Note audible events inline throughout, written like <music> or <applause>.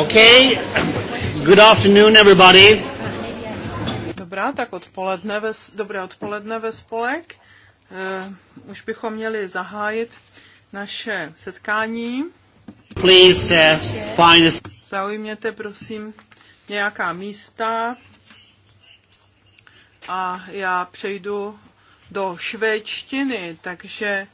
Okay. Good afternoon, everybody. Dobrá, tak odpoledne ve, dobré odpoledne ve spolek. Uh, už bychom měli zahájit naše setkání. Please, uh, find a... Zaujměte, prosím, nějaká místa. A já přejdu do švédštiny, takže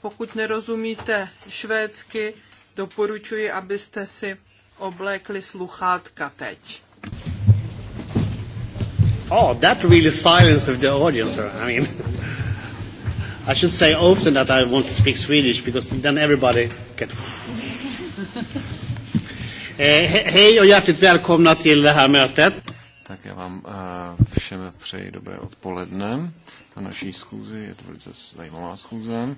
pokud nerozumíte švédsky, doporučuji, abyste si oblékli sluchátka teď. Oh, that really silenced the audience. I mean, <laughs> I should say often that I want to speak Swedish because then everybody can... <laughs> eh, hej och hjärtligt välkomna till det här mötet. Tak já vám eh, všem přeji dobré odpoledne na naší schůzi. Je to velice zajímavá schůze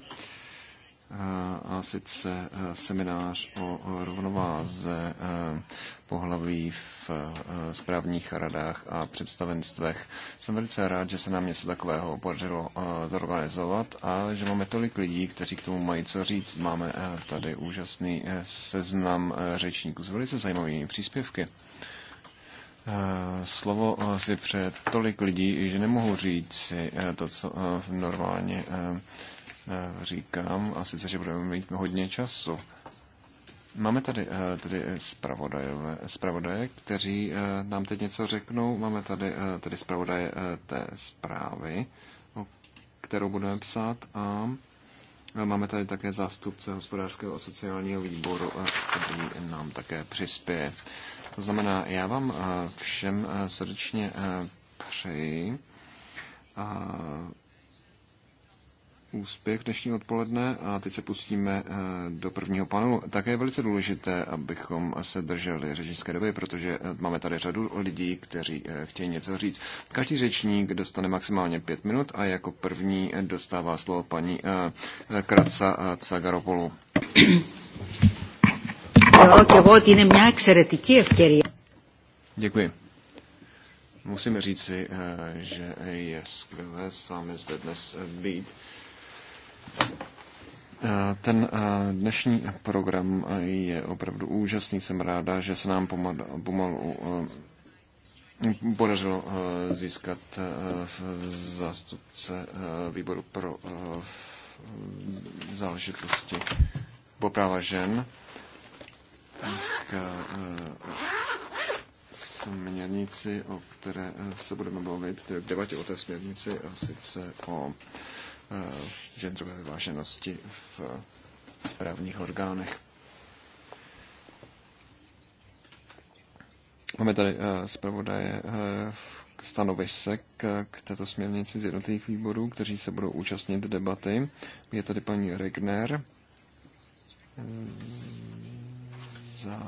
a sice eh, seminář o rovnováze eh, pohlaví v eh, správních radách a představenstvech. Jsem velice rád, že se nám něco takového podařilo zorganizovat a že máme tolik lidí, kteří k tomu mají co říct. Máme tady úžasný seznam řečníků s velice zajímavými příspěvky. Slovo si před tolik lidí, že nemohu říct si to, co normálně Eh, říkám, a sice, že budeme mít hodně času. Máme tady, eh, tady zpravodaje, kteří eh, nám teď něco řeknou. Máme tady, tady zpravodaje té zprávy, kterou budeme psát a máme tady také zástupce hospodářského a sociálního výboru, který nám také přispěje. To znamená, já vám všem srdečně přeji úspěch dnešní odpoledne a teď se pustíme eh, do prvního panelu. Také je velice důležité, abychom se drželi řečnické doby, protože eh, máme tady řadu lidí, kteří eh, chtějí něco říct. Každý řečník dostane maximálně pět minut a jako první dostává slovo paní Kratsa Cagaropolu. Děkuji. Musím říci, že je skvělé s vámi zde dnes být. Ten eh, dnešní program eh, je opravdu úžasný. Jsem ráda, že se nám pomalu eh, podařilo získat zástupce výboru pro záležitosti po žen. Dneska směrnici, o které se budeme bavit, tedy v debatě o té směrnici, a sice o Eh, genderové váženosti v správních orgánech. Máme tady eh, zpravodaje eh, stanovisek k této směrnici z jednotlivých výborů, kteří se budou účastnit debaty. Je tady paní Regner za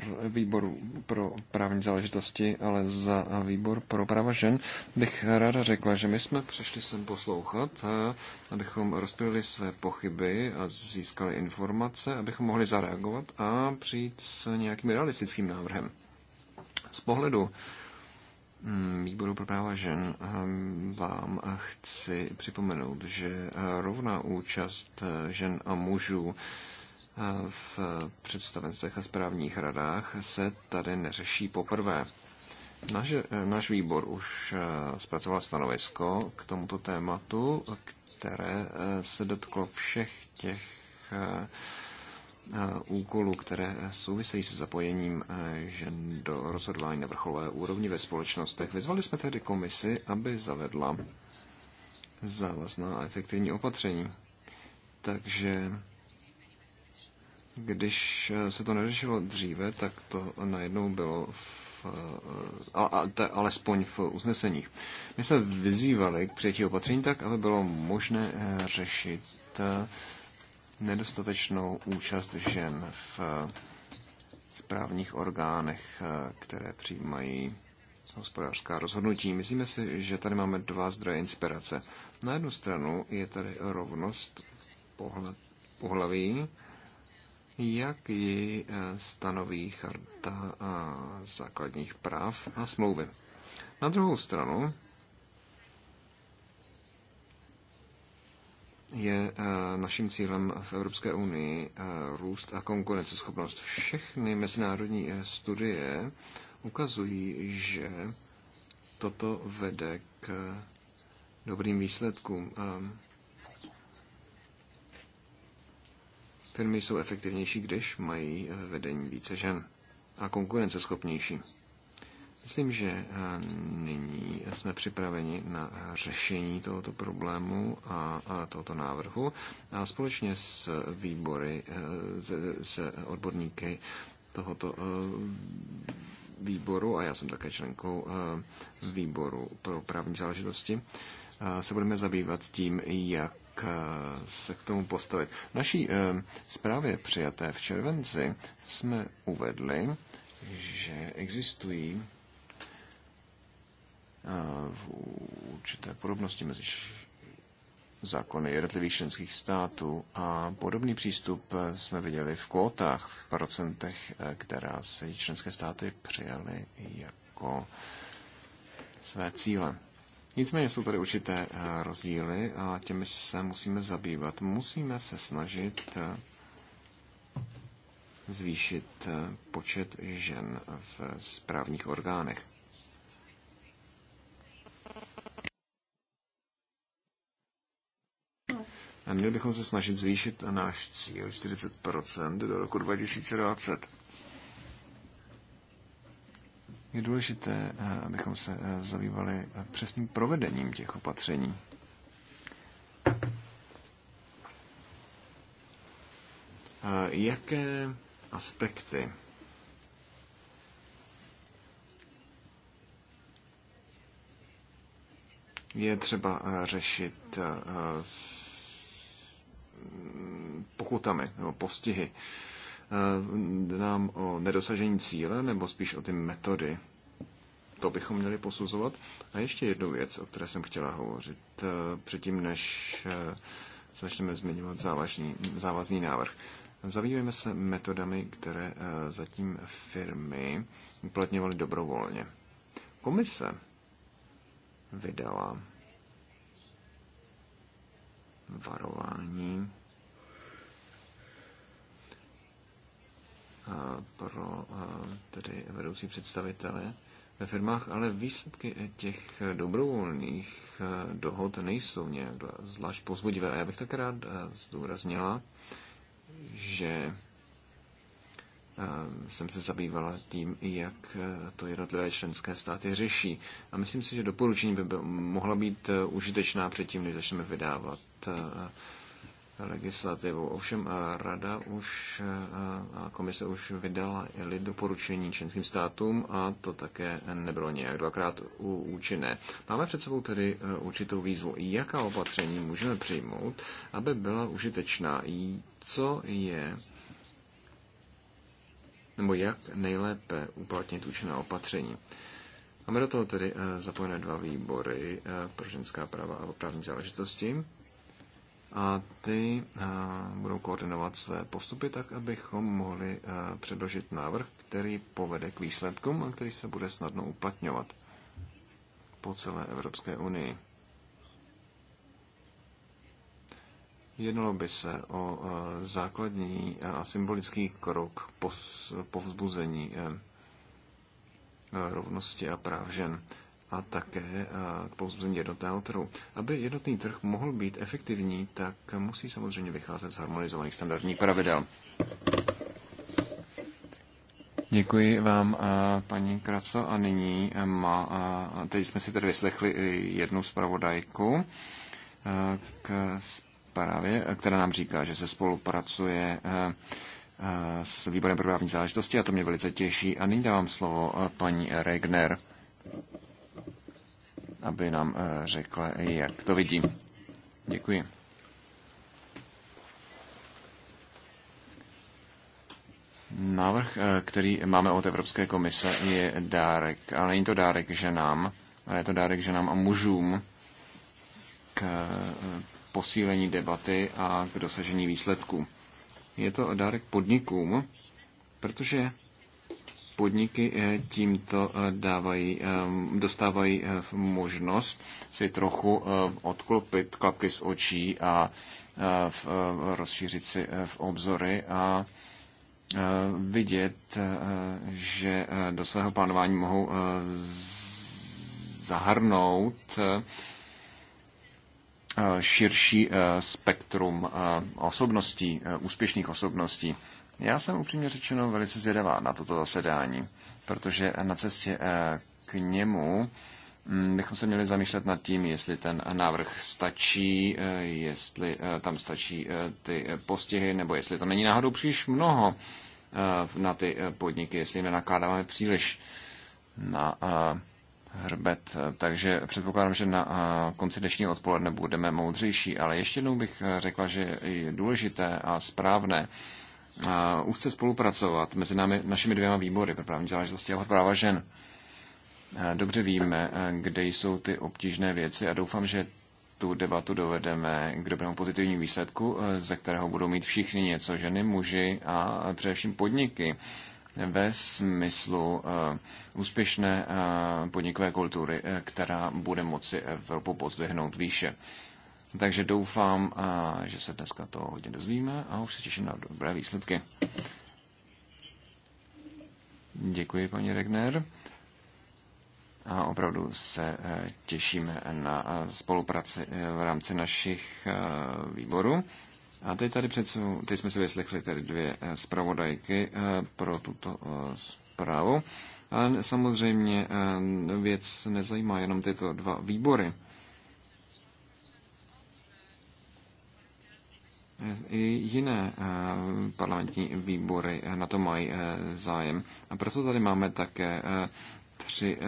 pr- výboru pro právní záležitosti, ale za výbor pro práva žen bych ráda řekla, že my jsme přišli sem poslouchat, abychom rozpěli své pochyby a získali informace, abychom mohli zareagovat a přijít s nějakým realistickým návrhem. Z pohledu mm, výboru pro práva žen ehm, vám chci připomenout, že eh, rovná účast eh, žen a mužů v představenstvech a správních radách se tady neřeší poprvé. Naš, naš výbor už eh, zpracoval stanovisko k tomuto tématu, které eh, se dotklo všech těch eh, úkolů, které souvisejí se zapojením žen do rozhodování na vrcholové úrovni ve společnostech. Vyzvali jsme tedy komisi, aby zavedla závazná a efektivní opatření. Takže když eh, se to neřešilo dříve, tak to najednou bylo v, eh, alespoň v usneseních. My jsme vyzývali k přijetí opatření tak, aby bylo možné eh, řešit nedostatečnou účast žen v správních orgánech, které přijímají hospodářská rozhodnutí. Myslíme si, že tady máme dva zdroje inspirace. Na jednu stranu je tady rovnost pohlaví, jak ji eh, stanoví charta eh, základních práv a smlouvy. Na druhou stranu je eh, naším cílem v Evropské unii růst a konkurenceschopnost. Všechny mezinárodní studie ukazují, že toto vede k dobrým výsledkům. Ehm, Firmy jsou efektivnější, když mají eh, vedení více žen a konkurenceschopnější. Myslím, že eh, nyní jsme připraveni na řešení tohoto problému a, tohoto návrhu a společně s výbory, eh, se, se odborníky tohoto výboru, a já jsem také členkou výboru pro právní záležitosti, se budeme zabývat tím, jak Eh, se k tomu postavit. V naší eh, zprávě přijaté v červenci jsme uvedli, že existují eh, v určité podobnosti mezi zákony jednotlivých členských států a podobný přístup jsme viděli v kvótách, v procentech, která se členské státy přijaly jako své cíle. Nicméně jsou tady určité eh, rozdíly a těmi se musíme zabývat. Musíme se snažit eh, zvýšit eh, počet žen v správních orgánech. A měli bychom se snažit zvýšit náš cíl 40% do roku 2020. Je důležité, eh, abychom se eh, zabývali eh, přesným provedením těch opatření. Jaké aspekty je třeba řešit s mm, pokutami nebo postihy? Eh, nám o nedosažení cíle nebo spíš o ty metody? To bychom měli posuzovat. A ještě jednu věc, o které jsem chtěla hovořit, eh, předtím než eh, začneme zmiňovat závažný, závazný návrh. Zabývejme se metodami, které zatím firmy uplatňovaly dobrovolně. Komise vydala varování pro tedy vedoucí představitele ve firmách, ale výsledky těch dobrovolných e, dohod nejsou nějak zvlášť pozbudivé. A já bych tak rád e, zdůraznila, že e, jsem se zabývala tím, jak to jednotlivé členské státy řeší. A myslím si, že doporučení by mohla být užitečná předtím, než začneme vydávat legislativu. Ovšem eh, Rada už eh, a komise už vydala i doporučení členským státům a to také nebylo nějak dvakrát účinné. Máme před sebou tedy eh, určitou výzvu. Jaká opatření můžeme přijmout, aby byla užitečná? Co je nebo jak nejlépe uplatnit účinná opatření? Máme do toho tedy zapojené dva výbory pro ženská práva a právní záležitosti a ty eh, budou koordinovat své postupy tak, abychom mohli eh, předložit návrh, který povede k výsledkům a který se bude snadno uplatňovat po celé Evropské unii. Jednalo by se o eh, základní a symbolický krok po, po vzbuzení rovnosti a práv žen a také k eh, pouzbuzení jednotného trhu. Aby jednotný trh mohl být efektivní, tak musí samozřejmě vycházet z harmonizovaných standardních pravidel. Děkuji vám, eh, paní Kraco. A nyní eh, má, teď jsme si tady vyslechli jednu zpravodajku k zprávě, která nám říká, že se spolupracuje s výborem pro právní záležitosti a to mě velice těší. A nyní dávám slovo paní Regner aby nám eh, řekla, jak to vidí. Děkuji. Návrh, eh, který máme od Evropské komise, je dárek, ale není to dárek ženám, ale je to dárek ženám a mužům k eh, posílení debaty a k dosažení výsledků. Je to dárek podnikům, protože podniky eh, tímto eh, dávají, eh, dostávají možnost si trochu odklopit klapky z očí a rozšířit si v obzory a vidět, že do svého plánování mohou zahrnout širší spektrum osobností, úspěšných osobností. Já jsem upřímně řečeno velice zvědavá na toto zasedání, protože na cestě eh, k němu mm, bychom se měli zamýšlet nad tím, jestli ten návrh stačí, eh, jestli eh, tam stačí ty postihy, nebo jestli to není náhodou příliš mnoho na ty podniky, jestli jim nenakládáme příliš na hrbet. Takže předpokládám, že na konci dnešního odpoledne budeme moudřejší, ale ještě jednou bych řekla, že je důležité a správné, úzce spolupracovat mezi námi, našimi dvěma výbory pro právní záležitosti a práva žen. Dobře víme, kde jsou ty obtížné věci a doufám, že tu debatu dovedeme k dobrému pozitivnímu výsledku, ze kterého budou mít všichni něco, ženy, muži a především podniky ve smyslu úspěšné podnikové kultury, která bude moci Evropu pozdvihnout výše. Takže doufám, že se dneska to hodně dozvíme a už se těším na dobré výsledky. Děkuji, paní Regner. A opravdu se e, těšíme na e, spolupráci e, v rámci našich výborů. A teď tady před sebou, teď jsme si vyslechli tady dvě zpravodajky pro tuto zprávu. A samozřejmě věc nezajímá jenom tyto dva výbory. I jiné eh, parlamentní výbory eh, na to mají eh, zájem. A proto tady máme také tři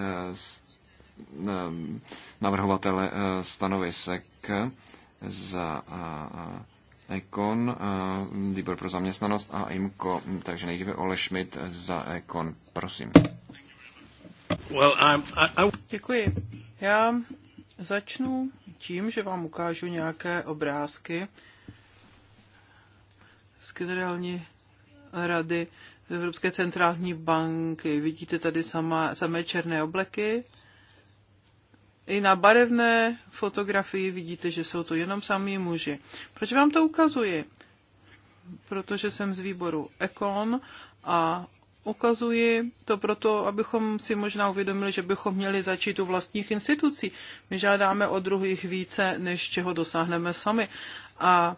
navrhovatele stanovisek za Ekon, výbor pro zaměstnanost a IMKO, takže nejdříve Ole Schmidt za Ekon, prosím. Well, I'm, I, I... Děkuji. Já začnu tím, že vám ukážu nějaké obrázky, z generální rady Evropské centrální banky. Vidíte tady sama, samé černé obleky. I na barevné fotografii vidíte, že jsou to jenom sami muži. Proč vám to ukazuji? Protože jsem z výboru Econ a ukazuji to proto, abychom si možná uvědomili, že bychom měli začít u vlastních institucí. My žádáme od druhých více, než čeho dosáhneme sami. A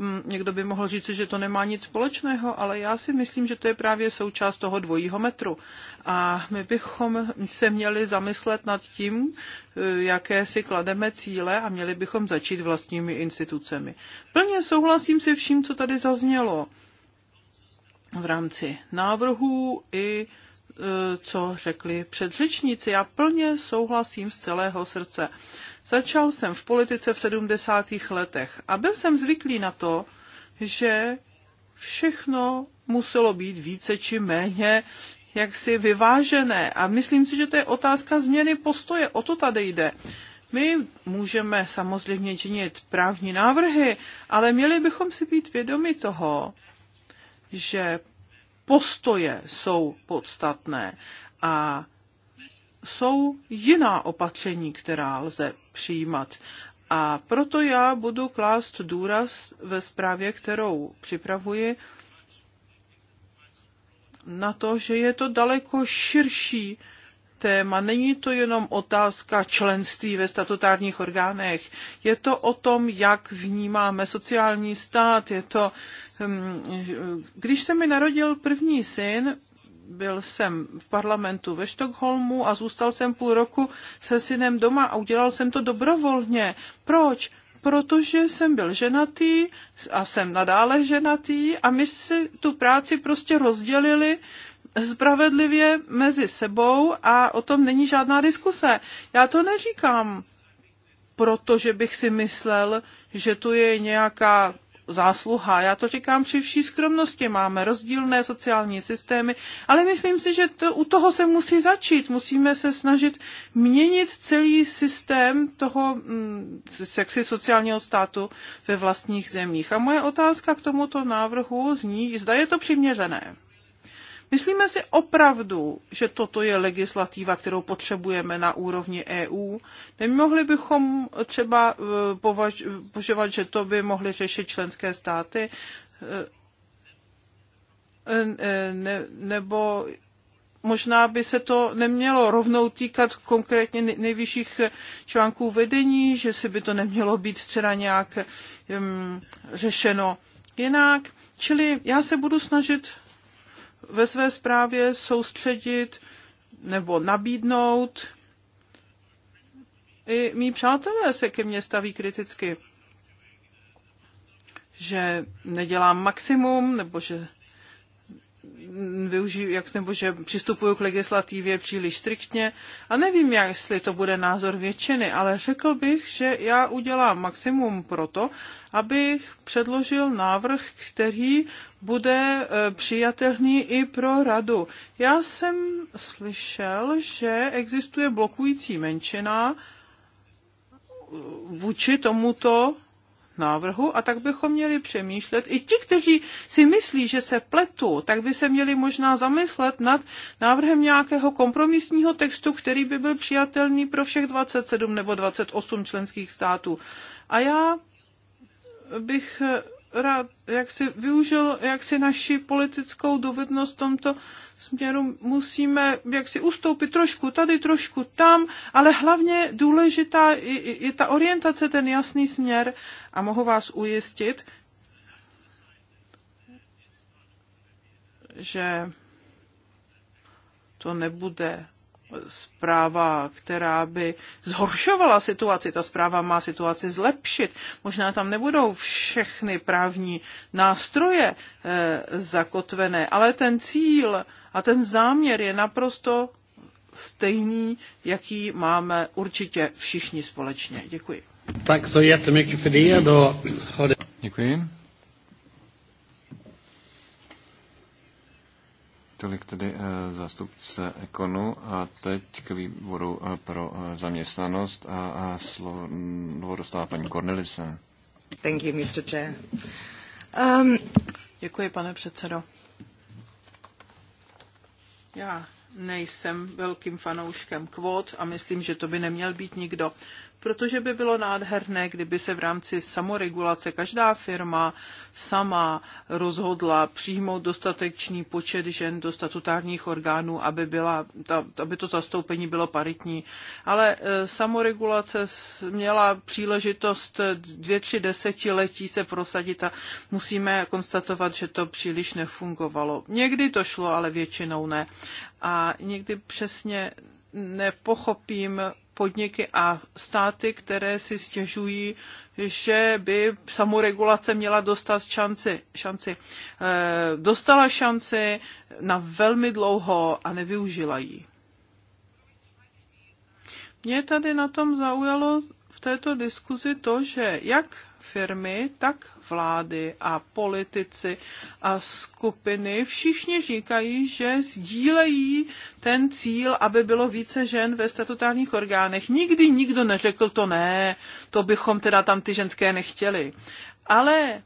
Mm, někdo by mohl říct, že to nemá nic společného, ale já si myslím, že to je právě součást toho dvojího metru. A my bychom se měli zamyslet nad tím, eh, jaké si klademe cíle a měli bychom začít vlastními institucemi. Plně souhlasím se vším, co tady zaznělo v rámci návrhů i Eh, co řekli předřečníci. Já plně souhlasím z celého srdce. Začal jsem v politice v 70. letech a byl jsem zvyklý na to, že všechno muselo být více či méně jaksi vyvážené. A myslím si, že to je otázka změny postoje. O to tady jde. My můžeme samozřejmě činit právní návrhy, ale měli bychom si být vědomi toho, že postoje jsou podstatné a jsou jiná opatření, která lze přijímat. A proto já budu klást důraz ve zprávě, kterou připravuji, na to, že je to daleko širší téma. Není to jenom otázka členství ve statutárních orgánech. Je to o tom, jak vnímáme sociální stát. Je to, hm, když se mi narodil první syn, byl jsem v parlamentu ve Štokholmu a zůstal jsem půl roku se synem doma a udělal jsem to dobrovolně. Proč? protože jsem byl ženatý a jsem nadále ženatý a my si tu práci prostě rozdělili spravedlivě mezi sebou a o tom není žádná diskuse. Já to neříkám, protože bych si myslel, že tu je nějaká zásluha. Já to říkám při vší skromnosti. Máme rozdílné sociální systémy, ale myslím si, že to, u toho se musí začít. Musíme se snažit měnit celý systém toho mm, sexy sociálního státu ve vlastních zemích. A moje otázka k tomuto návrhu zní, zda je to přiměřené. Myslíme si opravdu, že toto je legislativa, kterou potřebujeme na úrovni EU? Nemohli bychom třeba e, požovat, že to by mohly řešit členské státy? E, e, ne, nebo možná by se to nemělo rovnou týkat konkrétně nejvyšších článků vedení, že si by to nemělo být třeba nějak um, řešeno jinak. Čili já se budu snažit ve své zprávě soustředit nebo nabídnout. I mý přátelé se ke mně staví kriticky, že nedělám maximum nebo že využiju, jak, nebo že přistupuju k legislativě příliš striktně a nevím, jestli to bude názor většiny, ale řekl bych, že já udělám maximum pro to, abych předložil návrh, který bude eh, přijatelný i pro radu. Já jsem slyšel, že existuje blokující menšina vůči tomuto návrhu a tak bychom měli přemýšlet. I ti, kteří si myslí, že se pletu, tak by se měli možná zamyslet nad návrhem nějakého kompromisního textu, který by byl přijatelný pro všech 27 nebo 28 členských států. A já bych eh, rád, jak si využil, jak si naši politickou dovednost v tomto směru musíme jaksi ustoupit trošku tady, trošku tam, ale hlavně důležitá je, je ta orientace, ten jasný směr a mohu vás ujistit, že to nebude zpráva, která by zhoršovala situaci. Ta zpráva má situaci zlepšit. Možná tam nebudou všechny právní nástroje e, zakotvené, ale ten cíl a ten záměr je naprosto stejný, jaký máme určitě všichni společně. Děkuji. Tak så jättemycket för det. Då Děkuji. Tolik tedy eh, zástupce Ekonu a teď k výboru eh, pro eh, zaměstnanost a slovo dostává paní Cornelise. Thank you, Mr. Chair. Um... Děkuji, pane předsedo. Já nejsem velkým fanouškem kvót a myslím, že to by neměl být nikdo protože by bylo nádherné, kdyby se v rámci samoregulace každá firma sama rozhodla přijmout dostatečný počet žen do statutárních orgánů, aby, byla, ta, aby to zastoupení bylo paritní. Ale e, samoregulace měla příležitost dvě, tři desetiletí se prosadit a musíme konstatovat, že to příliš nefungovalo. Někdy to šlo, ale většinou ne. A někdy přesně nepochopím, podniky a státy, které si stěžují, že by samoregulace měla dostat šanci. šanci. Eh, dostala šanci na velmi dlouho a nevyužila ji. Mě tady na tom zaujalo v této diskuzi to, že jak firmy, tak vlády a politici a skupiny všichni říkají, že sdílejí ten cíl, aby bylo více žen ve statutárních orgánech. Nikdy nikdo neřekl to ne, to bychom teda tam ty ženské nechtěli. Ale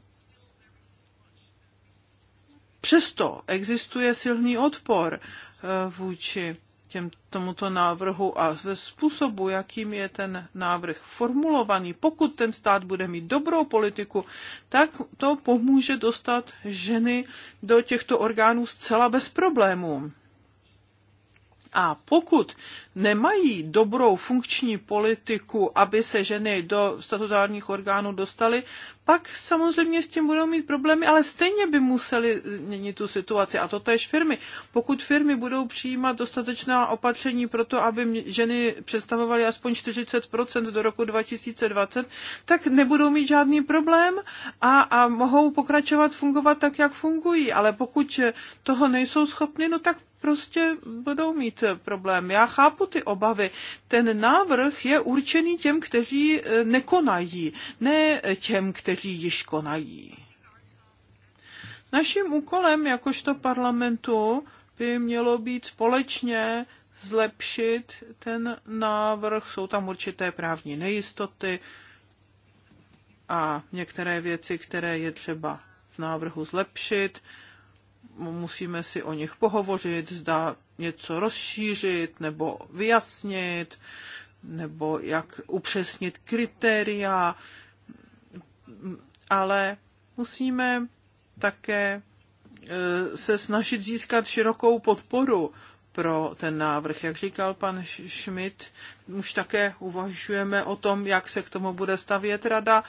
přesto existuje silný odpor eh, vůči těm, tomuto návrhu a ze způsobu, jakým je ten návrh formulovaný, pokud ten stát bude mít dobrou politiku, tak to pomůže dostat ženy do těchto orgánů zcela bez problémů. A pokud nemají dobrou funkční politiku, aby se ženy do statutárních orgánů dostaly, pak samozřejmě s tím budou mít problémy, ale stejně by museli měnit tu situaci. A to též firmy. Pokud firmy budou přijímat dostatečná opatření pro to, aby ženy představovaly aspoň 40% do roku 2020, tak nebudou mít žádný problém a, a mohou pokračovat fungovat tak, jak fungují. Ale pokud toho nejsou schopny, no tak prostě budou mít problém. Já chápu ty obavy. Ten návrh je určený těm, kteří eh, nekonají, ne těm, kteří kteří již konají. Naším úkolem jakožto parlamentu by mělo být společně zlepšit ten návrh. Jsou tam určité právní nejistoty a některé věci, které je třeba v návrhu zlepšit. Musíme si o nich pohovořit, zda něco rozšířit nebo vyjasnit, nebo jak upřesnit kritéria, ale musíme také e, se snažit získat širokou podporu pro ten návrh. Jak říkal pan Schmidt, už také uvažujeme o tom, jak se k tomu bude stavět rada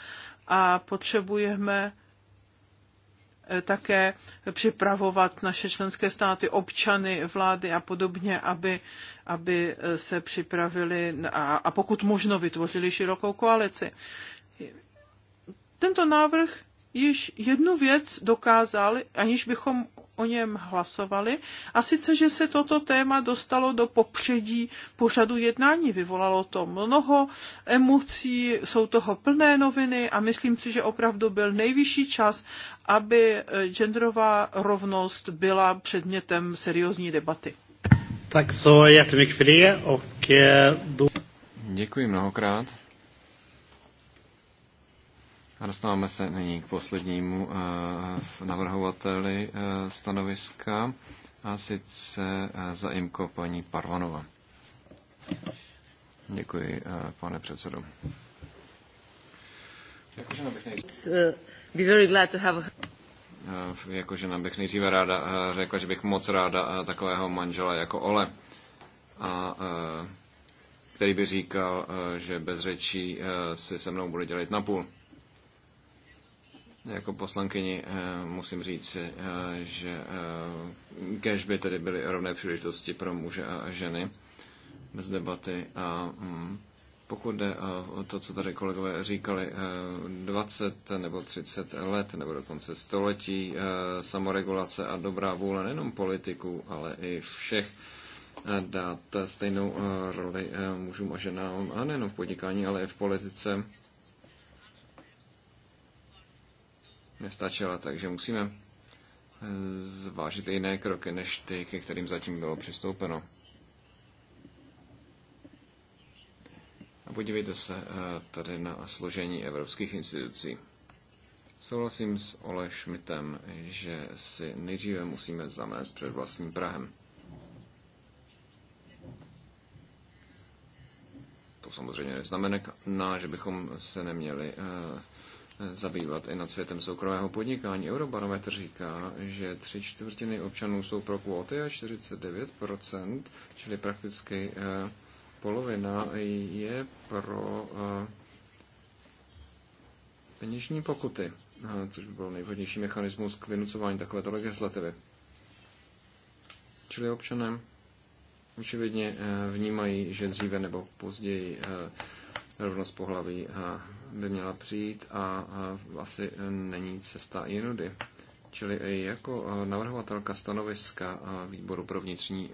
a potřebujeme e, také připravovat naše členské státy, občany, vlády a podobně, aby, aby e, se připravili a, a pokud možno vytvořili širokou koalici. Tento návrh již jednu věc dokázal, aniž bychom o něm hlasovali, a sice, že se toto téma dostalo do popředí pořadu jednání. Vyvolalo to mnoho emocí, jsou toho plné noviny a myslím si, že opravdu byl nejvyšší čas, aby eh, genderová rovnost byla předmětem seriózní debaty. Tak so jättemycket för det och Děkuji mnohokrát. A dostáváme se nyní k poslednímu eh, navrhovateli eh, stanoviska, a sice eh, za IMKO paní Parvanova. Děkuji, pane předsedo. Jako žena bych nejdříve ráda řekla, že bych moc ráda takového manžela jako Ole, a, který by říkal, že bez řečí si se mnou bude dělat napůl. Jako poslankyni eh, musím říct, eh, že eh, kež by tedy byly rovné příležitosti pro muže a ženy bez debaty a mm, pokud jde o to, co tady kolegové říkali, 20 nebo 30 let nebo dokonce století samoregulace a dobrá vůle nejenom politiků, ale i všech dát stejnou roli mužům a ženám, a nejenom v podnikání, ale i v politice, nestačila, takže musíme eh, zvážit i jiné kroky, než ty, ke kterým zatím bylo přistoupeno. A podívejte se eh, tady na složení evropských institucí. Souhlasím s Ole Schmidtem, že si nejdříve musíme zamést před vlastním Prahem. To samozřejmě neznamená, že bychom se neměli eh, zabývat i nad světem soukromého podnikání. Eurobarometr říká, že tři čtvrtiny občanů jsou pro kvóty a 49%, čili prakticky eh, polovina, je pro eh, peněžní pokuty, eh, což by byl nejvhodnější mechanismus k vynucování takovéto legislativy. Čili občanem očividně vnímají, že dříve nebo později rovnost pohlaví a by měla přijít a asi není cesta jinudy. Čili jako navrhovatelka stanoviska výboru pro vnitřní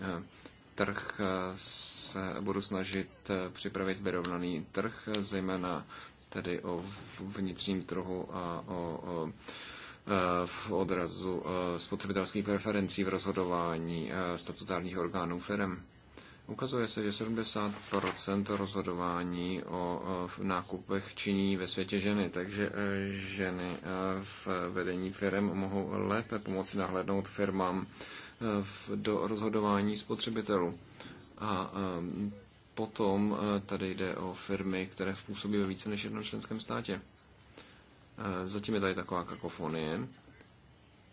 trh se budu snažit připravit vyrovnaný trh, zejména tedy o vnitřním trhu a o, v odrazu spotřebitelských preferencí v rozhodování statutárních orgánů firm. Ukazuje se, že 70% rozhodování o nákupech činí ve světě ženy, takže e, ženy e, v vedení firm mohou lépe pomoci nahlédnout firmám e, do rozhodování spotřebitelů. A potom tady jde o firmy, které působí ve více než jednom členském státě. Zatím je tady taková kakofonie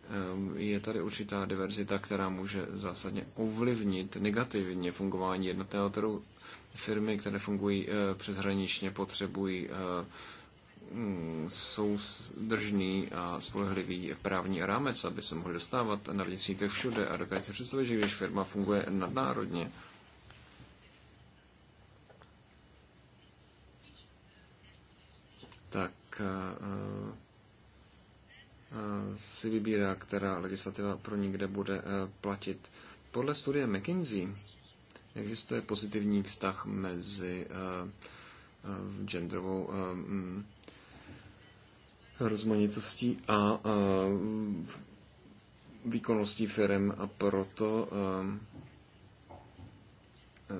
Ehm, je tady určitá diverzita, která může zásadně ovlivnit negativně fungování jednotného trhu. Firmy, které fungují eh, přeshraničně, potřebují eh, mm, soudržný a spolehlivý právní rámec, aby se mohli dostávat na vnitřní trh všude. A dokážete si představit, že když firma funguje nadnárodně, tak uh, Eh, si vybírá, která legislativa pro ní kde bude eh, platit. Podle studie McKinsey existuje pozitivní vztah mezi eh, genderovou mm, rozmanitostí a výkonností firm a proto Eh,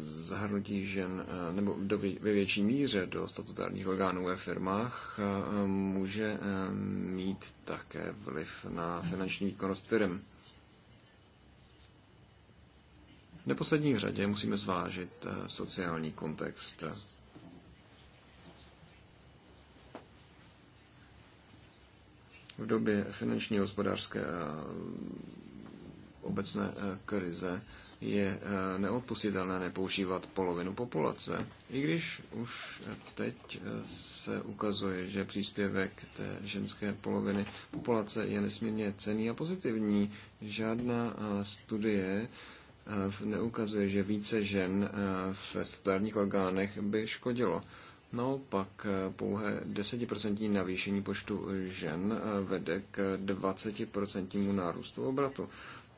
zahrnutí žen eh, nebo do, ve větší míře do statutárních orgánů ve firmách eh, může mít také vliv na finanční výkonnost firm. V neposlední řadě musíme zvážit sociální kontext. V době finanční, hospodářské obecné krize je eh, neodpustitelné nepoužívat polovinu populace, i když už teď eh, se ukazuje, že příspěvek té ženské poloviny populace je nesmírně cený a pozitivní. Žádná eh, studie neukazuje, že více žen v statutárních orgánech by škodilo. Naopak pouhé 10% navýšení počtu žen vede k 20% nárůstu obratu.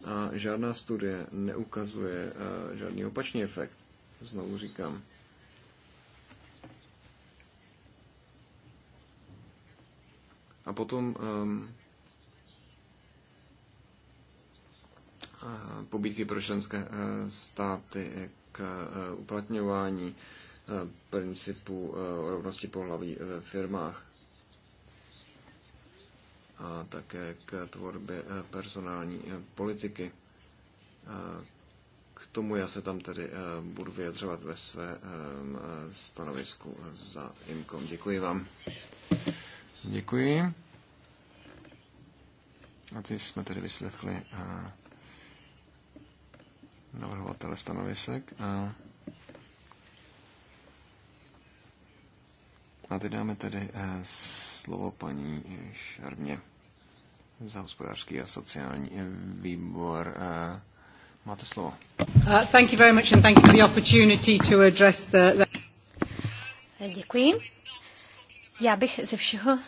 A žádná studie neukazuje žádný opačný efekt, znovu říkám. A potom um, pobídky pro členské e, státy k e, uplatňování e, principu rovnosti pohlaví ve firmách a také k tvorbě eh, personální eh, politiky. Eh, k tomu já se tam tedy budu vyjadřovat ve svém stanovisku za IMKOM. Děkuji vám. Děkuji. A teď jsme tedy vyslechli navrhovatele stanovisek. A, a teď dáme tedy slovo paní Šarmě za hospodářský a sociální výbor. Eh, máte slovo. Uh, thank you very much and thank you for the opportunity to address the, Děkuji. Já bych ze všeho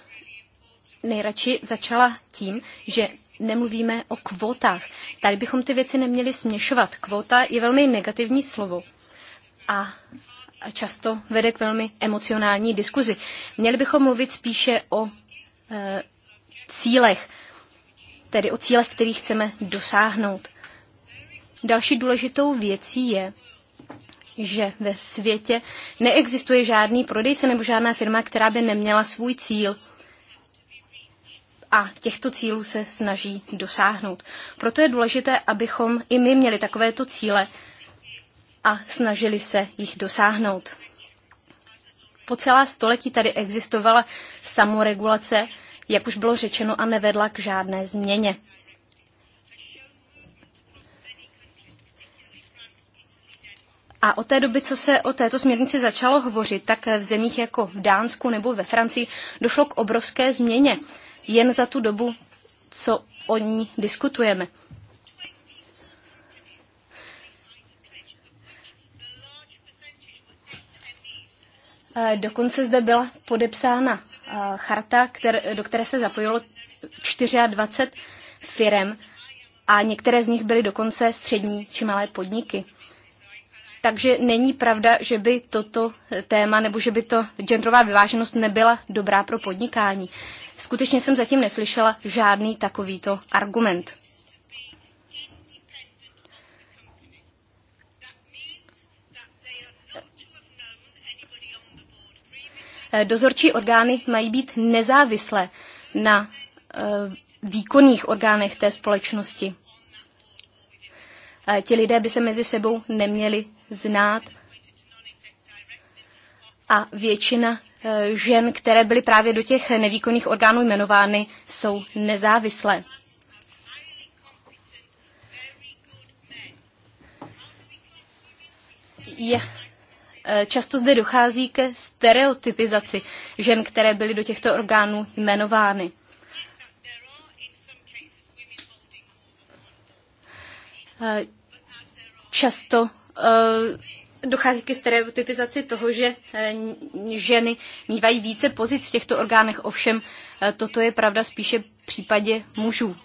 nejradši začala tím, že nemluvíme o kvótách. Tady bychom ty věci neměli směšovat. Kvóta je velmi negativní slovo. A a často vede k velmi emocionální diskuzi. Měli bychom mluvit spíše o e, cílech, tedy o cílech, kterých chceme dosáhnout. Další důležitou věcí je, že ve světě neexistuje žádný prodejce nebo žádná firma, která by neměla svůj cíl. A těchto cílů se snaží dosáhnout. Proto je důležité, abychom i my měli takovéto cíle, a snažili se jich dosáhnout. Po celá století tady existovala samoregulace, jak už bylo řečeno, a nevedla k žádné změně. A od té doby, co se o této směrnici začalo hovořit, tak v zemích jako v Dánsku nebo ve Francii došlo k obrovské změně jen za tu dobu, co o ní diskutujeme. Eh, dokonce zde byla podepsána eh, charta, kter, do které se zapojilo 24 firem a některé z nich byly dokonce střední či malé podniky. Takže není pravda, že by toto téma nebo že by to genderová vyváženost nebyla dobrá pro podnikání. Skutečně jsem zatím neslyšela žádný takovýto argument. Eh, dozorčí orgány mají být nezávislé na eh, výkonných orgánech té společnosti. Eh, ti lidé by se mezi sebou neměli znát a většina žen, které byly právě do těch nevýkonných orgánů jmenovány, jsou nezávislé. Yeah. Eh, často zde dochází ke stereotypizaci žen, které byly do těchto orgánů jmenovány. Eh, často eh, dochází ke stereotypizaci toho, že ženy mývají více pozic v těchto orgánech, ovšem toto je pravda spíše v případě mužů.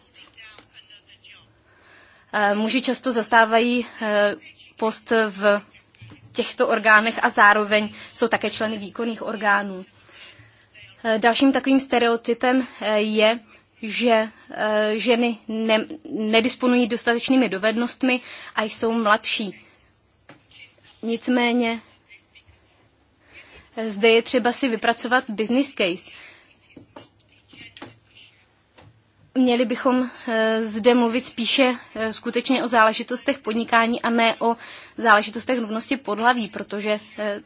Muži často zastávají post v těchto orgánech a zároveň jsou také členy výkonných orgánů. Eh, dalším takovým stereotypem eh, je, že eh, ženy ne, nedisponují dostatečnými dovednostmi a jsou mladší. Nicméně zde je třeba si vypracovat business case měli bychom eh, zde mluvit spíše eh, skutečně o záležitostech podnikání a ne o záležitostech rovnosti podlaví, protože eh,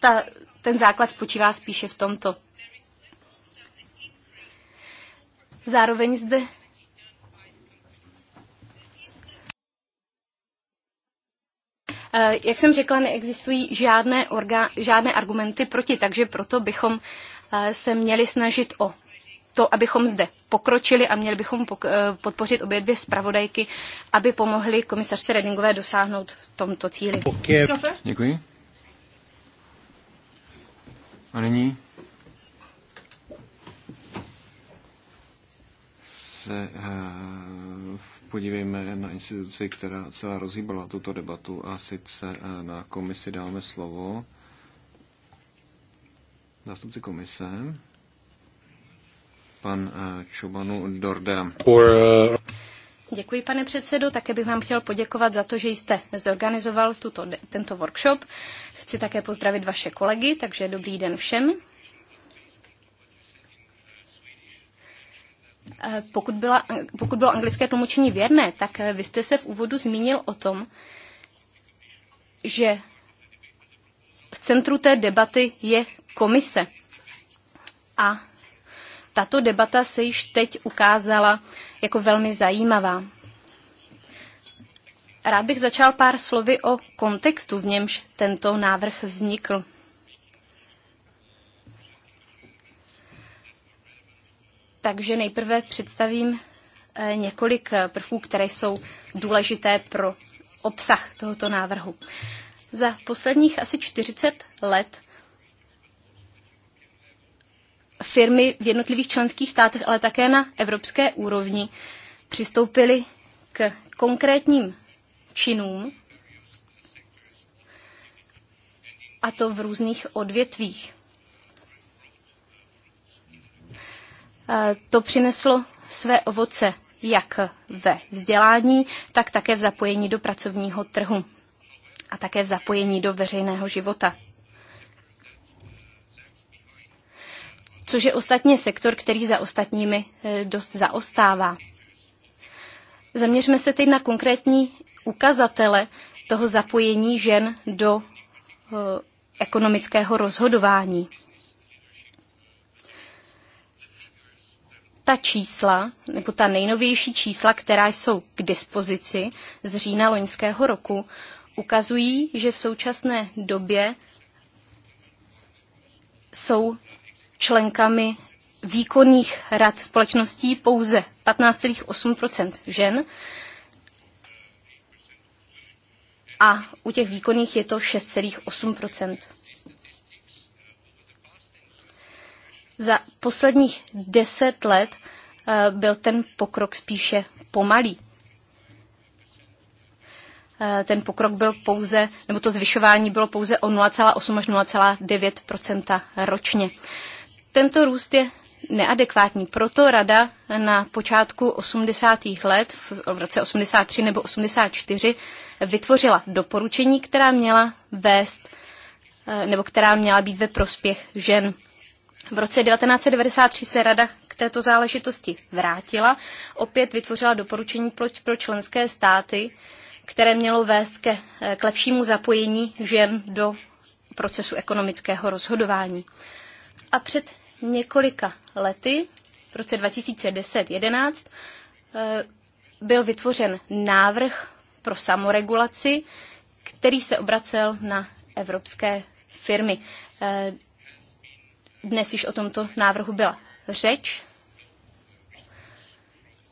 ta, ten základ spočívá spíše v tomto. Zároveň zde Jak jsem řekla, neexistují žádné, orga, žádné argumenty proti, takže proto bychom se měli snažit o to, abychom zde pokročili a měli bychom eh, podpořit obě dvě zpravodajky, aby pomohli komisařce Redingové dosáhnout tomto cíli. Děkuji. A nyní se eh, podívejme na instituci, která celá rozhýbala tuto debatu a sice eh, na komisi dáme slovo. Zástupci komise pan eh, Čubanu Dorda. Eh, Děkuji, pane předsedo. Také bych vám chtěl poděkovat za to, že jste zorganizoval tuto, tento workshop. Chci také pozdravit vaše kolegy, takže dobrý den všem. Eh, pokud, byla, pokud bylo anglické tlumočení věrné, tak vy jste se v úvodu zmínil o tom, že v centru té debaty je komise. A tato debata se již teď ukázala jako velmi zajímavá. Rád bych začal pár slovy o kontextu, v němž tento návrh vznikl. Takže nejprve představím eh, několik prvků, které jsou důležité pro obsah tohoto návrhu. Za posledních asi 40 let firmy v jednotlivých členských státech, ale také na evropské úrovni přistoupily k konkrétním činům, a to v různých odvětvích. To přineslo své ovoce jak ve vzdělání, tak také v zapojení do pracovního trhu a také v zapojení do veřejného života. což je ostatně sektor, který za ostatními eh, dost zaostává. Zaměřme se teď na konkrétní ukazatele toho zapojení žen do eh, ekonomického rozhodování. Ta čísla, nebo ta nejnovější čísla, která jsou k dispozici z října loňského roku, ukazují, že v současné době jsou členkami výkonných rad společností pouze 15,8 žen a u těch výkonných je to 6,8 Za posledních deset let eh, byl ten pokrok spíše pomalý. Eh, ten pokrok byl pouze, nebo to zvyšování bylo pouze o 0,8 až 0,9 ročně. Tento růst je neadekvátní. Proto rada na počátku 80. let, v roce 83 nebo 84, vytvořila doporučení, která měla vést eh, nebo která měla být ve prospěch žen. V roce 1993 se rada k této záležitosti vrátila, opět vytvořila doporučení pro členské státy, které mělo vést ke, eh, k lepšímu zapojení žen do procesu ekonomického rozhodování. A před několika lety, v roce 2010 2011 eh, byl vytvořen návrh pro samoregulaci, který se obracel na evropské firmy. Eh, dnes již o tomto návrhu byla řeč.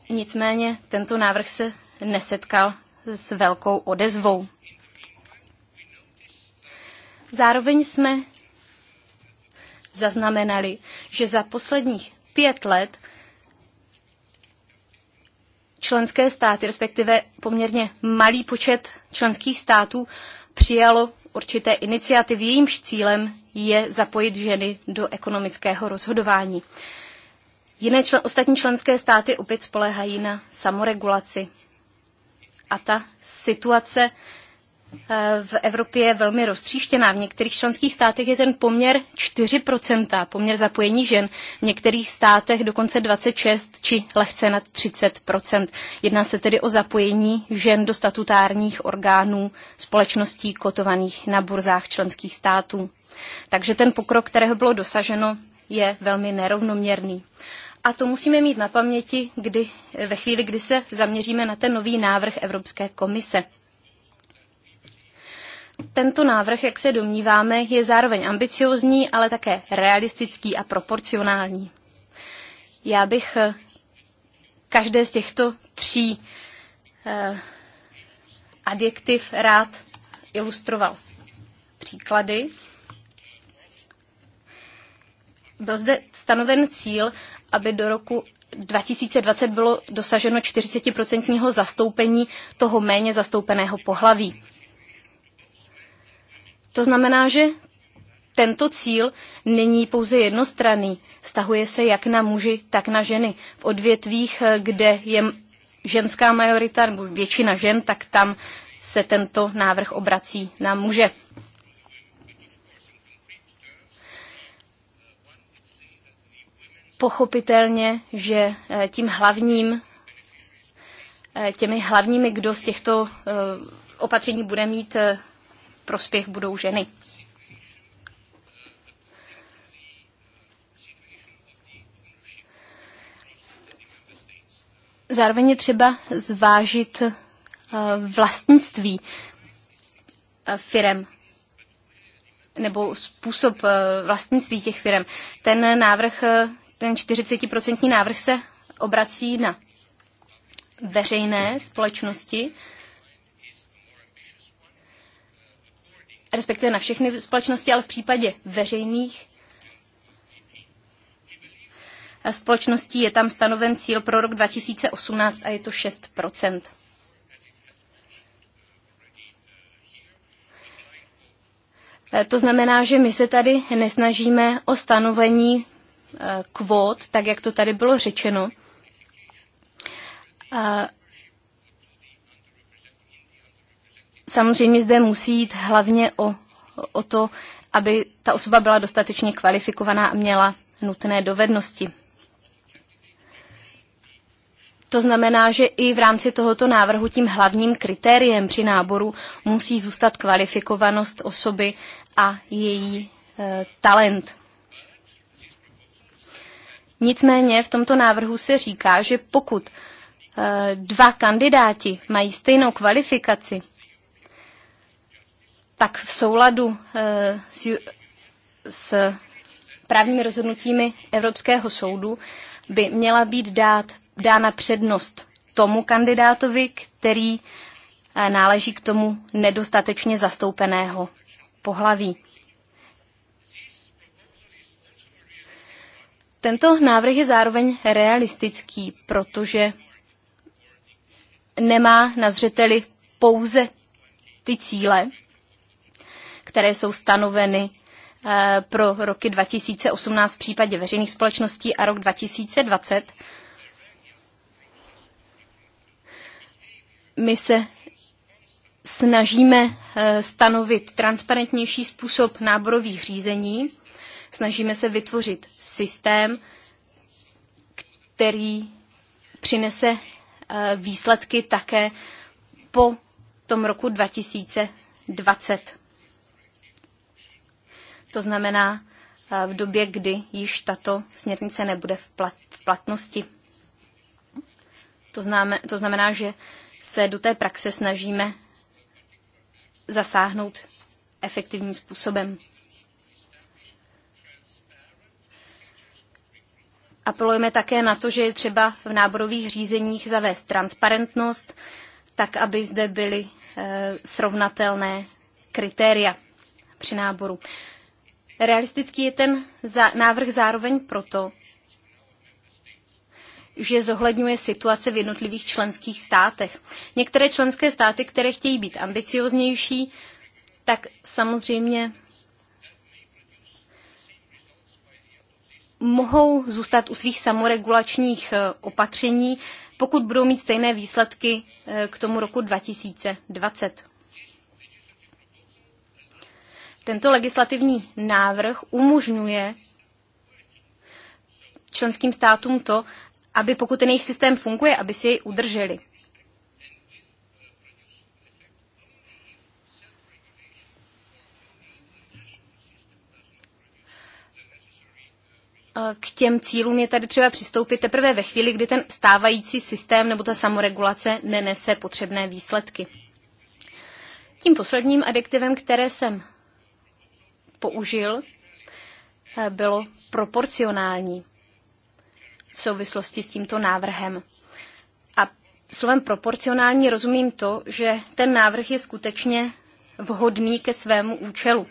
Nicméně tento návrh se nesetkal s velkou odezvou. Zároveň jsme zaznamenali, že za posledních pět let členské státy, respektive poměrně malý počet členských států, přijalo určité iniciativy, jejímž cílem je zapojit ženy do ekonomického rozhodování. Jiné člen, ostatní členské státy opět spolehají na samoregulaci. A ta situace Eh, v Evropě je velmi roztříštěná. V některých členských státech je ten poměr 4%, poměr zapojení žen, v některých státech dokonce 26 či lehce nad 30%. Jedná se tedy o zapojení žen do statutárních orgánů společností kotovaných na burzách členských států. Takže ten pokrok, kterého bylo dosaženo, je velmi nerovnoměrný. A to musíme mít na paměti kdy, ve chvíli, kdy se zaměříme na ten nový návrh Evropské komise tento návrh, jak se domníváme, je zároveň ambiciozní, ale také realistický a proporcionální. Já bych eh, každé z těchto tří eh, adjektiv rád ilustroval příklady. Byl zde stanoven cíl, aby do roku 2020 bylo dosaženo 40% zastoupení toho méně zastoupeného pohlaví. To znamená, že tento cíl není pouze jednostranný. Stahuje se jak na muži, tak na ženy. V odvětvích, kde je ženská majorita nebo většina žen, tak tam se tento návrh obrací na muže. Pochopitelně, že eh, tím hlavním, eh, těmi hlavními, kdo z těchto eh, opatření bude mít prospěch budou ženy. Zároveň je třeba zvážit eh, vlastnictví eh, firem nebo způsob eh, vlastnictví těch firm. Ten návrh, ten 40% návrh se obrací na veřejné společnosti, respektive na všechny společnosti, ale v případě veřejných společností je tam stanoven cíl pro rok 2018 a je to 6 To znamená, že my se tady nesnažíme o stanovení eh, kvót, tak jak to tady bylo řečeno. Samozřejmě zde musí jít hlavně o, o to, aby ta osoba byla dostatečně kvalifikovaná a měla nutné dovednosti. To znamená, že i v rámci tohoto návrhu tím hlavním kritériem při náboru musí zůstat kvalifikovanost osoby a její e, talent. Nicméně v tomto návrhu se říká, že pokud e, dva kandidáti mají stejnou kvalifikaci, tak v souladu eh, s, s právními rozhodnutími Evropského soudu by měla být dát, dána přednost tomu kandidátovi, který eh, náleží k tomu nedostatečně zastoupeného pohlaví. Tento návrh je zároveň realistický, protože nemá na zřeteli pouze ty cíle, které jsou stanoveny eh, pro roky 2018 v případě veřejných společností a rok 2020. My se snažíme eh, stanovit transparentnější způsob náborových řízení, snažíme se vytvořit systém, který přinese eh, výsledky také po tom roku 2020. To znamená eh, v době, kdy již tato směrnice nebude v, plat, v platnosti. To, znamená, to znamená, že se do té praxe snažíme zasáhnout efektivním způsobem. Apelujeme také na to, že je třeba v náborových řízeních zavést transparentnost, tak aby zde byly eh, srovnatelné kritéria při náboru. Realistický je ten zá- návrh zároveň proto, že zohledňuje situace v jednotlivých členských státech. Některé členské státy, které chtějí být ambicioznější, tak samozřejmě mohou zůstat u svých samoregulačních eh, opatření, pokud budou mít stejné výsledky eh, k tomu roku 2020. Tento legislativní návrh umožňuje členským státům to, aby pokud ten jejich systém funguje, aby si jej udrželi. K těm cílům je tady třeba přistoupit teprve ve chvíli, kdy ten stávající systém nebo ta samoregulace nenese potřebné výsledky. Tím posledním adjektivem, které jsem použil, eh, bylo proporcionální v souvislosti s tímto návrhem. A slovem proporcionální rozumím to, že ten návrh je skutečně vhodný ke svému účelu.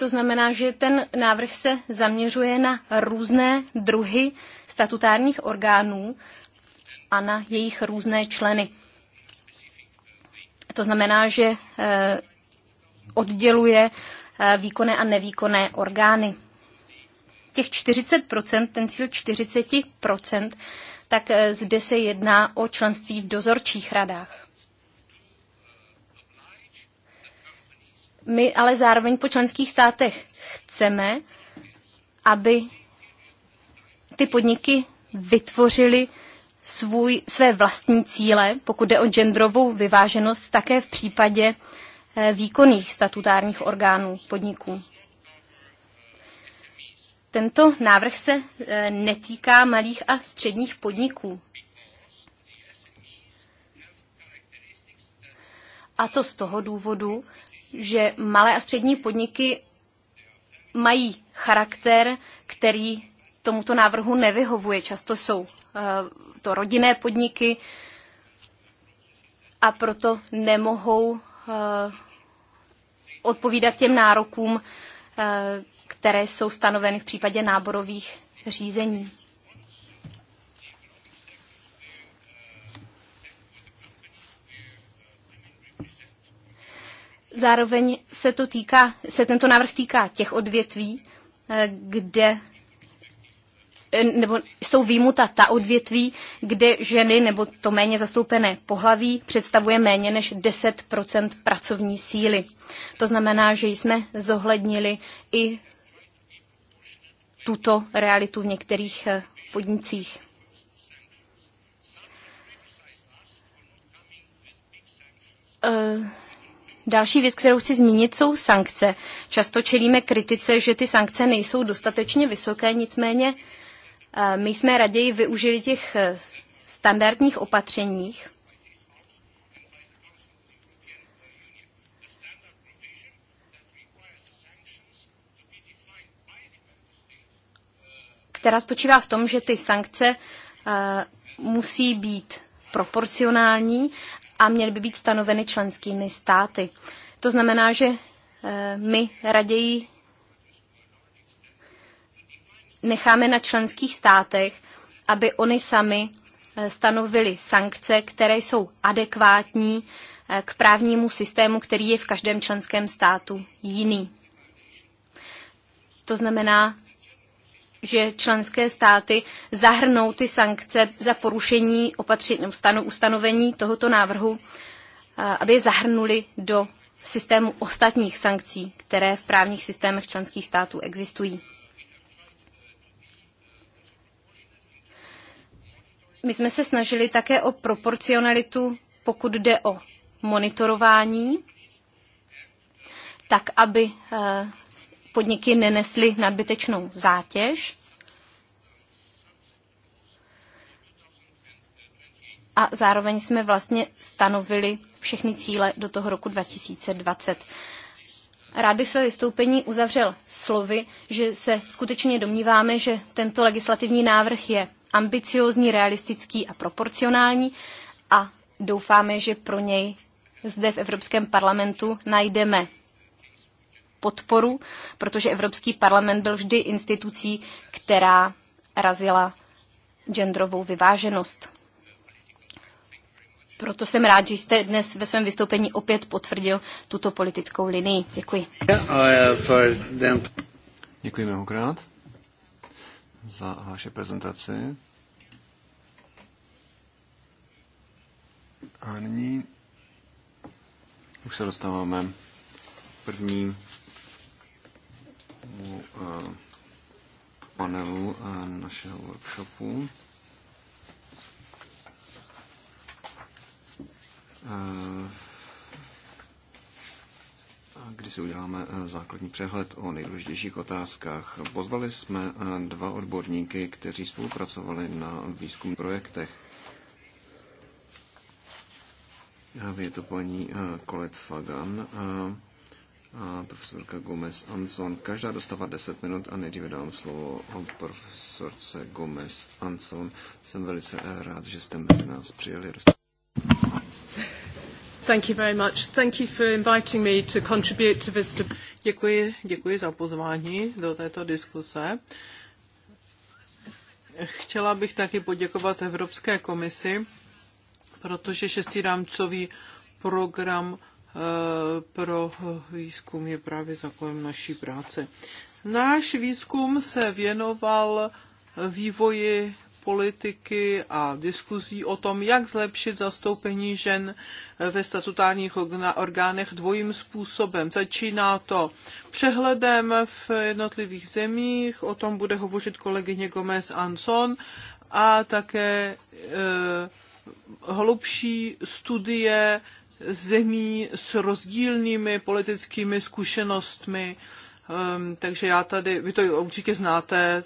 To znamená, že ten návrh se zaměřuje na různé druhy statutárních orgánů a na jejich různé členy. To znamená, že eh, odděluje eh, výkonné a nevýkonné orgány. Těch 40%, ten cíl 40%, tak eh, zde se jedná o členství v dozorčích radách. My ale zároveň po členských státech chceme, aby ty podniky vytvořily svůj, své vlastní cíle, pokud jde o genderovou vyváženost, také v případě eh, výkonných statutárních orgánů podniků. Tento návrh se eh, netýká malých a středních podniků. A to z toho důvodu, že malé a střední podniky mají charakter, který tomuto návrhu nevyhovuje. Často jsou eh, to rodinné podniky a proto nemohou eh, odpovídat těm nárokům, eh, které jsou stanoveny v případě náborových řízení. Zároveň se, to týká, se tento návrh týká těch odvětví, eh, kde eh, nebo jsou výmuta, ta odvětví, kde ženy nebo to méně zastoupené pohlaví představuje méně než 10 pracovní síly. To znamená, že jsme zohlednili i tuto realitu v některých eh, podnicích. Uh, Další věc, kterou chci zmínit, jsou sankce. Často čelíme kritice, že ty sankce nejsou dostatečně vysoké, nicméně eh, my jsme raději využili těch eh, standardních opatřeních, která spočívá v tom, že ty sankce eh, musí být proporcionální a měly by být stanoveny členskými státy. To znamená, že eh, my raději necháme na členských státech, aby oni sami eh, stanovili sankce, které jsou adekvátní eh, k právnímu systému, který je v každém členském státu jiný. To znamená, že členské státy zahrnou ty sankce za porušení opatření, stanu, ustanovení tohoto návrhu, aby je zahrnuli do systému ostatních sankcí, které v právních systémech členských států existují. My jsme se snažili také o proporcionalitu, pokud jde o monitorování, tak aby podniky nenesly nadbytečnou zátěž. A zároveň jsme vlastně stanovili všechny cíle do toho roku 2020. Rád bych své vystoupení uzavřel slovy, že se skutečně domníváme, že tento legislativní návrh je ambiciózní, realistický a proporcionální a doufáme, že pro něj zde v Evropském parlamentu najdeme podporu, protože Evropský parlament byl vždy institucí, která razila genderovou vyváženost. Proto jsem rád, že jste dnes ve svém vystoupení opět potvrdil tuto politickou linii. Děkuji. Děkuji mnohokrát za vaše prezentaci. A nyní už se dostáváme k první u eh, panelu eh, našeho workshopu. Eh, kdy si uděláme základní přehled o nejdůležitějších otázkách. Pozvali jsme dva odborníky, kteří spolupracovali na výzkumných projektech. Je to paní Colette Fagan, a profesorka Gomez Anson. Každá dostává 10 minut a nejdříve dám slovo o profesorce Gomez Anson. Jsem velice eh, rád, že jste mezi nás přijeli. Thank you very much. Thank you for inviting me to contribute to this Děkuji, děkuji za pozvání do této diskuse. Chtěla bych taky poděkovat Evropské komisi, protože šestý rámcový program Eh, pro výzkum je právě základem naší práce. Náš výzkum se věnoval vývoji politiky a diskuzí o tom, jak zlepšit zastoupení žen ve statutárních orgánech dvojím způsobem. Začíná to přehledem v jednotlivých zemích, o tom bude hovořit kolegyně Gomez Anson a také e, hlubší studie zemí s rozdílnými politickými zkušenostmi, ehm, takže já tady, vy to určitě znáte,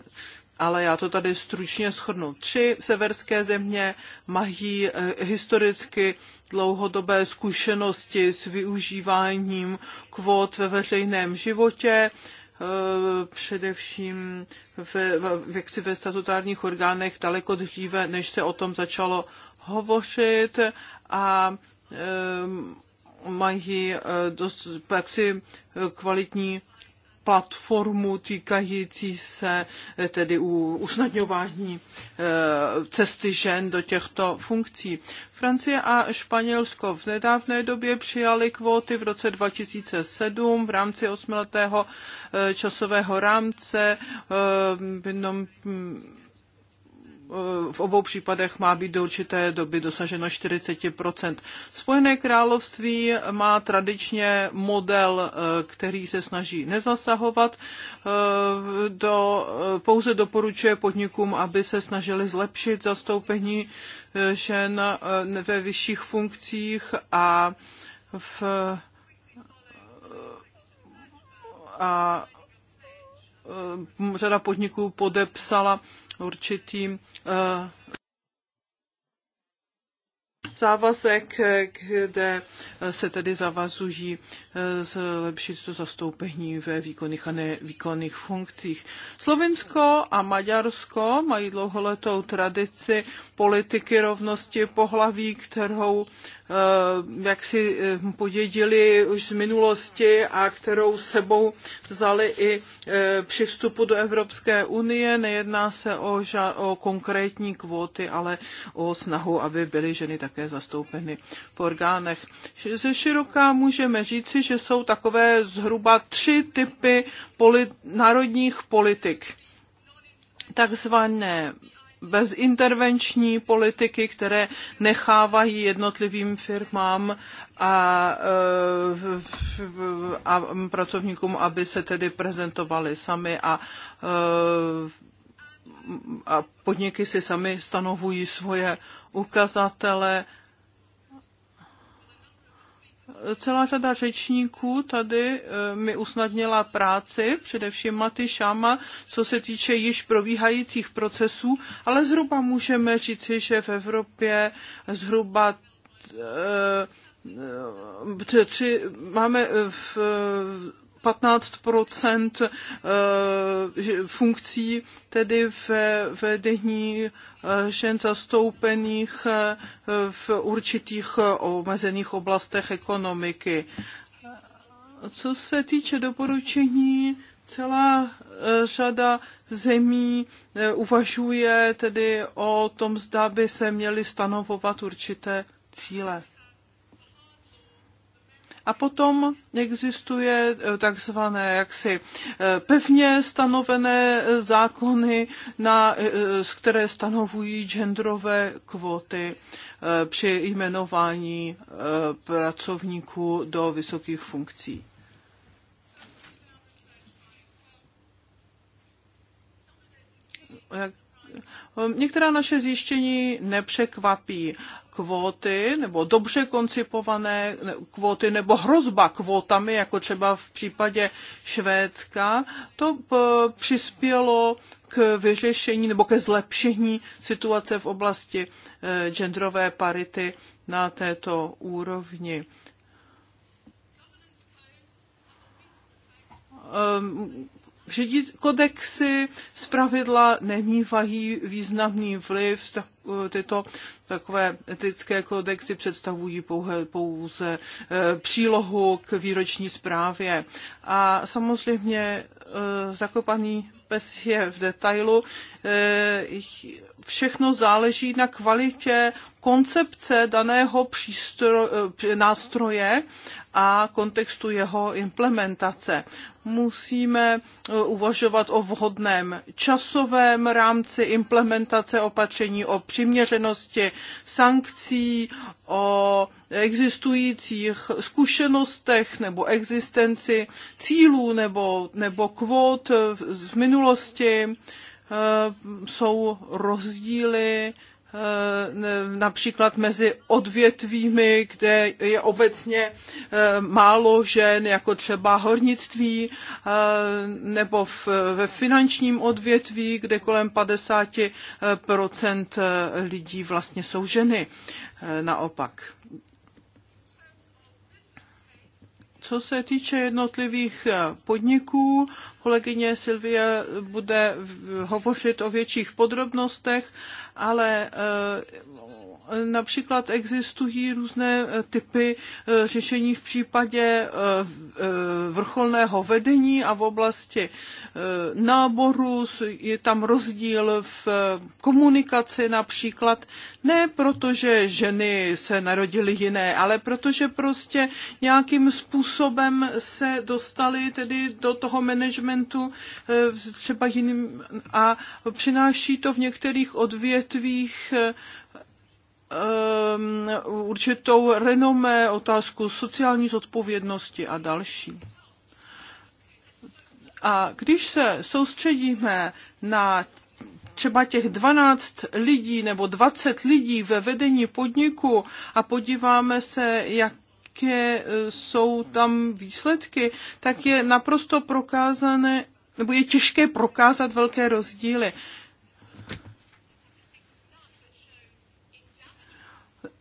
ale já to tady stručně shrnu. Tři severské země mají eh, historicky dlouhodobé zkušenosti s využíváním kvót ve veřejném životě, eh, především ve, ve, ve statutárních orgánech daleko dříve, než se o tom začalo hovořit a Ehm, mají eh, dost praxi eh, kvalitní platformu týkající se eh, tedy usnadňování cesty žen do těchto funkcí. Francie a Španělsko v nedávné době přijali kvóty v roce 2007 v rámci osmiletého časového rámce. Jenom hm, v obou případech má být do určité doby dosaženo 40 Spojené království má tradičně model, eh, který se snaží nezasahovat, eh, do, eh, pouze doporučuje podnikům, aby se snažili zlepšit zastoupení žen ve vyšších funkcích a v a řada podniků podepsala určitý eh, závazek, kde se tedy zavazují eh, zlepšit to zastoupení ve výkonných a nevýkonných funkcích. Slovinsko a Maďarsko mají dlouholetou tradici politiky rovnosti pohlaví, kterou Eh, jak si eh, podědili už z minulosti a kterou sebou vzali i eh, při vstupu do Evropské unie. Nejedná se o, ža- o konkrétní kvóty, ale o snahu, aby byly ženy také zastoupeny v orgánech. Ze široká můžeme říci, že jsou takové zhruba tři typy polit- národních politik takzvané bezintervenční politiky, které nechávají jednotlivým firmám a, eh, a pracovníkům, aby se tedy prezentovali sami a, eh, a podniky si sami stanovují svoje ukazatele celá řada řečníků tady eh, mi usnadnila práci, především Maty Šáma, co se týče již probíhajících procesů, ale zhruba můžeme říci, že v Evropě zhruba eh, eh, máme v 15 eh, funkcí, tedy ve vedení eh, žen zastoupených eh, v určitých omezených oblastech ekonomiky. Co se týče doporučení, celá řada zemí uvažuje tedy o tom, zda by se měly stanovovat určité cíle. A potom existuje eh, takzvané jaksi eh, pevně stanovené eh, zákony, na, které stanovují genderové kvóty při jmenování pracovníků do vysokých funkcí. Některá naše zjištění nepřekvapí kvóty nebo dobře koncipované kvóty nebo hrozba kvótami, jako třeba v případě Švédska, to eh, přispělo k vyřešení nebo ke zlepšení situace v oblasti eh, genderové parity na této úrovni. Ehm, Vždy kodexy pravidla nemývají významný vliv, tak, eh, tyto takové etické kodexy představují pouze, pouze eh, přílohu k výroční zprávě. A samozřejmě Eh, zakopaný pes je v detailu. Eh, všechno záleží na kvalitě koncepce daného přístro, eh, nástroje a kontextu jeho implementace. Musíme uvažovat o vhodném časovém rámci implementace opatření, o přiměřenosti sankcí, o existujících zkušenostech nebo existenci cílů nebo, nebo kvót v, v minulosti. Eh, jsou rozdíly eh, například mezi odvětvími, kde je obecně eh, málo žen, jako třeba hornictví, nebo v, ve finančním odvětví, kde kolem 50 lidí vlastně jsou ženy naopak. Co se týče jednotlivých eh, podniků, kolegyně Silvia bude hovořit o větších podrobnostech, ale eh, například existují různé eh, typy eh, řešení v případě eh, vrcholného vedení a v oblasti náboru je tam rozdíl v komunikaci například. Ne proto, že ženy se narodily jiné, ale protože prostě nějakým způsobem se dostaly tedy do toho managementu třeba jiným a přináší to v některých odvětvích um, určitou renomé, otázku sociální zodpovědnosti a další. A když se soustředíme na třeba těch 12 lidí nebo 20 lidí ve vedení podniku a podíváme se, jak jaké eh, jsou tam výsledky, tak je naprosto prokázané, nebo je těžké prokázat velké rozdíly.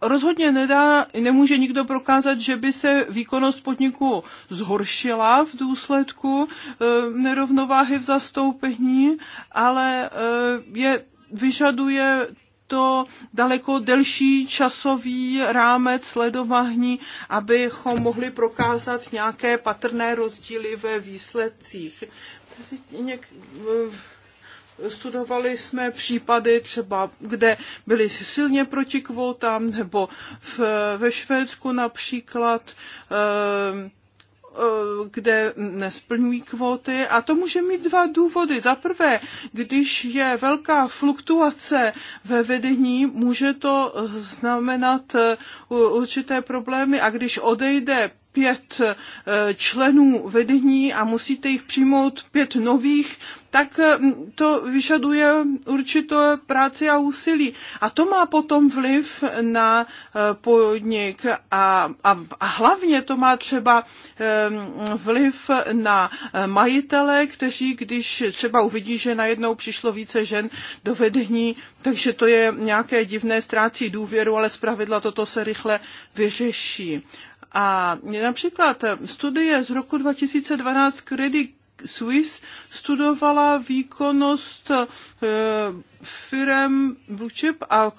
rozhodně nedá, nemůže nikdo prokázat, že by se výkonnost podniku zhoršila v důsledku eh, nerovnováhy v zastoupení, ale eh, je vyžaduje to daleko delší časový rámec sledování, abychom mohli prokázat nějaké patrné rozdíly ve výsledcích studovali jsme případy třeba, kde byli silně proti kvótám, nebo v, ve Švédsku například, ehm, eh, kde nesplňují kvóty. A to může mít dva důvody. Za prvé, když je velká fluktuace ve vedení, může to znamenat eh, určité problémy. A když odejde pět eh, členů vedení a musíte jich přijmout pět nových, tak mm, to vyžaduje určitou práci a úsilí. A to má potom vliv na eh, podnik a, a, a hlavně to má třeba ehm, vliv na eh, majitele, kteří, když třeba uvidí, že najednou přišlo více žen do vedení, takže to je nějaké divné, ztrácí důvěru, ale zpravidla toto se rychle vyřeší. A například studie z roku 2012 Credit Swiss studovala výkonnost eh, firem Bluechip a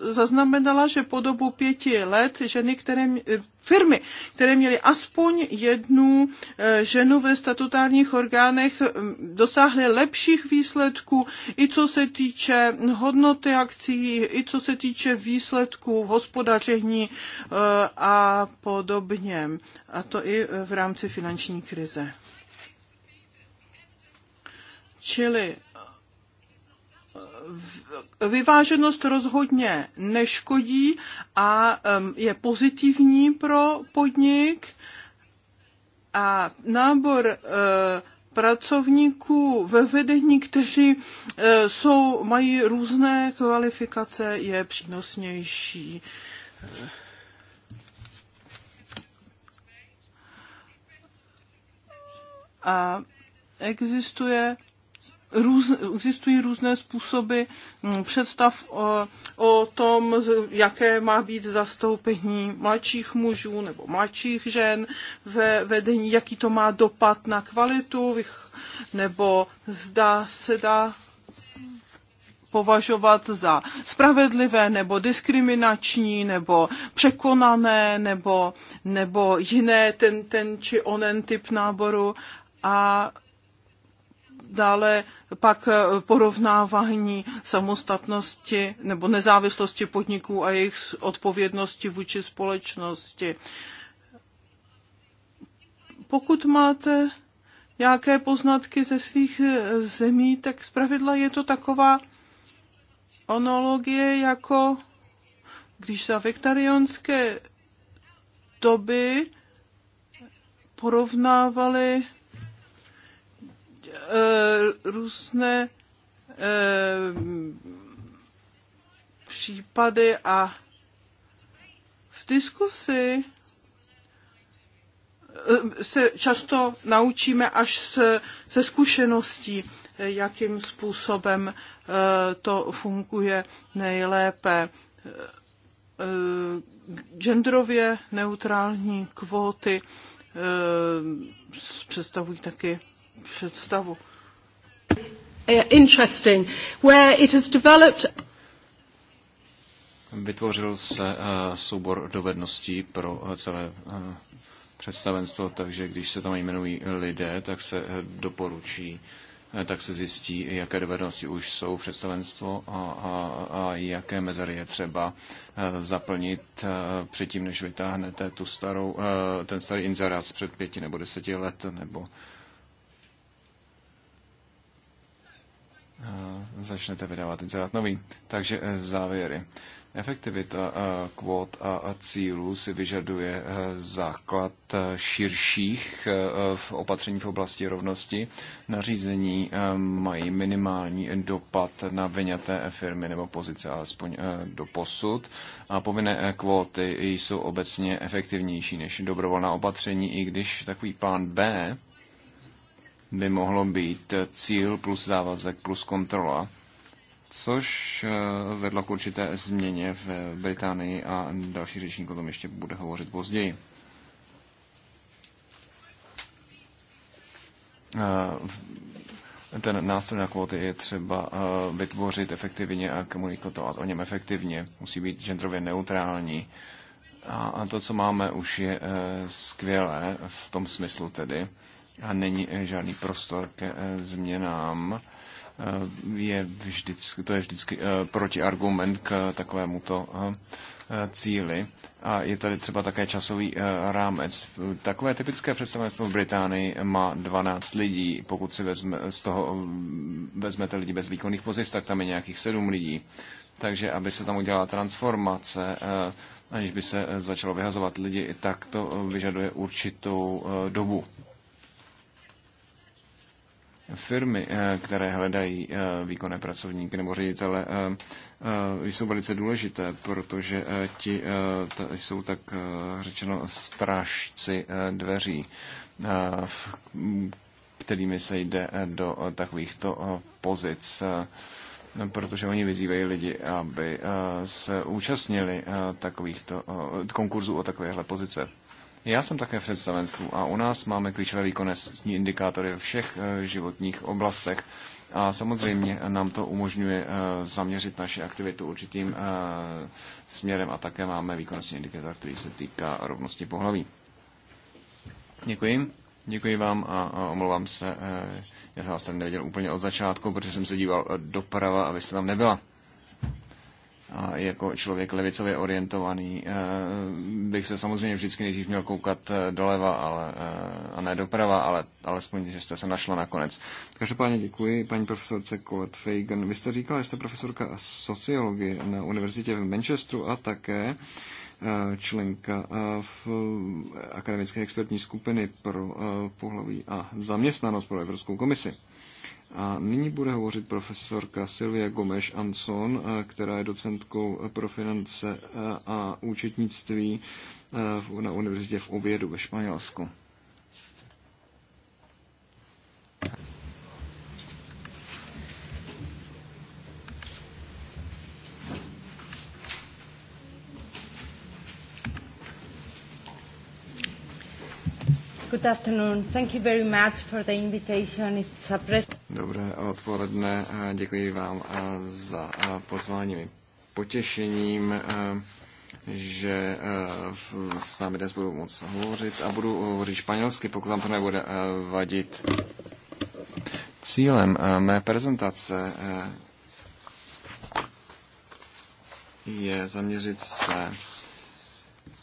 zaznamenala, že po dobu pěti let ženy, které, eh, firmy, které měly aspoň jednu eh, ženu ve statutárních orgánech, dosáhly lepších výsledků, i co se týče hodnoty akcí, i co se týče výsledků hospodaření a podobně. A to i v rámci finanční krize. Čili vyváženost rozhodně neškodí a je pozitivní pro podnik a nábor e, pracovníků ve vedení, kteří e, jsou, mají různé kvalifikace, je přínosnější. A existuje růz, existují různé způsoby mm, představ o, o tom, jaké má být zastoupení mladších mužů nebo mladších žen ve vedení, jaký to má dopad na kvalitu, nebo zda se dá považovat za spravedlivé nebo diskriminační nebo překonané nebo, nebo jiné ten, ten či onen typ náboru a dále pak eh, porovnávání samostatnosti nebo nezávislosti podniků a jejich odpovědnosti vůči společnosti. Pokud máte nějaké poznatky ze svých eh, zemí, tak zpravidla je to taková analogie jako když za vegetariánské doby porovnávali Eh, různé eh, případy a v diskusi eh, se často naučíme až se, se zkušeností, jakým způsobem to funguje nejlépe. Genderově neutrální kvóty představují taky představu. Uh, interesting, where it has developed... Vytvořil se uh, soubor dovedností pro uh, celé představenstvo, takže když se tam jmenují lidé, tak se doporučí, tak se zjistí, jaké dovednosti už jsou představenstvo a, a, a jaké mezery je třeba zaplnit předtím, než vytáhnete tu starou, ten starý inzerát před pěti nebo deseti let nebo začnete vydávat inzerát nový. Takže eh, závěry. Efektivita eh, kvót a cílů si vyžaduje eh, základ širších v opatření v oblasti rovnosti. Nařízení mají minimální dopad na vyňaté firmy nebo pozice alespoň do posud. A povinné kvóty jsou obecně efektivnější než dobrovolná opatření, i když takový plán B by mohlo být cíl plus závazek plus kontrola, což eh, vedlo k určité změně v Británii a další řečník o tom ještě bude hovořit později. Eh, ten nástroj na kvóty je třeba eh, vytvořit efektivně a komunikovat o něm efektivně. Musí být genderově neutrální. A to, co máme, už je skvělé v tom smyslu tedy, a není eh, žádný prostor ke eh, změnám. Eh, je vždycky, to je vždycky protiargument k takovémuto cíli. A je tady třeba také časový rámec. Takové typické představenstvo v Británii má 12 lidí. Pokud si vezme, z toho mm, vezmete lidi bez výkonných pozic, tak tam je nějakých 7 lidí. Takže aby se tam udělala transformace, aniž by se začalo vyhazovat lidi, tak to vyžaduje určitou dobu. Firmy, eh, které hledají eh, výkonné pracovníky nebo ředitele, eh, jsou velice důležité, protože ti jsou tak řečeno strážci dveří, kterými se jde do takovýchto pozic protože oni vyzývají lidi, aby se účastnili takovýchto konkurzů o takovéhle pozice. Já jsem také v představenstvu a u nás máme klíčové výkonnostní indikátory ve všech eh, životních oblastech a samozřejmě nám to umožňuje eh, zaměřit naši aktivitu určitým eh, směrem a také máme výkonnostní indikátor, který se týká rovnosti pohlaví. Děkuji. Děkuji vám a, omlouvám se, já jsem vás tady neviděl úplně od začátku, protože jsem se díval doprava a vy jste tam nebyla. A jako člověk levicově orientovaný eh, bych se samozřejmě vždycky nejdřív měl koukat eh, doleva ale, eh, a ne doprava, ale alespoň, že jste se našla nakonec. Každopádně děkuji paní profesorce Colette Fagan. Vy jste říkala, že jste profesorka sociologie na univerzitě v Manchesteru a také členka v akademické expertní skupiny pro pohlaví a zaměstnanost pro Evropskou komisi. A nyní bude hovořit profesorka Silvia Gomes Anson, eh, která je docentkou eh, pro finance eh, a účetnictví na univerzitě v Ovědu ve Španělsku. Good afternoon. Thank you very much for the invitation. It's a Dobré odpoledne. Děkuji vám za pozvání. Potěšením že s námi dnes budu moc hovořit a budu hovořit španělsky, pokud vám to nebude vadit. Cílem mé prezentace je zaměřit se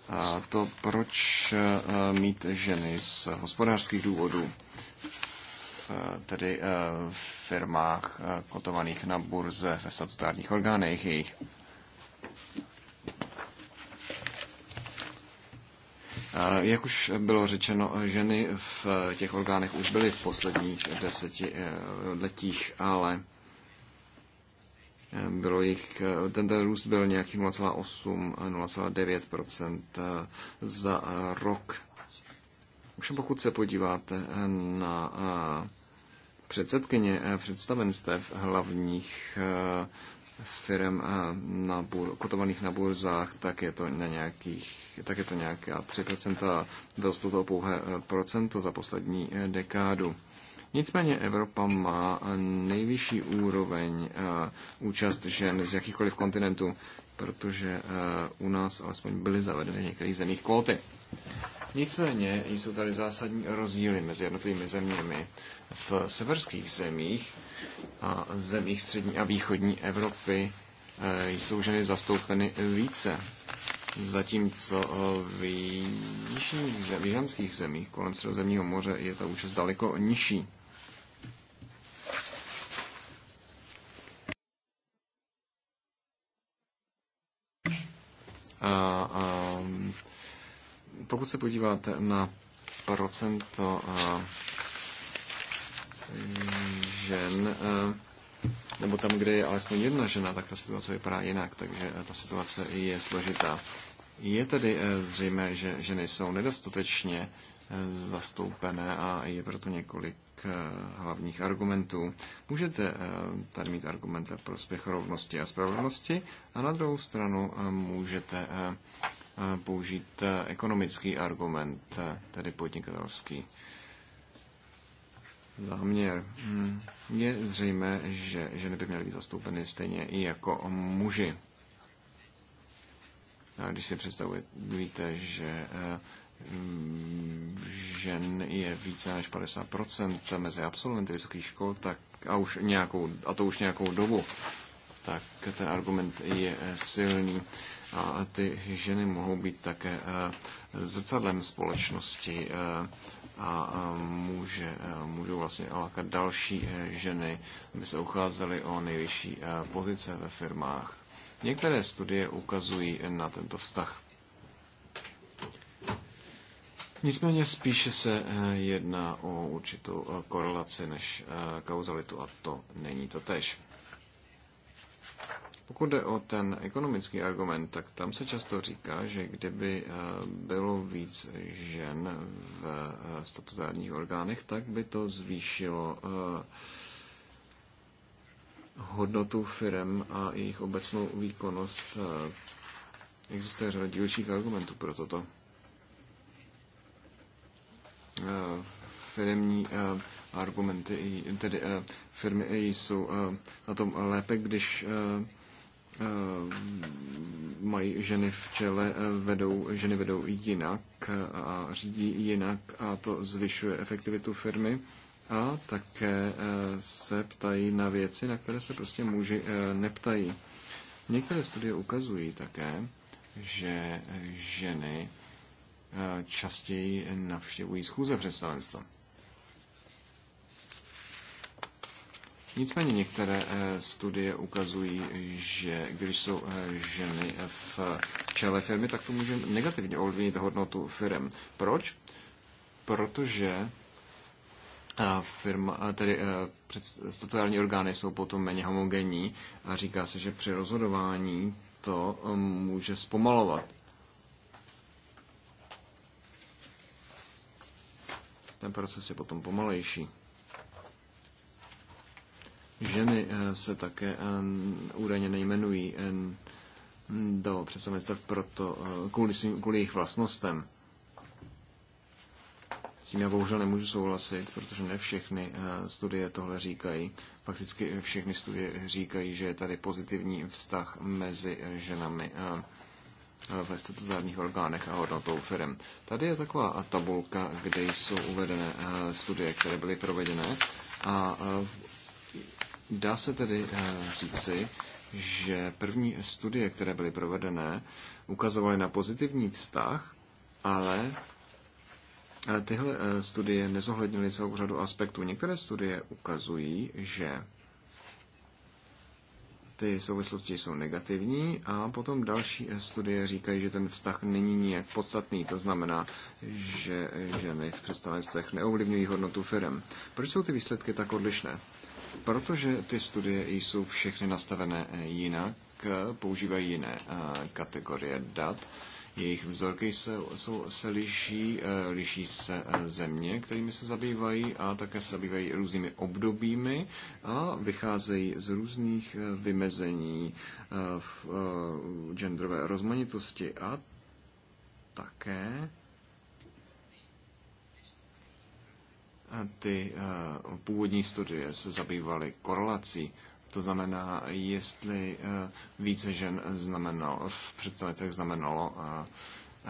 a to, proč eh, mít ženy z hospodářských důvodů, eh, tedy eh, v firmách kotovaných na burze, ve statutárních orgánech jejich. Jak už bylo řečeno, ženy v těch orgánech už byly v posledních desetiletích, ale bylo jich, ten, ten růst byl nějaký 0,8-0,9 eh, za eh, rok. Už pokud se podíváte eh, na předsedkyně představenstev hlavních firm na bur, kotovaných na burzách, tak je to na nějakých tak je to nějaká 3% vzrostlo toho pouhé procento za poslední dekádu. Nicméně Evropa má nejvyšší úroveň eh, účast žen z jakýchkoliv kontinentů, protože eh, u nás alespoň byly zavedeny v některých zemích kvóty. Nicméně jsou tady zásadní rozdíly mezi jednotlivými zeměmi. V severských zemích a zemích střední a východní Evropy eh, jsou ženy zastoupeny více, zatímco v jižních zemích, zemích kolem středozemního moře je ta účast daleko nižší. A, a pokud se podíváte na procento a, žen, a, nebo tam, kde je alespoň jedna žena, tak ta situace vypadá jinak, takže e, ta situace je složitá. Je tedy e, zřejmé, že ženy jsou nedostatečně e, zastoupené a je proto několik Eh, hlavních argumentů. Můžete eh, tady mít argument ve prospěch rovnosti a spravedlnosti a na druhou stranu eh, můžete použít ekonomický argument, tedy podnikatelský záměr. Hmm. Je zřejmé, že ženy by měly být zastoupeny stejně i jako muži. A když si představujete, že žen je více než 50% mezi absolventy vysokých škol, tak a, už nějakou, a to už nějakou dobu, tak ten argument je silný. A ty ženy mohou být také eh, zrcadlem společnosti eh, a může, eh, můžou vlastně alakat další ženy, aby se ucházely o nejvyšší pozice ve firmách. Některé studie ukazují na tento vztah. Nicméně spíše se eh, jedná o určitou eh, korelaci než eh, kauzalitu a to není to tež. Pokud jde o ten ekonomický argument, tak tam se často říká, že kdyby bylo víc žen v statutárních orgánech, tak by to zvýšilo hodnotu firm a jejich obecnou výkonnost. Existuje řada dílčích argumentů pro toto. Eh, firmní eh, argumenty, tedy eh, firmy jsou na tom lépe, když mají ženy v čele, vedou, ženy vedou jinak a řídí jinak a to zvyšuje efektivitu firmy a také se ptají na věci, na které se prostě muži neptají. Některé studie ukazují také, že ženy Eh, častěji navštěvují schůze představenstva. Nicméně některé eh, studie ukazují, že když jsou eh, ženy v čele firmy, tak to může negativně ovlivnit hodnotu firm. Proč? Protože firma, tedy statutární orgány jsou potom méně homogenní a říká se, že při rozhodování to může zpomalovat Ten proces je potom pomalejší. Ženy eh, se také eh, údajně nejmenují eh, do představenstv proto, kvůli, svým, kvůli jejich vlastnostem. S tím já bohužel nemůžu souhlasit, protože ne všechny studie tohle říkají. Fakticky všechny studie říkají, že je tady pozitivní vztah mezi ženami Eh, ve statutárních orgánech a hodnotou firm. Tady je taková tabulka, kde jsou uvedené eh, studie, které byly provedené a eh, dá se tedy říci, že první studie, které byly provedené, ukazovaly na pozitivní vztah, ale tyhle studie nezohlednily celou řadu aspektů. Některé studie ukazují, že ty souvislosti jsou negativní a potom další studie říkají, že ten vztah není nijak podstatný. To znamená, že ženy v představenstvech neovlivňují hodnotu firm. Proč jsou ty výsledky tak odlišné? Protože ty studie jsou všechny nastavené jinak, používají jiné eh, kategorie dat jejich vzorky se, jsou, se liší, eh, liší se eh, země, kterými se zabývají a také se zabývají různými obdobími a vycházejí z různých eh, vymezení v genderové rozmanitosti a také ty původní studie se zabývaly korelací to znamená, jestli eh, více žen znamenalo, v představitech znamenalo eh,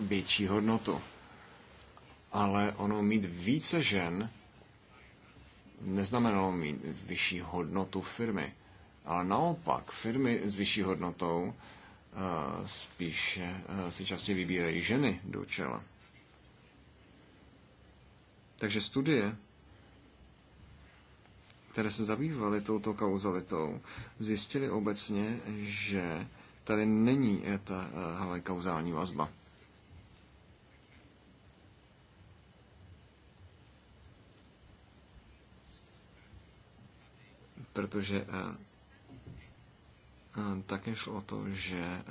větší hodnotu. Ale ono mít více žen neznamenalo mít vyšší hodnotu firmy. Ale naopak, firmy s vyšší hodnotou eh, spíše si častě vybírají ženy do čela. Takže studie které se zabývaly touto kauzalitou, zjistili obecně, že tady není ta eh, hele, kauzální vazba. Protože eh, eh, také šlo o to, že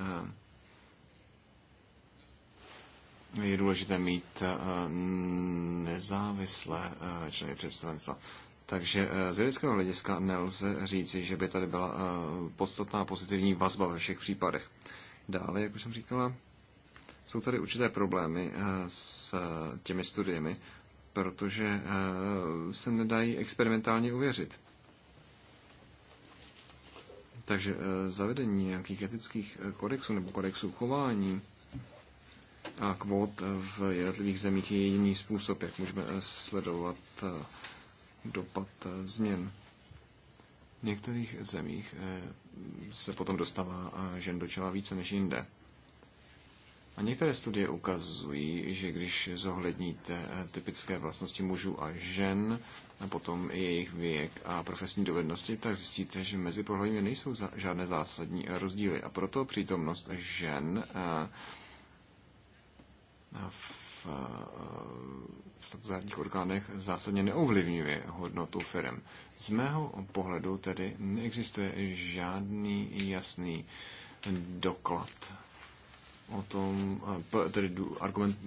je důležité mít nezávislé členy představenstva. Takže eh, z vědeckého hlediska nelze říci, že by tady byla eh, podstatná pozitivní vazba ve všech případech. Dále, jak už jsem říkala, jsou tady určité problémy eh, s těmi studiemi, protože se nedají experimentálně uvěřit. Takže zavedení nějakých etických kodexů nebo kodexů chování a kvót v jednotlivých zemích je jediný způsob, jak můžeme sledovat dopad eh, změn. V některých zemích eh, se potom dostává eh, žen do čela více než jinde. A některé studie ukazují, že když zohledníte typické vlastnosti mužů a žen, a potom i jejich věk a profesní dovednosti, tak zjistíte, že mezi pohlavími nejsou žádné zásadní rozdíly. A proto přítomnost žen v v statutárních orgánech zásadně neovlivňuje hodnotu firm. Z mého pohledu tedy neexistuje žádný jasný doklad o tom, eh, tedy argument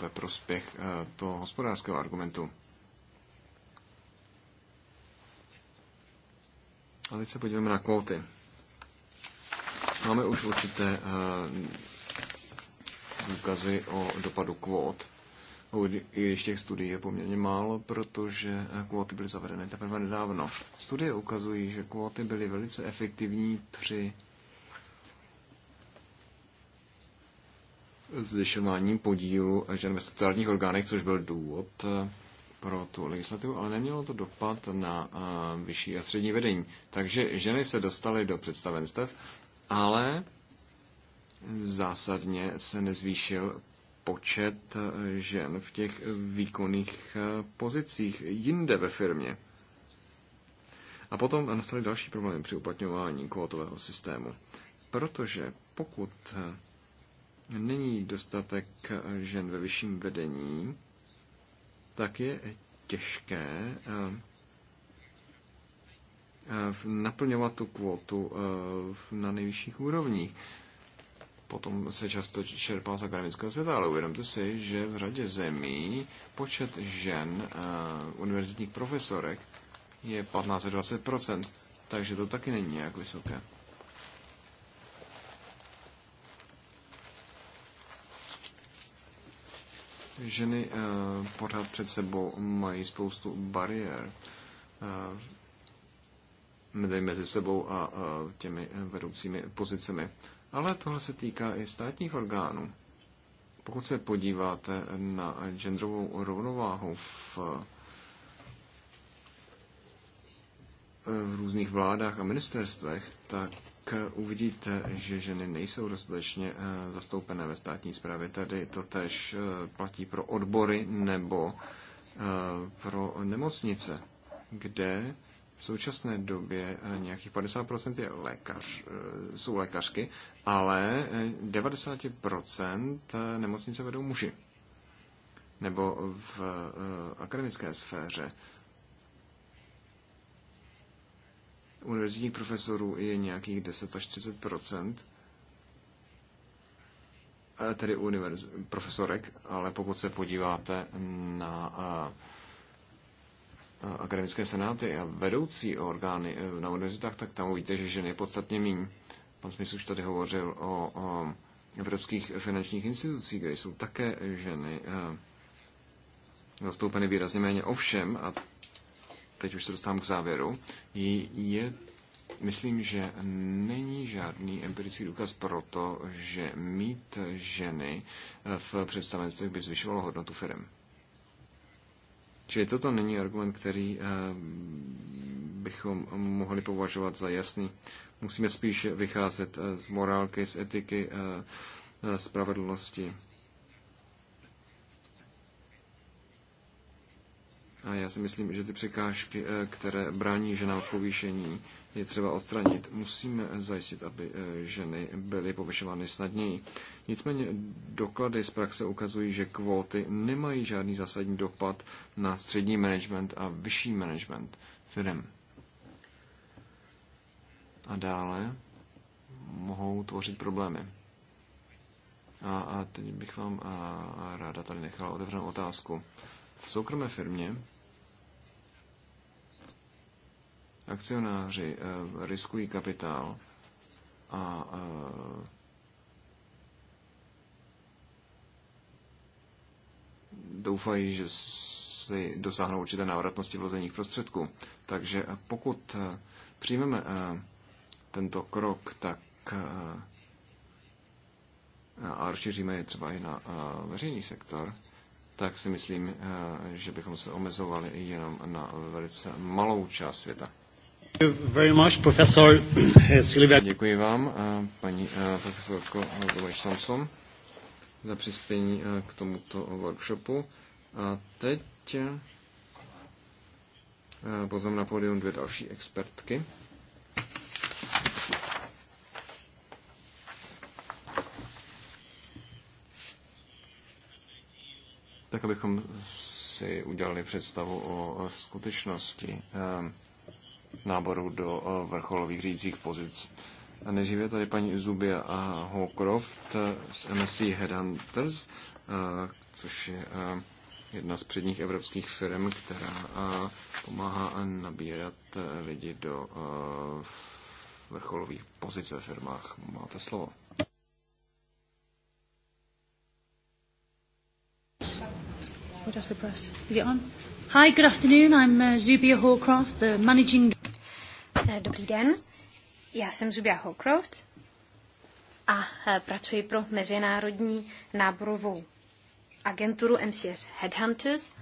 ve prospěch eh, toho hospodářského argumentu. A teď se podíváme na kvóty. Máme už určité eh, důkazy o dopadu kvót i když těch studií je poměrně málo, protože eh, kvóty byly zavedeny teprve nedávno. Studie ukazují, že kvóty byly velice efektivní při zvyšování podílu žen ve statutárních orgánech, což byl důvod eh, pro tu legislativu, ale nemělo to dopad na eh, vyšší a střední vedení. Takže ženy se dostaly do představenstev, ale zásadně se nezvýšil počet žen v těch výkonných eh, pozicích jinde ve firmě. A potom nastaly další problémy při uplatňování kvótového systému. Protože pokud eh, není dostatek eh, žen ve vyšším vedení, tak je těžké naplňovat tu kvotu na nejvyšších úrovních potom se často čerpá z akademického světa, ale uvědomte si, že v řadě zemí počet žen uh, univerzitních profesorek je 15-20%, takže to taky není nějak vysoké. Ženy uh, pořád před sebou mají spoustu bariér uh, mezi sebou a uh, těmi vedoucími pozicemi. Ale tohle se týká i státních orgánů. Pokud se podíváte na genderovou rovnováhu v, v různých vládách a ministerstvech, tak uvidíte, že ženy nejsou dostatečně eh, zastoupené ve státní správě. Tady to tež eh, platí pro odbory nebo eh, pro nemocnice, kde v současné době eh, nějakých 50% je lékař, eh, jsou lékařky, ale 90% eh, nemocnice vedou muži. Nebo v akademické sféře univerzitních profesorů je nějakých 10 až 30 tedy univerz- profesorek, ale pokud se podíváte na akademické senáty a vedoucí orgány eh, na univerzitách, tak tam uvidíte, že ženy je podstatně méně. Pan Smith už tady hovořil o, o evropských finančních institucích, kde jsou také ženy eh, zastoupeny výrazně méně. Ovšem, a teď už se dostávám k závěru, je, myslím, že není žádný empirický důkaz pro to, že mít ženy eh, v představenstvech by zvyšovalo hodnotu firm. Čili toto není argument, který eh, bychom mohli považovat za jasný. Musíme spíše vycházet eh, z morálky, z etiky, eh, spravedlnosti. A já si myslím, že ty překážky, které brání ženám povýšení, je třeba odstranit. Musíme zajistit, aby ženy byly povyšovány snadněji. Nicméně doklady z praxe ukazují, že kvóty nemají žádný zásadní dopad na střední management a vyšší management firm. A dále mohou tvořit problémy. A, a teď bych vám a, a ráda tady nechala otevřenou otázku. V soukromé firmě akcionáři e, riskují kapitál a e, doufají, že si dosáhnou určité návratnosti vložených prostředků. Takže pokud eh, přijmeme eh, tento krok, tak eh, a rozšíříme je třeba i na veřejný sektor, tak si myslím, že bychom se omezovali jenom na velice malou část světa. Děkuji vám, paní profesorko Doleš Samson za přispění eh, k tomuto workshopu. A teď eh, pozvám na pódium dvě další expertky. Tak abychom si udělali představu o skutečnosti eh, náboru do vrcholových řídících pozic a nejdříve tady paní Zubia a Hawcroft eh, z MSC Headhunters, eh, což je eh, jedna z předních evropských firm, která pomáhá nabírat lidi do vrcholových pozic ve firmách. Máte slovo. Hi, good afternoon. I'm Zubia Hawcroft, the managing... Dobrý den, já jsem Zubia Holcroft a eh, pracuji pro mezinárodní náborovou agenturu MCS Headhunters.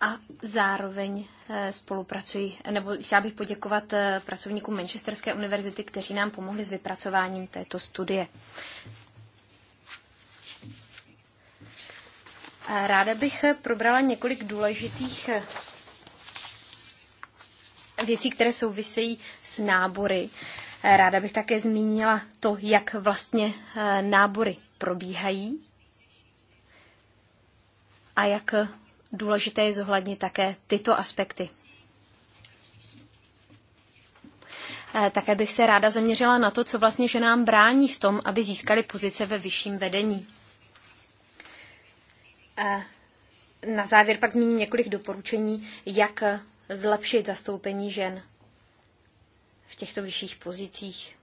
A zároveň eh, spolupracuji, nebo chtěla bych poděkovat eh, pracovníkům Manchesterské univerzity, kteří nám pomohli s vypracováním této studie. Ráda bych probrala několik důležitých věcí, které souvisejí s nábory. Ráda bych také zmínila to, jak vlastně eh, nábory probíhají a jak důležité je zohlednit také tyto aspekty. Eh, také bych se ráda zaměřila na to, co vlastně ženám brání v tom, aby získali pozice ve vyšším vedení. Eh, na závěr pak zmíním několik doporučení, jak zlepšit zastoupení žen v těchto vyšších pozicích.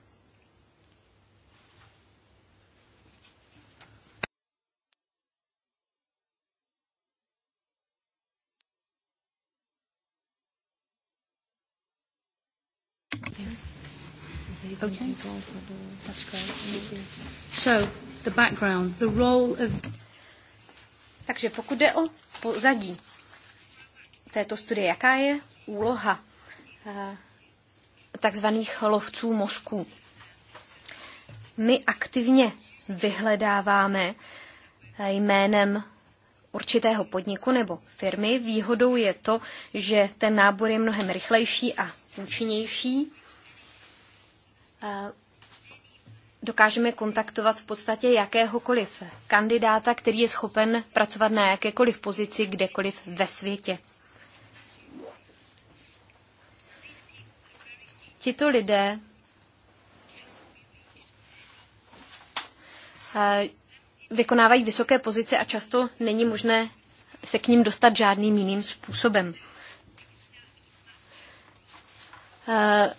So, the background, the role Takže pokud jde o pozadí, této studie. Jaká je úloha eh, takzvaných lovců mozků? My aktivně vyhledáváme eh, jménem určitého podniku nebo firmy. Výhodou je to, že ten nábor je mnohem rychlejší a účinnější. Eh, dokážeme kontaktovat v podstatě jakéhokoliv kandidáta, který je schopen pracovat na jakékoliv pozici kdekoliv ve světě. Tito lidé eh, vykonávají vysoké pozice a často není možné se k ním dostat žádným jiným způsobem. Eh,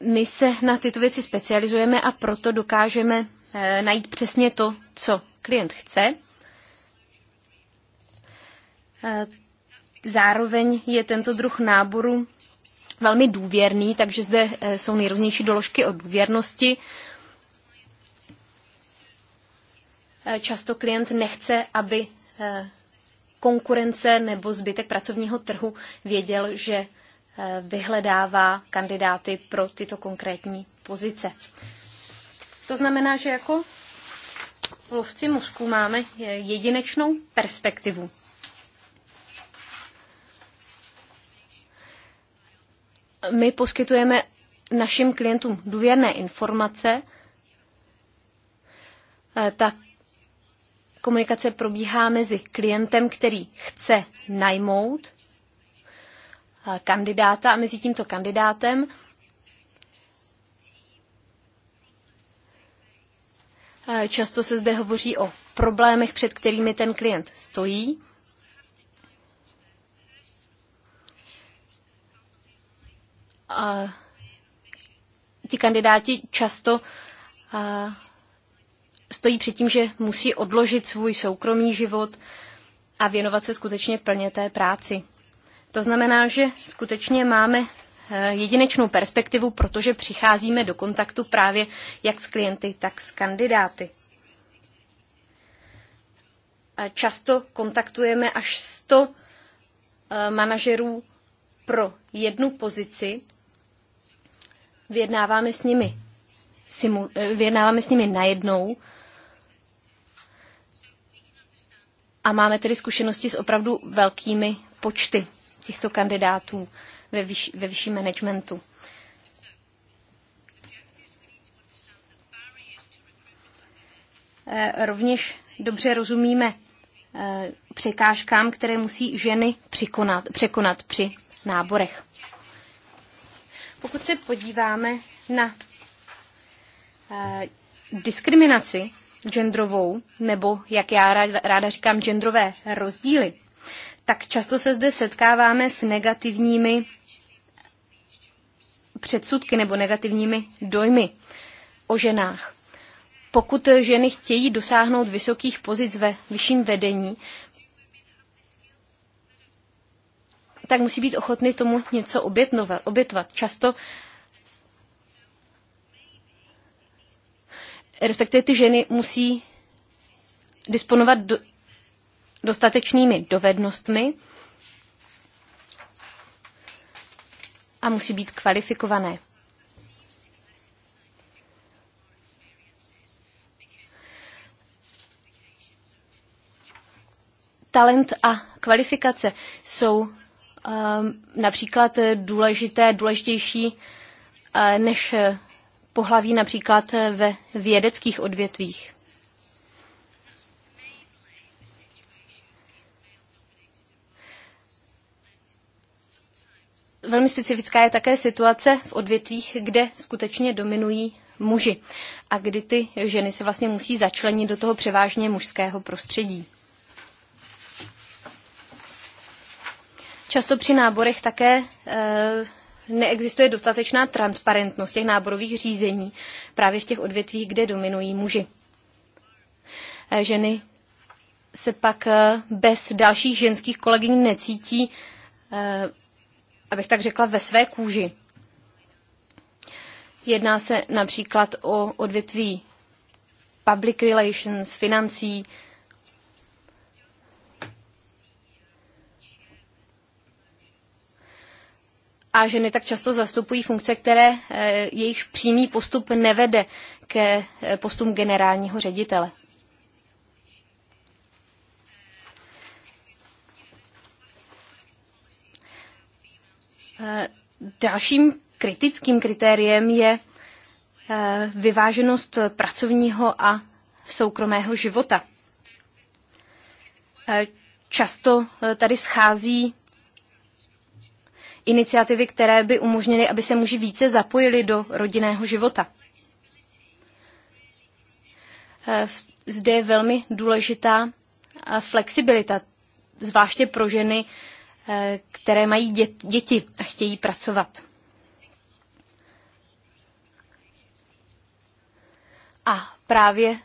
my se na tyto věci specializujeme a proto dokážeme eh, najít přesně to, co klient chce. Zároveň je tento druh náboru velmi důvěrný, takže zde eh, jsou nejrůznější doložky o důvěrnosti. Eh, často klient nechce, aby eh, konkurence nebo zbytek pracovního trhu věděl, že vyhledává kandidáty pro tyto konkrétní pozice. To znamená, že jako lovci mozku máme jedinečnou perspektivu. my poskytujeme našim klientům důvěrné informace, eh, ta komunikace probíhá mezi klientem, který chce najmout kandidáta a mezi tímto kandidátem. Eh, často se zde hovoří o problémech, před kterými ten klient stojí. a ti kandidáti často a, stojí před tím, že musí odložit svůj soukromý život a věnovat se skutečně plně té práci. To znamená, že skutečně máme e, jedinečnou perspektivu, protože přicházíme do kontaktu právě jak s klienty, tak s kandidáty. Často kontaktujeme až 100 e, manažerů pro jednu pozici vyjednáváme s nimi, simu, eh, vyjednáváme s nimi najednou a máme tedy zkušenosti s opravdu velkými počty těchto kandidátů ve, vyš, ve vyšším managementu. Eh, rovněž dobře rozumíme eh, překážkám, které musí ženy překonat, překonat při náborech. Pokud se podíváme na eh, diskriminaci genderovou, nebo jak já ráda říkám, genderové rozdíly, tak často se zde setkáváme s negativními předsudky nebo negativními dojmy o ženách. Pokud ženy chtějí dosáhnout vysokých pozic ve vyšším vedení, tak musí být ochotný tomu něco obětovat. Často respektive ty ženy musí disponovat do, dostatečnými dovednostmi a musí být kvalifikované. Talent a kvalifikace jsou Ehm, například eh, důležité, důležitější eh, než eh, pohlaví například ve vědeckých odvětvích. Velmi specifická je také situace v odvětvích, kde skutečně dominují muži a kdy ty ženy se vlastně musí začlenit do toho převážně mužského prostředí. Často při náborech také eh, neexistuje dostatečná transparentnost těch náborových řízení právě v těch odvětvích, kde dominují muži. Eh, ženy se pak eh, bez dalších ženských kolegyň necítí, abych tak řekla, ve své kůži. Jedná se například o odvětví public relations, financí, a ženy tak často zastupují funkce, které eh, jejich přímý postup nevede ke eh, postům generálního ředitele. Eh, dalším kritickým kritériem je vyváženost pracovního a soukromého života. Často tady schází iniciativy, které by umožnily, aby se muži více zapojili do rodinného života. Eh, zde je velmi důležitá eh, flexibilita, zvláště pro ženy, eh, které mají děti a chtějí pracovat. A právě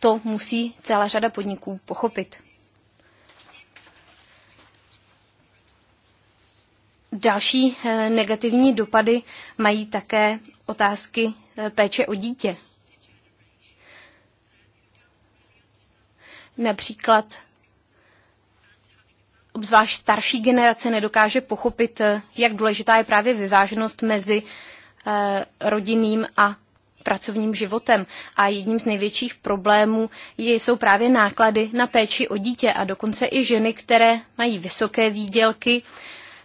to musí celá řada podniků pochopit. Další eh, negativní dopady mají také otázky eh, péče o dítě. Například obzvlášť starší generace nedokáže pochopit, eh, jak důležitá je právě vyváženost mezi rodinným a pracovním životem. A jedním z největších problémů jsou právě náklady na péči o dítě a dokonce i ženy, které mají vysoké výdělky,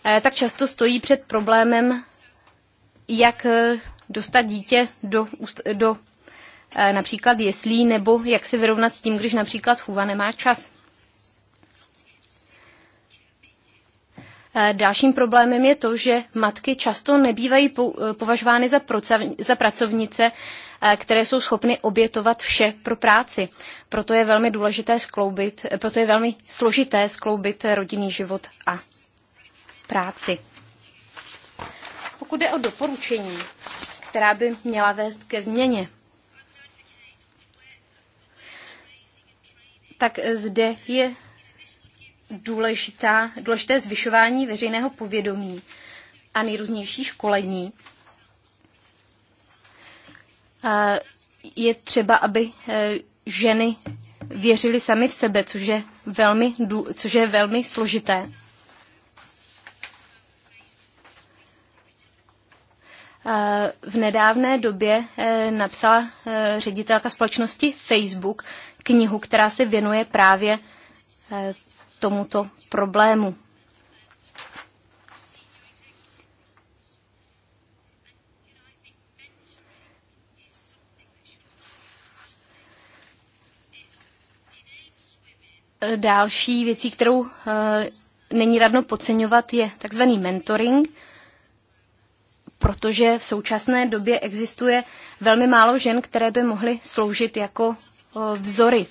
Eh, tak často stojí před problémem, jak eh, dostat dítě do, do eh, například jeslí, nebo jak se vyrovnat s tím, když například chůva nemá čas. Dalším problémem je to, že matky často nebývají považovány za, za pracovnice, které jsou schopny obětovat vše pro práci. Proto je velmi důležité skloubit, proto je velmi složité skloubit rodinný život a práci. Pokud jde o doporučení, která by měla vést ke změně, tak zde je důležitá, důležité zvyšování veřejného povědomí a nejrůznější školení. Je třeba, aby e, ženy věřily sami v sebe, což je velmi, což je velmi složité. Eh, v nedávné době eh, napsala eh, ředitelka společnosti Facebook knihu, která se věnuje právě tomuto problému. Další věcí, kterou není radno podceňovat, je takzvaný mentoring protože v současné době existuje velmi málo žen, které by mohly sloužit jako vzory.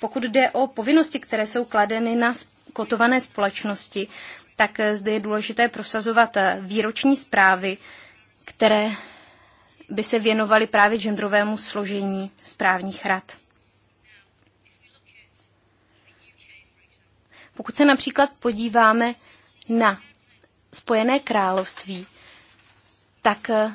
Pokud jde o povinnosti, které jsou kladeny na kotované společnosti, tak e, zde je důležité prosazovat e, výroční zprávy, které by se věnovaly právě genderovému složení správních rad. Pokud se například podíváme na Spojené království, tak eh,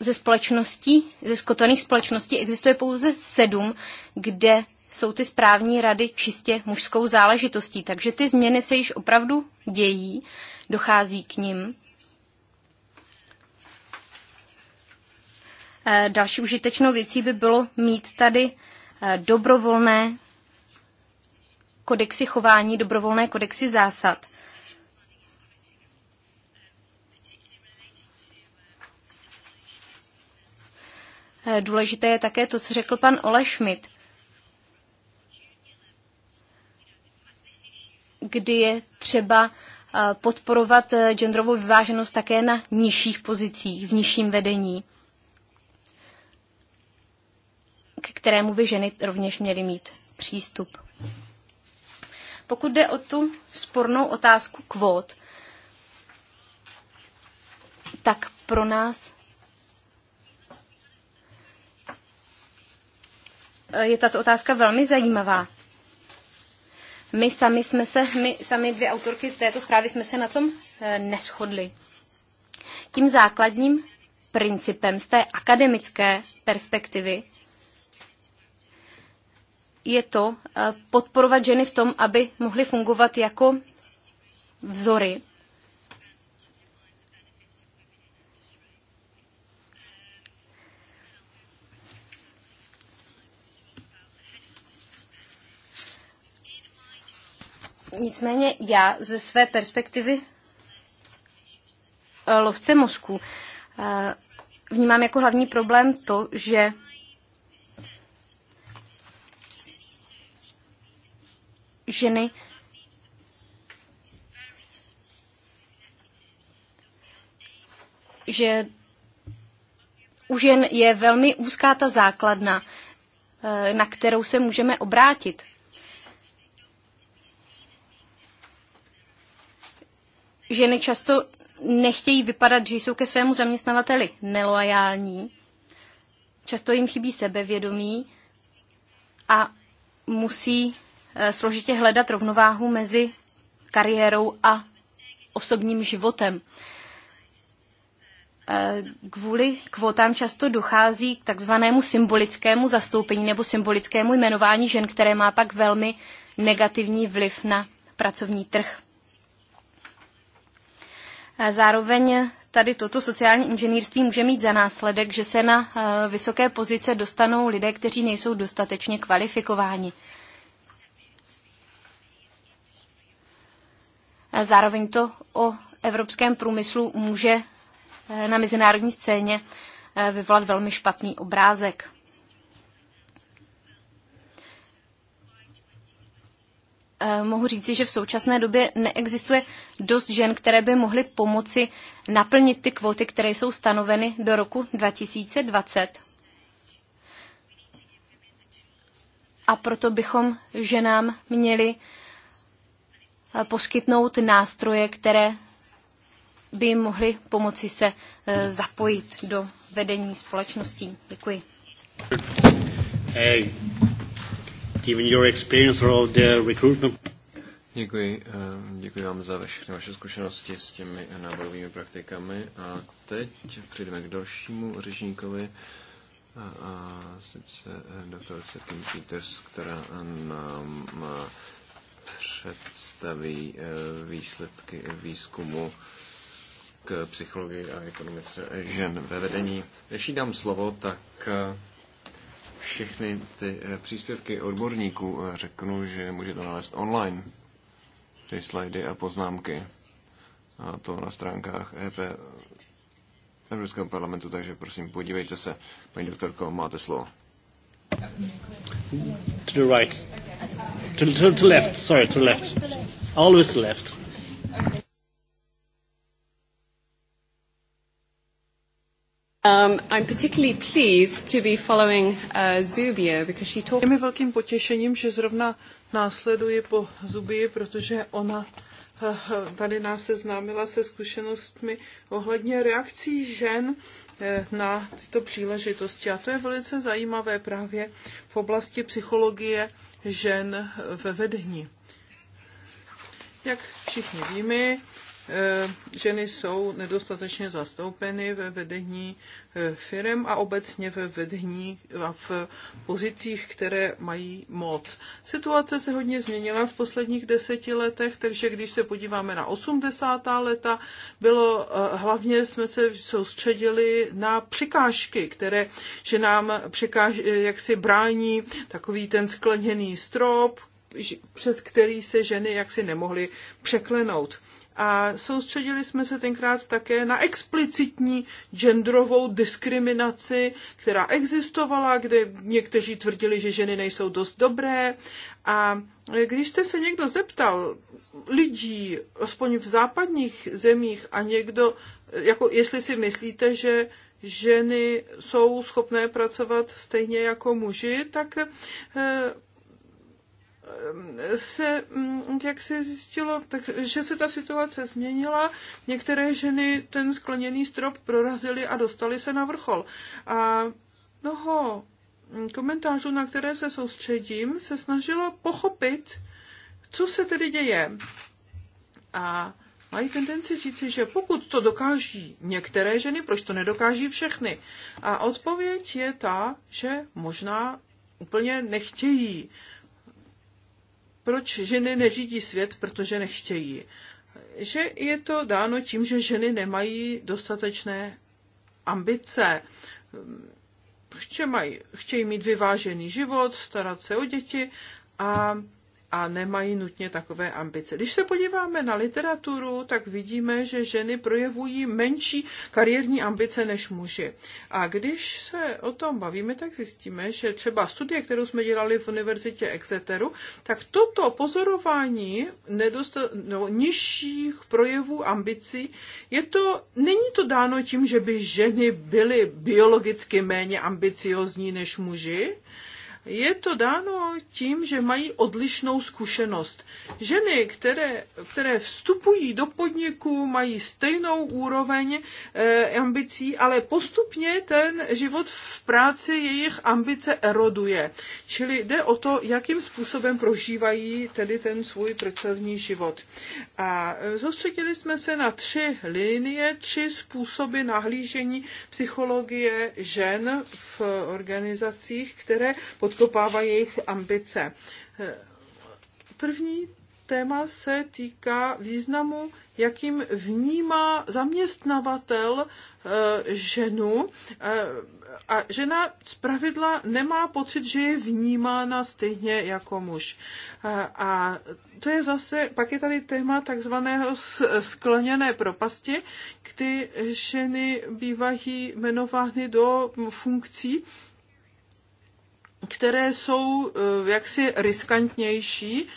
ze společností, ze skotovaných společností existuje pouze sedm, kde jsou ty správní rady čistě mužskou záležitostí. Takže ty změny se již opravdu dějí, dochází k ním. Eh, další užitečnou věcí by bylo mít tady eh, dobrovolné kodexy chování, dobrovolné kodexy zásad. Eh, důležité je také to, co řekl pan Ole Schmidt, kdy je třeba eh, podporovat eh, genderovou vyváženost také na nižších pozicích, v nižším vedení, k kterému by ženy rovněž měly mít přístup. Pokud jde o tu spornou otázku kvót, tak pro nás je tato otázka velmi zajímavá. My sami jsme se, my sami dvě autorky této zprávy jsme se na tom eh, neschodli. Tím základním principem z té akademické perspektivy je to eh, podporovat ženy v tom, aby mohly fungovat jako vzory. Nicméně já ze své perspektivy eh, lovce mozku eh, vnímám jako hlavní problém to, že ženy že u žen je velmi úzká ta základna, eh, na kterou se můžeme obrátit. Ženy často nechtějí vypadat, že jsou ke svému zaměstnavateli neloajální. Často jim chybí sebevědomí a musí Eh, složitě hledat rovnováhu mezi kariérou a osobním životem. Eh, kvůli kvotám často dochází k takzvanému symbolickému zastoupení nebo symbolickému jmenování žen, které má pak velmi negativní vliv na pracovní trh. Eh, zároveň tady toto sociální inženýrství může mít za následek, že se na vysoké pozice dostanou lidé, kteří nejsou dostatečně kvalifikováni. Zároveň to o evropském průmyslu může eh, na mezinárodní scéně eh, vyvolat velmi špatný obrázek. Eh, mohu říci, že v současné době neexistuje dost žen, které by mohly pomoci naplnit ty kvóty, které jsou stanoveny do roku 2020. A proto bychom ženám měli Eh, poskytnout nástroje, které by jim mohly pomoci se eh, zapojit do vedení společností. Děkuji. Děkuji, eh, děkuji vám za všechny vaše zkušenosti s těmi náborovými praktikami a teď přijdeme k dalšímu řečníkovi a, a sice doktorce Kim Peters, která nám představí eh, výsledky výzkumu k psychologii a ekonomice žen ve vedení. Než jí dám slovo, tak eh, všechny ty eh, příspěvky odborníků řeknu, že můžete nalézt online ty slajdy a poznámky. A to na stránkách EP Evropského parlamentu, takže prosím, podívejte se. Paní doktorko, máte slovo. To the right. To, to, to left, sorry, to left. Always to left. Um, I'm particularly pleased to be following uh, Zubia because she talked. Je mi velkým potěšením, že zrovna následuji po Zubii, protože ona uh, tady nás seznámila se zkušenostmi ohledně reakcí žen Eh, na tyto příležitosti. A to je velice zajímavé právě v oblasti psychologie žen ve vedení. Jak všichni víme, Eh, ženy jsou nedostatečně zastoupeny ve vedení eh, firm a obecně ve vedení a v pozicích, které mají moc. Situace se hodně změnila v posledních deseti letech, takže když se podíváme na 80. leta, bylo, eh, hlavně jsme se soustředili na překážky, které, že nám překáž, jak si brání takový ten skleněný strop, přes který se ženy jaksi nemohly překlenout a soustředili jsme se tenkrát také na explicitní genderovou diskriminaci, která existovala, kde někteří tvrdili, že ženy nejsou dost dobré. A když jste se někdo zeptal lidí, aspoň v západních zemích, a někdo, jako jestli si myslíte, že ženy jsou schopné pracovat stejně jako muži, tak eh, se, mm, jak se zjistilo, tak, že se ta situace změnila. Některé ženy ten skleněný strop prorazily a dostaly se na vrchol. A mnoho mm, komentářů, na které se soustředím, se snažilo pochopit, co se tedy děje. A mají tendenci říci, že pokud to dokáží některé ženy, proč to nedokáží všechny? A odpověď je ta, že možná úplně nechtějí proč ženy neřídí svět, protože nechtějí. Že je to dáno tím, že ženy nemají dostatečné ambice. Hm, chtějí, chtějí mít vyvážený život, starat se o děti a a nemají nutně takové ambice. Když se podíváme na literaturu, tak vidíme, že ženy projevují menší kariérní ambice než muži. A když se o tom bavíme, tak zjistíme, že třeba studie, kterou jsme dělali v univerzitě Exeteru, tak toto pozorování nedosta- no, nižších projevů ambicí, je to, není to dáno tím, že by ženy byly biologicky méně ambiciozní než muži, je to dáno tím, že mají odlišnou zkušenost. Ženy, které, které vstupují do podniku, mají stejnou úroveň e, ambicí, ale postupně ten život v práci jejich ambice eroduje. Čili jde o to, jakým způsobem prožívají tedy ten svůj pracovní život. A soustředili jsme se na tři linie, tři způsoby nahlížení psychologie žen v organizacích, které pod podkopává jejich ambice. První téma se týká významu, jakým vnímá zaměstnavatel eh, ženu. Eh, a žena z pravidla nemá pocit, že je vnímána stejně jako muž. Eh, a to je zase, pak je tady téma takzvaného skleněné propasti, kdy ženy bývají jmenovány do funkcí, které jsou eh, jaksi riskantnější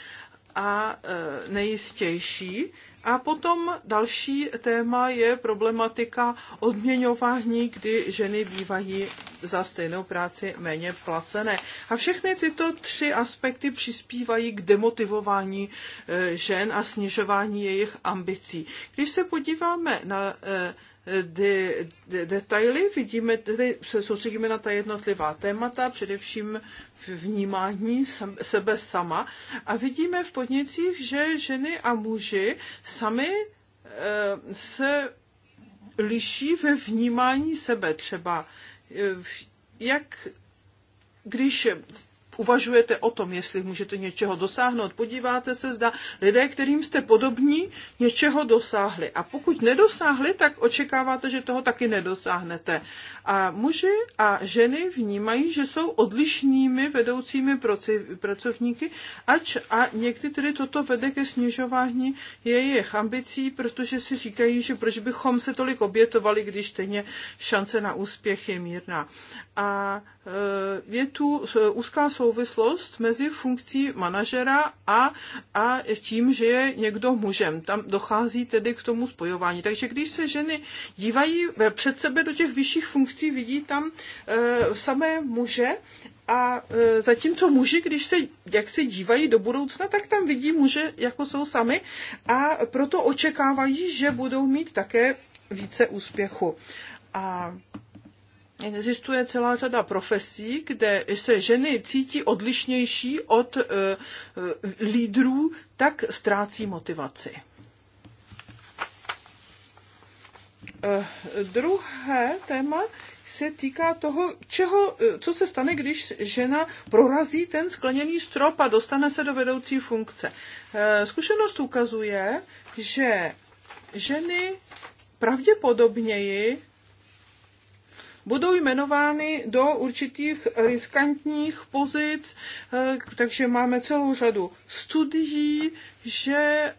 a eh, nejistější. A potom další téma je problematika odměňování, kdy ženy bývají za stejnou práci méně placené. A všechny tyto tři aspekty přispívají k demotivování eh, žen a snižování jejich ambicí. Když se podíváme na de, de, detaily. Vidíme, tedy se soustředíme na ta jednotlivá témata, především v vnímání sebe sama. A vidíme v podnicích, že ženy a muži sami eh, se liší ve vnímání sebe třeba. Eh, jak když uvažujete o tom, jestli můžete něčeho dosáhnout. Podíváte se, zda lidé, kterým jste podobní, něčeho dosáhli. A pokud nedosáhli, tak očekáváte, že toho taky nedosáhnete. A muži a ženy vnímají, že jsou odlišnými vedoucími pracovníky, ač a někdy tedy toto vede ke snižování jejich ambicí, protože si říkají, že proč bychom se tolik obětovali, když stejně šance na úspěch je mírná. A e, je tu e, úzká souvislost mezi funkcí manažera a, a tím, že je někdo mužem. Tam dochází tedy k tomu spojování. Takže když se ženy dívají eh, před sebe do těch vyšších funkcí, vidí tam e, samé muže a e, zatímco muži, když se jak se dívají do budoucna, tak tam vidí muže, jako jsou sami a proto očekávají, že budou mít také více úspěchu. A existuje celá řada profesí, kde se ženy cítí odlišnější od e, lídrů, tak ztrácí motivaci. E, druhé téma se týká toho, čeho, co se stane, když žena prorazí ten skleněný strop a dostane se do vedoucí funkce. E, zkušenost ukazuje, že ženy pravděpodobněji budou jmenovány do určitých riskantních pozic, eh, takže máme celou řadu studií, že eh,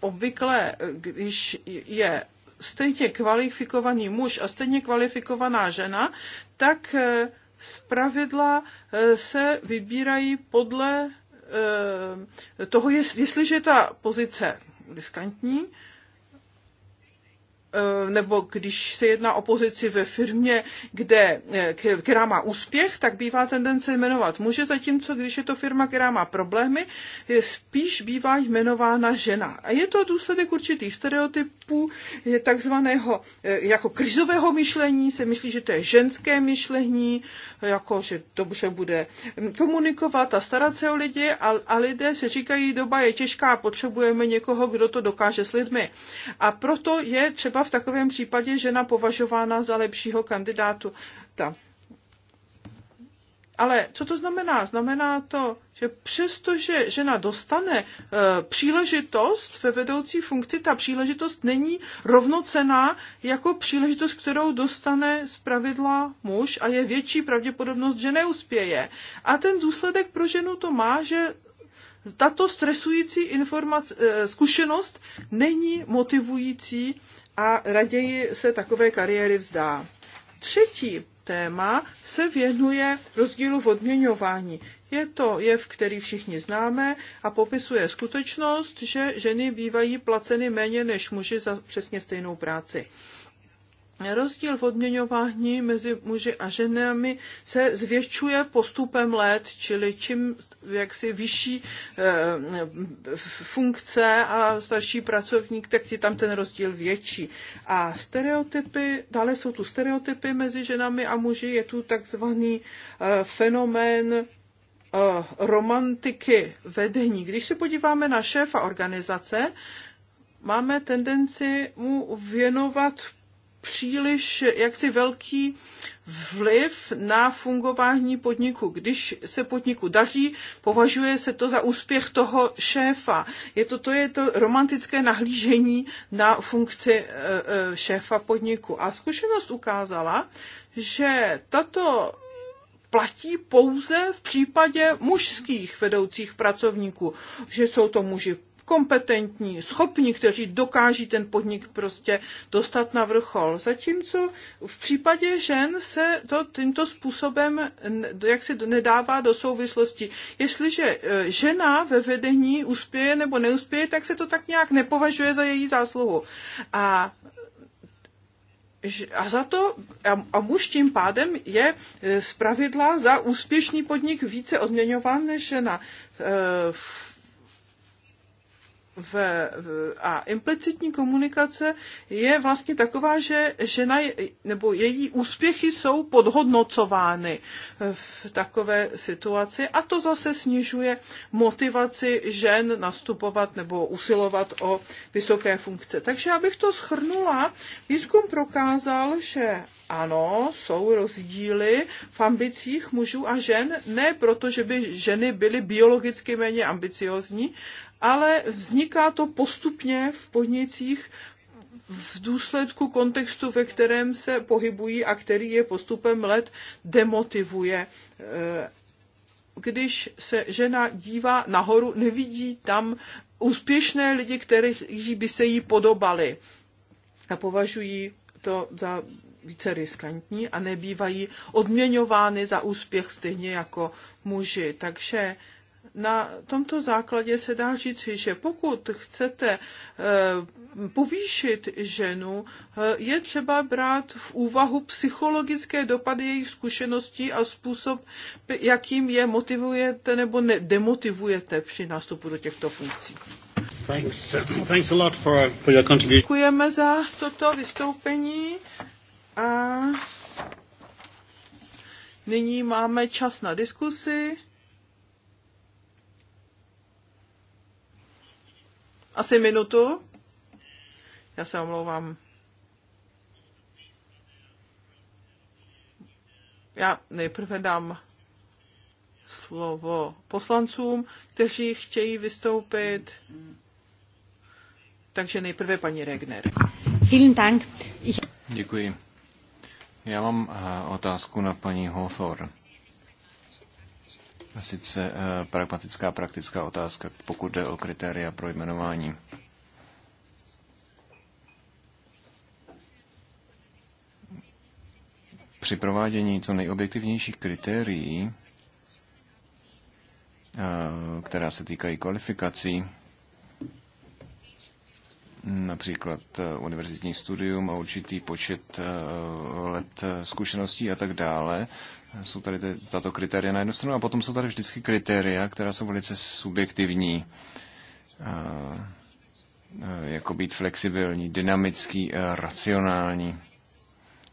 obvykle, když je stejně kvalifikovaný muž a stejně kvalifikovaná žena, tak eh, z pravidla se vybírají podle toho, jestliže ta pozice riskantní, Eh, nebo když se jedná o pozici ve firmě, kde, eh, která má úspěch, tak bývá tendence jmenovat muže, zatímco když je to firma, která má problémy, je spíš bývá jmenována žena. A je to důsledek určitých stereotypů, takzvaného eh, jako krizového myšlení, se myslí, že to je ženské myšlení, jako že dobře bude hm, komunikovat a starat se o lidi a, a lidé se říkají, doba je těžká, potřebujeme někoho, kdo to dokáže s lidmi. A proto je třeba v takovém případě žena považována za lepšího kandidátu. Ta. Ale co to znamená? Znamená to, že přestože žena dostane e, příležitost ve vedoucí funkci, ta příležitost není rovnocená jako příležitost, kterou dostane z pravidla muž a je větší pravděpodobnost, že neuspěje. A ten důsledek pro ženu to má, že tato stresující informace, eh, zkušenost není motivující a raději se takové kariéry vzdá. Třetí téma se věnuje rozdílu v odměňování. Je to jev, který všichni známe a popisuje skutečnost, že ženy bývají placeny méně než muži za přesně stejnou práci rozdíl v odměňování mezi muži a ženami se zvětšuje postupem let, čili čím jaksi vyšší eh, funkce a starší pracovník, tak je tam ten rozdíl větší. A stereotypy, dále jsou tu stereotypy mezi ženami a muži, je tu takzvaný eh, fenomén eh, romantiky vedení. Když se podíváme na šéfa organizace, máme tendenci mu věnovat příliš jaksi velký vliv na fungování podniku. Když se podniku daří, považuje se to za úspěch toho šéfa. Je to, to je to romantické nahlížení na funkci e, e, šéfa podniku. A zkušenost ukázala, že tato platí pouze v případě mužských vedoucích pracovníků, že jsou to muži kompetentní, schopní, kteří dokáží ten podnik prostě dostat na vrchol. Zatímco v případě žen se to tímto způsobem jak se nedává do souvislosti. Jestliže e, žena ve vedení uspěje nebo neuspěje, tak se to tak nějak nepovažuje za její zásluhu. A a za to a muž tím pádem je e, pravidla za úspěšný podnik více odměňován než žena. E, v v, v, a implicitní komunikace je vlastně taková, že žena je, nebo její úspěchy jsou podhodnocovány v takové situaci a to zase snižuje motivaci žen nastupovat nebo usilovat o vysoké funkce. Takže abych to schrnula, výzkum prokázal, že ano, jsou rozdíly v ambicích mužů a žen, ne proto, že by ženy byly biologicky méně ambiciozní, ale vzniká to postupně v podnicích v důsledku kontextu, ve kterém se pohybují a který je postupem let demotivuje. Eh, když se žena dívá nahoru, nevidí tam úspěšné lidi, kteří by se jí podobali. A považují to za více riskantní a nebývají odměňovány za úspěch stejně jako muži. Takže na tomto základě se dá říci, že pokud chcete eh, povýšit ženu, eh, je třeba brát v úvahu psychologické dopady jejich zkušeností a způsob, jakým je motivujete nebo ne- demotivujete při nástupu do těchto funkcí. Thanks. Thanks a lot for, for your contribution. Děkujeme za toto vystoupení a nyní máme čas na diskusi. Asi minutu. Já se omlouvám. Já nejprve dám slovo poslancům, kteří chtějí vystoupit. Takže nejprve paní Regner. Vielen Dank. Děkuji. Já mám eh, otázku na paní Hawthorne sice eh, pragmatická praktická otázka, pokud jde o kritéria pro jmenování. Při provádění co nejobjektivnějších kritérií, eh, která se týkají kvalifikací, například eh, univerzitní studium a určitý počet let zkušeností a tak dále, jsou tady ty, tato kritéria na jednu stranu a potom jsou tady vždycky kritéria, která jsou velice subjektivní, eh, eh, jako být flexibilní, dynamický, eh, racionální.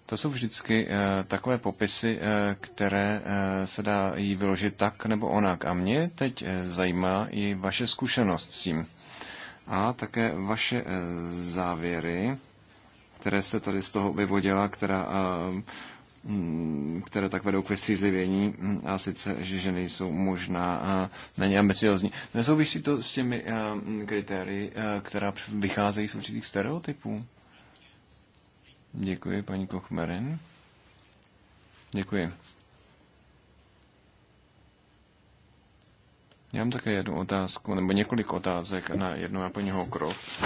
To jsou vždycky takové popisy, které se dá jí vyložit tak nebo onak. A mě teď zajímá i vaše zkušenost s tím a také vaše závěry, které jste tady z toho vyvodila, která Mm, které tak vedou k vystřízlivění, mm, a sice, že ženy jsou možná méně ambiciozní. Nesouvisí to s těmi mm, kritérii, která vycházejí z určitých stereotypů? Děkuji, paní Kochmerin. Děkuji. Já mám také jednu otázku, nebo několik otázek na jednu paní krov.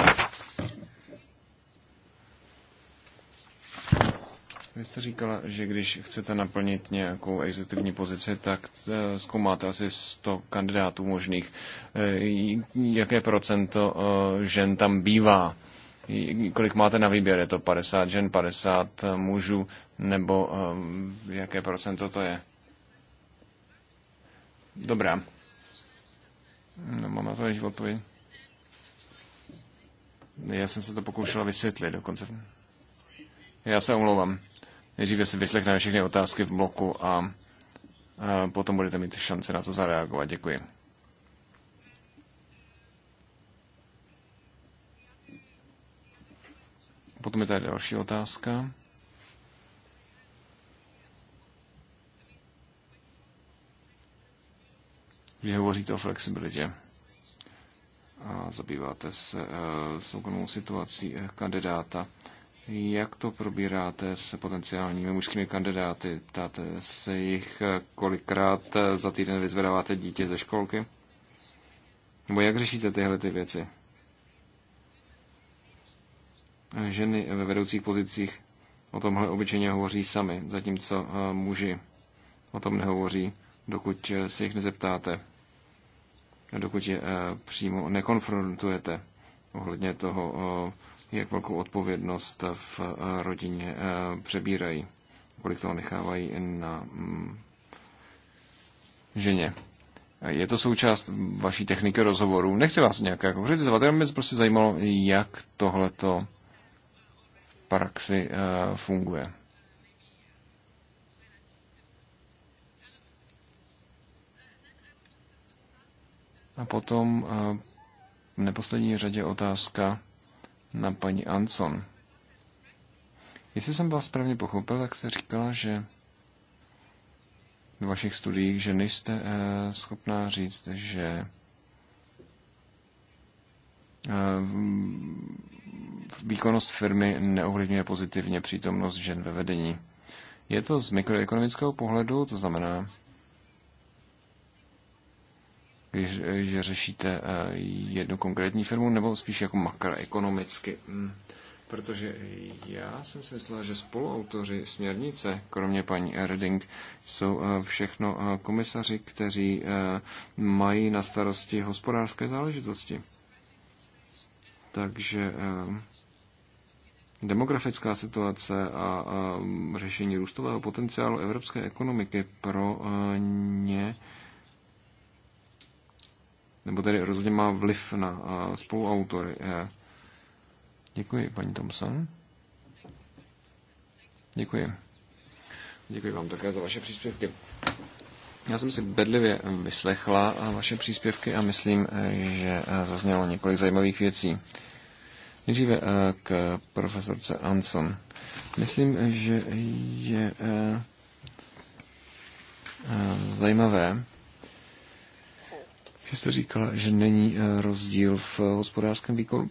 Vy jste říkala, že když chcete naplnit nějakou exekutivní pozici, tak eh, zkoumáte asi 100 kandidátů možných. Eh, jaké procento eh, žen tam bývá? Kolik máte na výběr? Je to 50 žen, 50 mužů, nebo jaké procento to je? Dobrá. No, mám na to ještě odpověď. Já jsem se to pokoušela vysvětlit dokonce. Já se omlouvám. Nejdříve si vyslechneme všechny otázky v bloku a potom budete mít šanci na to zareagovat. Děkuji. Potom je tady další otázka. Vy hovoříte o flexibilitě a zabýváte se eh, soukromou situací eh, kandidáta. Jak to probíráte s potenciálními mužskými kandidáty? Ptáte se jich, kolikrát za týden vyzvedáváte dítě ze školky? Nebo jak řešíte tyhle ty věci? Ženy ve vedoucích pozicích o tomhle obyčejně hovoří sami, zatímco eh, muži o tom nehovoří, dokud se jich nezeptáte, dokud je eh, přímo nekonfrontujete ohledně toho, eh, jak velkou odpovědnost v eh, rodině eh, přebírají, kolik toho nechávají na mm, ženě. Je to součást vaší techniky rozhovoru. Nechci vás nějak jako kritizovat, jenom mě prostě zajímalo, jak tohleto v praxi eh, funguje. A potom v neposlední řadě otázka na paní Anson. Jestli jsem vás správně pochopil, tak jste říkala, že v vašich studiích, že nejste eh, schopná říct, že eh, výkonnost firmy neovlivňuje pozitivně přítomnost žen ve vedení. Je to z mikroekonomického pohledu, to znamená, když, že řešíte eh, jednu konkrétní firmu, nebo spíš jako makroekonomicky? Hmm. Protože já jsem si myslel, že spoluautoři směrnice, kromě paní Erding, jsou eh, všechno eh, komisaři, kteří mají na starosti hospodářské záležitosti. Takže demografická situace a řešení růstového potenciálu evropské ekonomiky pro ně nebo tedy rozhodně má vliv na eh, spoluautory. Eh. Děkuji, paní Thompson. Děkuji. Děkuji vám také za vaše příspěvky. Já jsem si bedlivě vyslechla eh, vaše příspěvky a myslím, že zaznělo několik zajímavých věcí. Nejdříve k profesorce Anson. Myslím, že je zajímavé, že jste říkala, že není eh, rozdíl v eh, hospodářském výkonu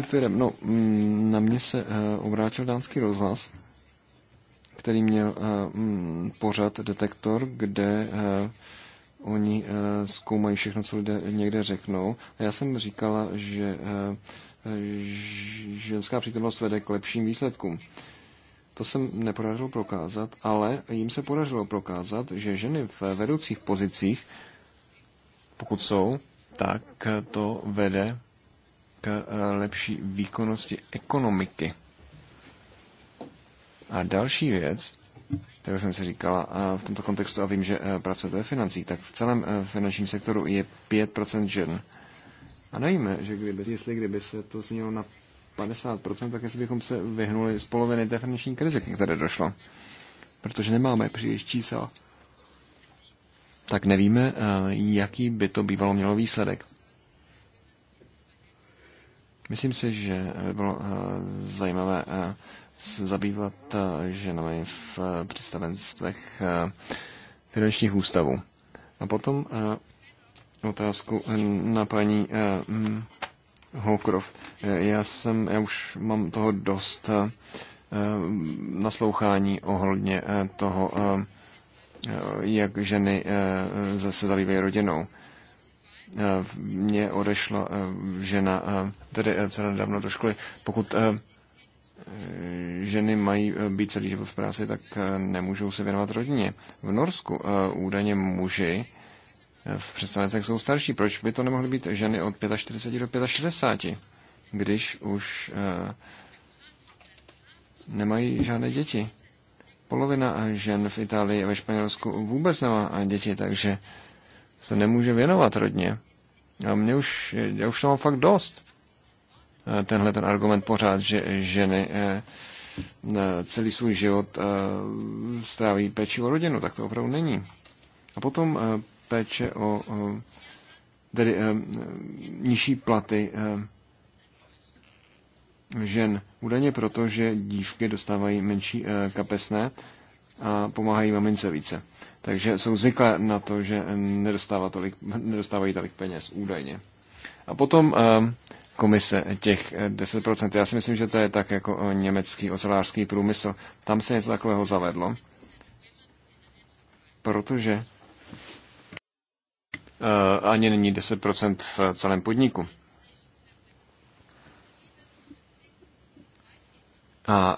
firm. No, mm, na mě se eh, obrátil dánský rozhlas, který měl mm, pořad detektor, kde oni zkoumají všechno, co lidé někde řeknou. A já jsem říkala, že ženská přítomnost vede k lepším výsledkům. To jsem nepodařilo prokázat, ale jim se podařilo prokázat, že ženy v vedoucích pozicích pokud jsou, tak to vede k eh, lepší výkonnosti ekonomiky. A další věc, kterou jsem si říkala a v tomto kontextu, a vím, že eh, pracujete ve financích, tak v celém eh, finančním sektoru je 5% žen. A nevíme, že kdyby, jestli kdyby se to změnilo na 50%, tak jestli bychom se vyhnuli z poloviny té finanční krize, které došlo. Protože nemáme příliš čísel tak nevíme, eh, jaký by to bývalo mělo výsledek. Myslím si, že by bylo eh, zajímavé eh, zabývat ženami v představenstvech finančních ústavů. A potom otázku na paní mm, Holkrov. Já jsem, já už mám toho dost naslouchání ohledně toho Eh, jak ženy eh, zase zalívají rodinou. Eh, mně odešla žena, tedy celé dávno do školy. Pokud ženy mají být celý život v práci, tak nemůžou se věnovat rodině. V Norsku údajně muži v představencech jsou starší. Proč by to nemohly být ženy od 45 do 65, když už nemají žádné děti? Polovina žen v Itálii a ve Španělsku vůbec nemá děti, takže se nemůže věnovat rodně. A mě už, já už to mám fakt dost. Tenhle ten argument pořád, že ženy eh, celý svůj život eh, stráví péči o rodinu, tak to opravdu není. A potom eh, péče o tedy nižší platy žen. Údajně proto, že dívky dostávají menší eh, kapesné a pomáhají mamince více. Takže jsou zvyklé na to, že nedostává tolik, nedostávají tolik peněz, údajně. A potom eh, komise těch 10%. Eh, Já si myslím, že to je tak jako německý ocelářský průmysl. Tam se něco takového zavedlo, protože ani není 10% v celém podniku.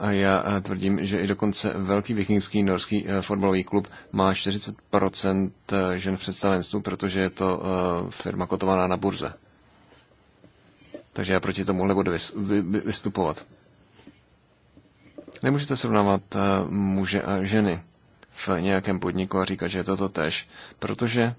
A já eh, tvrdím, že i dokonce velký vikingský norský eh, fotbalový klub má 40% eh, žen v představenstvu, protože je to firma kotovaná na burze. Takže já proti tomu nebudu vystupovat. Nemůžete srovnávat muže a ženy v nějakém podniku a říkat, že je to to tež, protože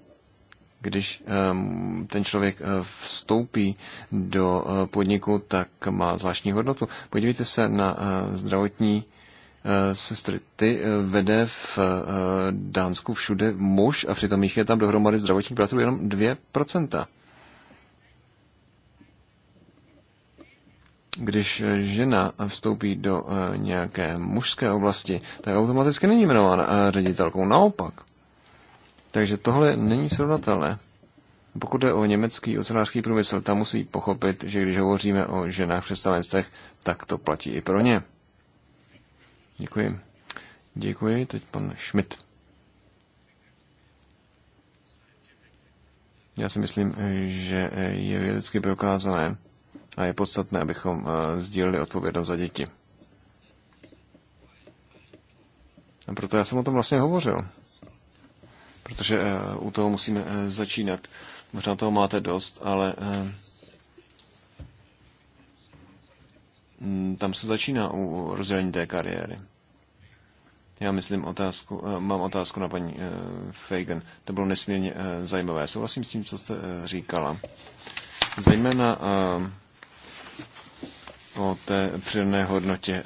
když ehm, ten člověk eh, vstoupí do eh, podniku, tak má zvláštní hodnotu. Podívejte se na eh, zdravotní sestry. Ty vede v Dánsku všude muž a přitom jich je tam dohromady zdravotních bratrů jenom 2%. Když žena vstoupí do nějaké mužské oblasti, tak automaticky není jmenována ředitelkou. Naopak. Takže tohle není srovnatelné. Pokud jde o německý ocelářský průmysl, tam musí pochopit, že když hovoříme o ženách v představenstvech, tak to platí i pro ně. Děkuji. Děkuji. Teď pan Schmidt. Já si myslím, že je vědecky prokázané a je podstatné, abychom eh, sdíleli odpovědnost za děti. A proto já jsem o tom vlastně hovořil protože eh, u toho musíme eh, začínat. Možná toho máte dost, ale eh, mm, tam se začíná u rozdělení té kariéry. Já myslím otázku, mám otázku na paní Fagan. To bylo nesmírně zajímavé. Souhlasím s tím, co jste říkala. Zejména o té přírodné hodnotě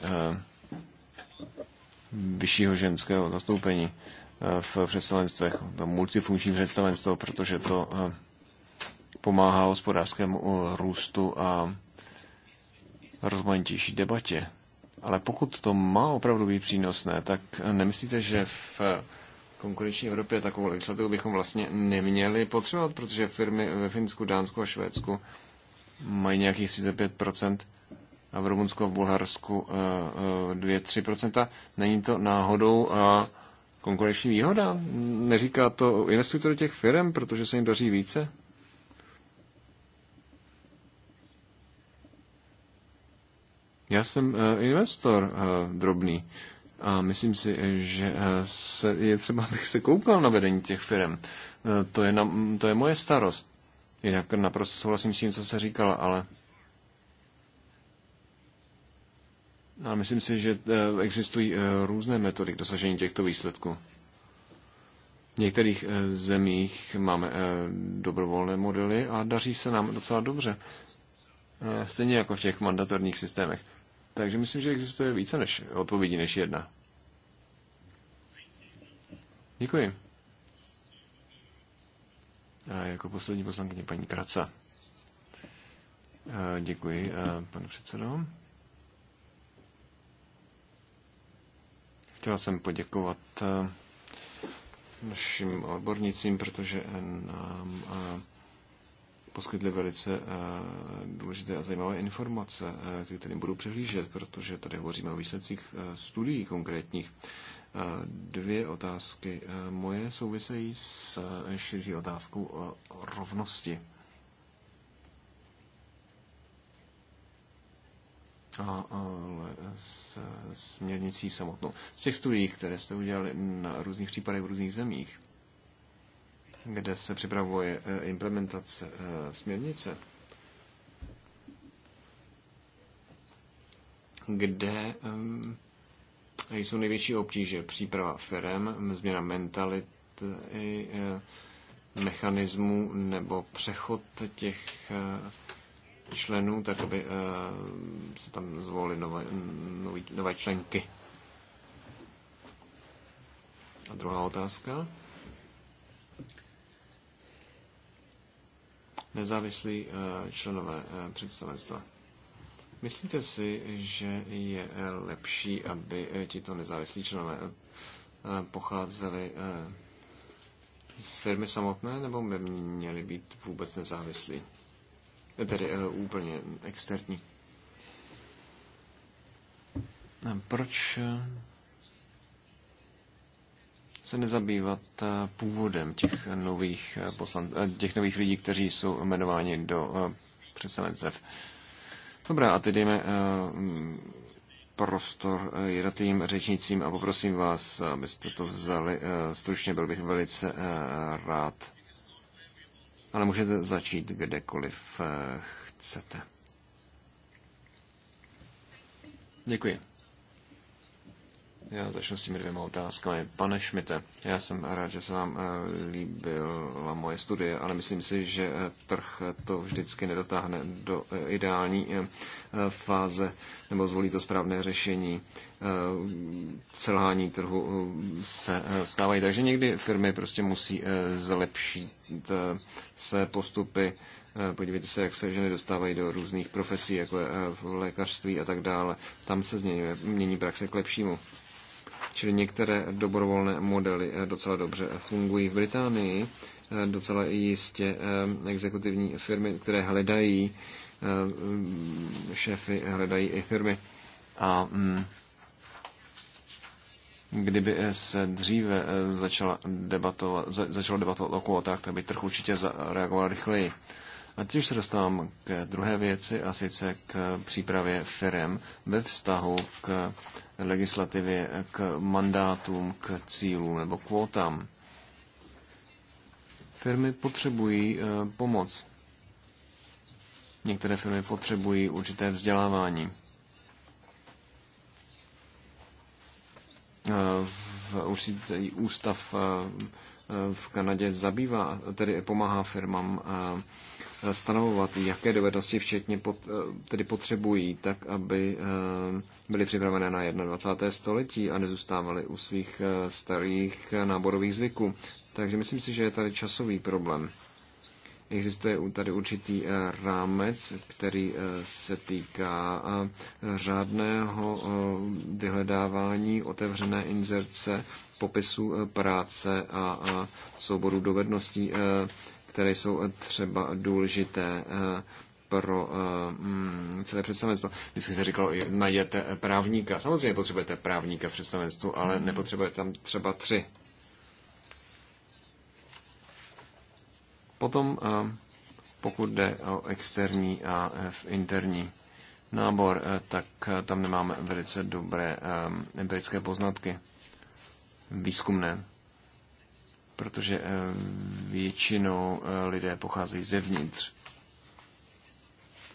vyššího ženského zastoupení. Eh, v představenstvech, multifunkční představenstvo, protože to eh, pomáhá hospodářskému eh, růstu a rozmanitější debatě. Ale pokud to má opravdu být přínosné, tak nemyslíte, že v konkurenční Evropě takovou legislativu bychom vlastně neměli potřebovat, protože firmy ve Finsku, Dánsku a Švédsku mají nějakých 35% a v Rumunsku a v Bulharsku 2-3%. Není to náhodou a konkurenční výhoda? Neříká to, investujte do těch firm, protože se jim daří více? Já jsem eh, investor eh, drobný a myslím si, že eh, se, je třeba, <laughs> abych se koukal na vedení těch firm. To je, na, to je moje starost. Jinak naprosto souhlasím s tím, co se říkala, ale A myslím si, že eh, existují eh, různé metody k dosažení těchto výsledků. V některých eh, zemích máme dobrovolné modely a daří se nám docela dobře. Stejně jako v těch mandatorních systémech. Takže myslím, že existuje více než odpovědí než jedna. Děkuji. A jako poslední poslankyně paní Kraca. Děkuji, pane předsedo. Chtěl jsem poděkovat eh, našim odbornicím, protože eh, nám eh, poskytli velice důležité a zajímavé informace, které budu přehlížet, protože tady hovoříme o výsledcích studií konkrétních. Dvě otázky moje souvisejí s širší otázkou rovnosti. a, ale s směrnicí samotnou. Z těch studií, které jste udělali na různých případech v různých zemích, kde se připravuje eh, implementace eh, směrnice, kde ehm, jsou největší obtíže příprava firem, změna mentality, i eh, mechanismů nebo přechod těch členů, tak aby eh, se tam zvolili nové, nové, nové členky. A druhá otázka. Nezávislí eh, členové eh, představenstva. Myslíte si, že je lepší, aby tito nezávislí členové pocházeli z firmy samotné, nebo by měli být vůbec nezávislí? tedy eh, úplně externí. Proč eh, se nezabývat eh, původem těch nových, poslan, těch nových lidí, kteří jsou jmenováni do představenstev? Dobrá, a teď dejme prostor jednotlivým řečnicím a poprosím vás, abyste to vzali stručně, byl bych velice rád ale můžete začít kdekoliv eh, chcete. Děkuji. Já začnu s těmi dvěma otázkami. Pane Šmite, já jsem rád, že se vám eh, líbila moje studie, ale myslím si, že eh, trh eh, to vždycky nedotáhne do ideální fáze nebo zvolí to správné řešení. Celhání trhu se stávají, takže někdy firmy prostě musí zlepšit své postupy. Podívejte se, jak se ženy dostávají do různých profesí, jako je v lékařství a tak dále. Tam se změní, mění praxe k lepšímu. Čili některé dobrovolné modely eh, docela dobře eh, fungují v Británii. Eh, docela jistě exekutivní firmy, které hledají šéfy, hledají i firmy. A mm, kdyby se dříve začala debatovat, začalo debatovat o kvotách, tak by trh určitě zareagoval rychleji. A teď už se dostávám k druhé věci a sice k přípravě firm ve vztahu k legislativě, k mandátům, k cílům nebo kvótám. Firmy potřebují eh, pomoc. Některé firmy potřebují určité vzdělávání. Eh, v určitý ústav eh, v Kanadě zabývá, tedy pomáhá firmám stanovovat, jaké dovednosti včetně pot, eh, tedy potřebují, tak aby eh, byly připravené na 21. století a nezůstávaly u svých eh, starých náborových zvyků. Takže myslím si, že je tady časový problém. Existuje tady určitý rámec, který se týká řádného vyhledávání, otevřené inzerce, popisu práce a souboru dovedností které jsou třeba důležité eh, pro eh, mm, celé představenstvo. Vždycky se říkalo, najděte právníka. Samozřejmě potřebujete právníka v představenstvu, ale mhm. nepotřebujete tam třeba tři. Potom, eh, pokud jde o externí a interní nábor, tak tam nemáme velice dobré empirické poznatky výzkumné protože eh, většinou eh, lidé pocházejí zevnitř.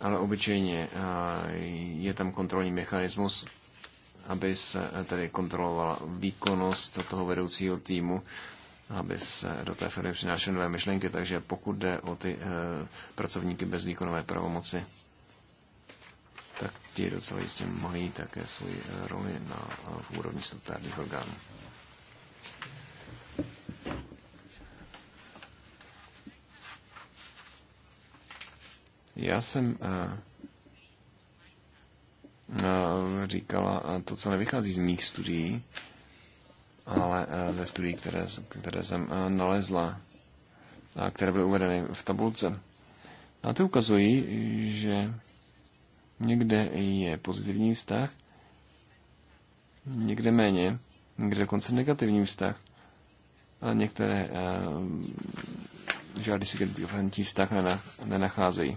Ale obyčejně eh, je tam kontrolní mechanismus, aby se tedy kontrolovala výkonnost toho vedoucího týmu, aby se do té firmy přinášely nové myšlenky. Takže pokud jde o ty pracovníky bez výkonové pravomoci, tak ti docela jistě mají také svoji roli na, v úrovni statutárních orgánů. Já jsem eh, eh, říkala eh, to, co nevychází z mých studií, ale ze studií, které, které jsem nalezla a které byly uvedeny v tabulce. A ty ukazují, že někde je pozitivní vztah, někde méně, někde dokonce negativní vztah a některé uh, žádný signifikantní vztah nenacházejí.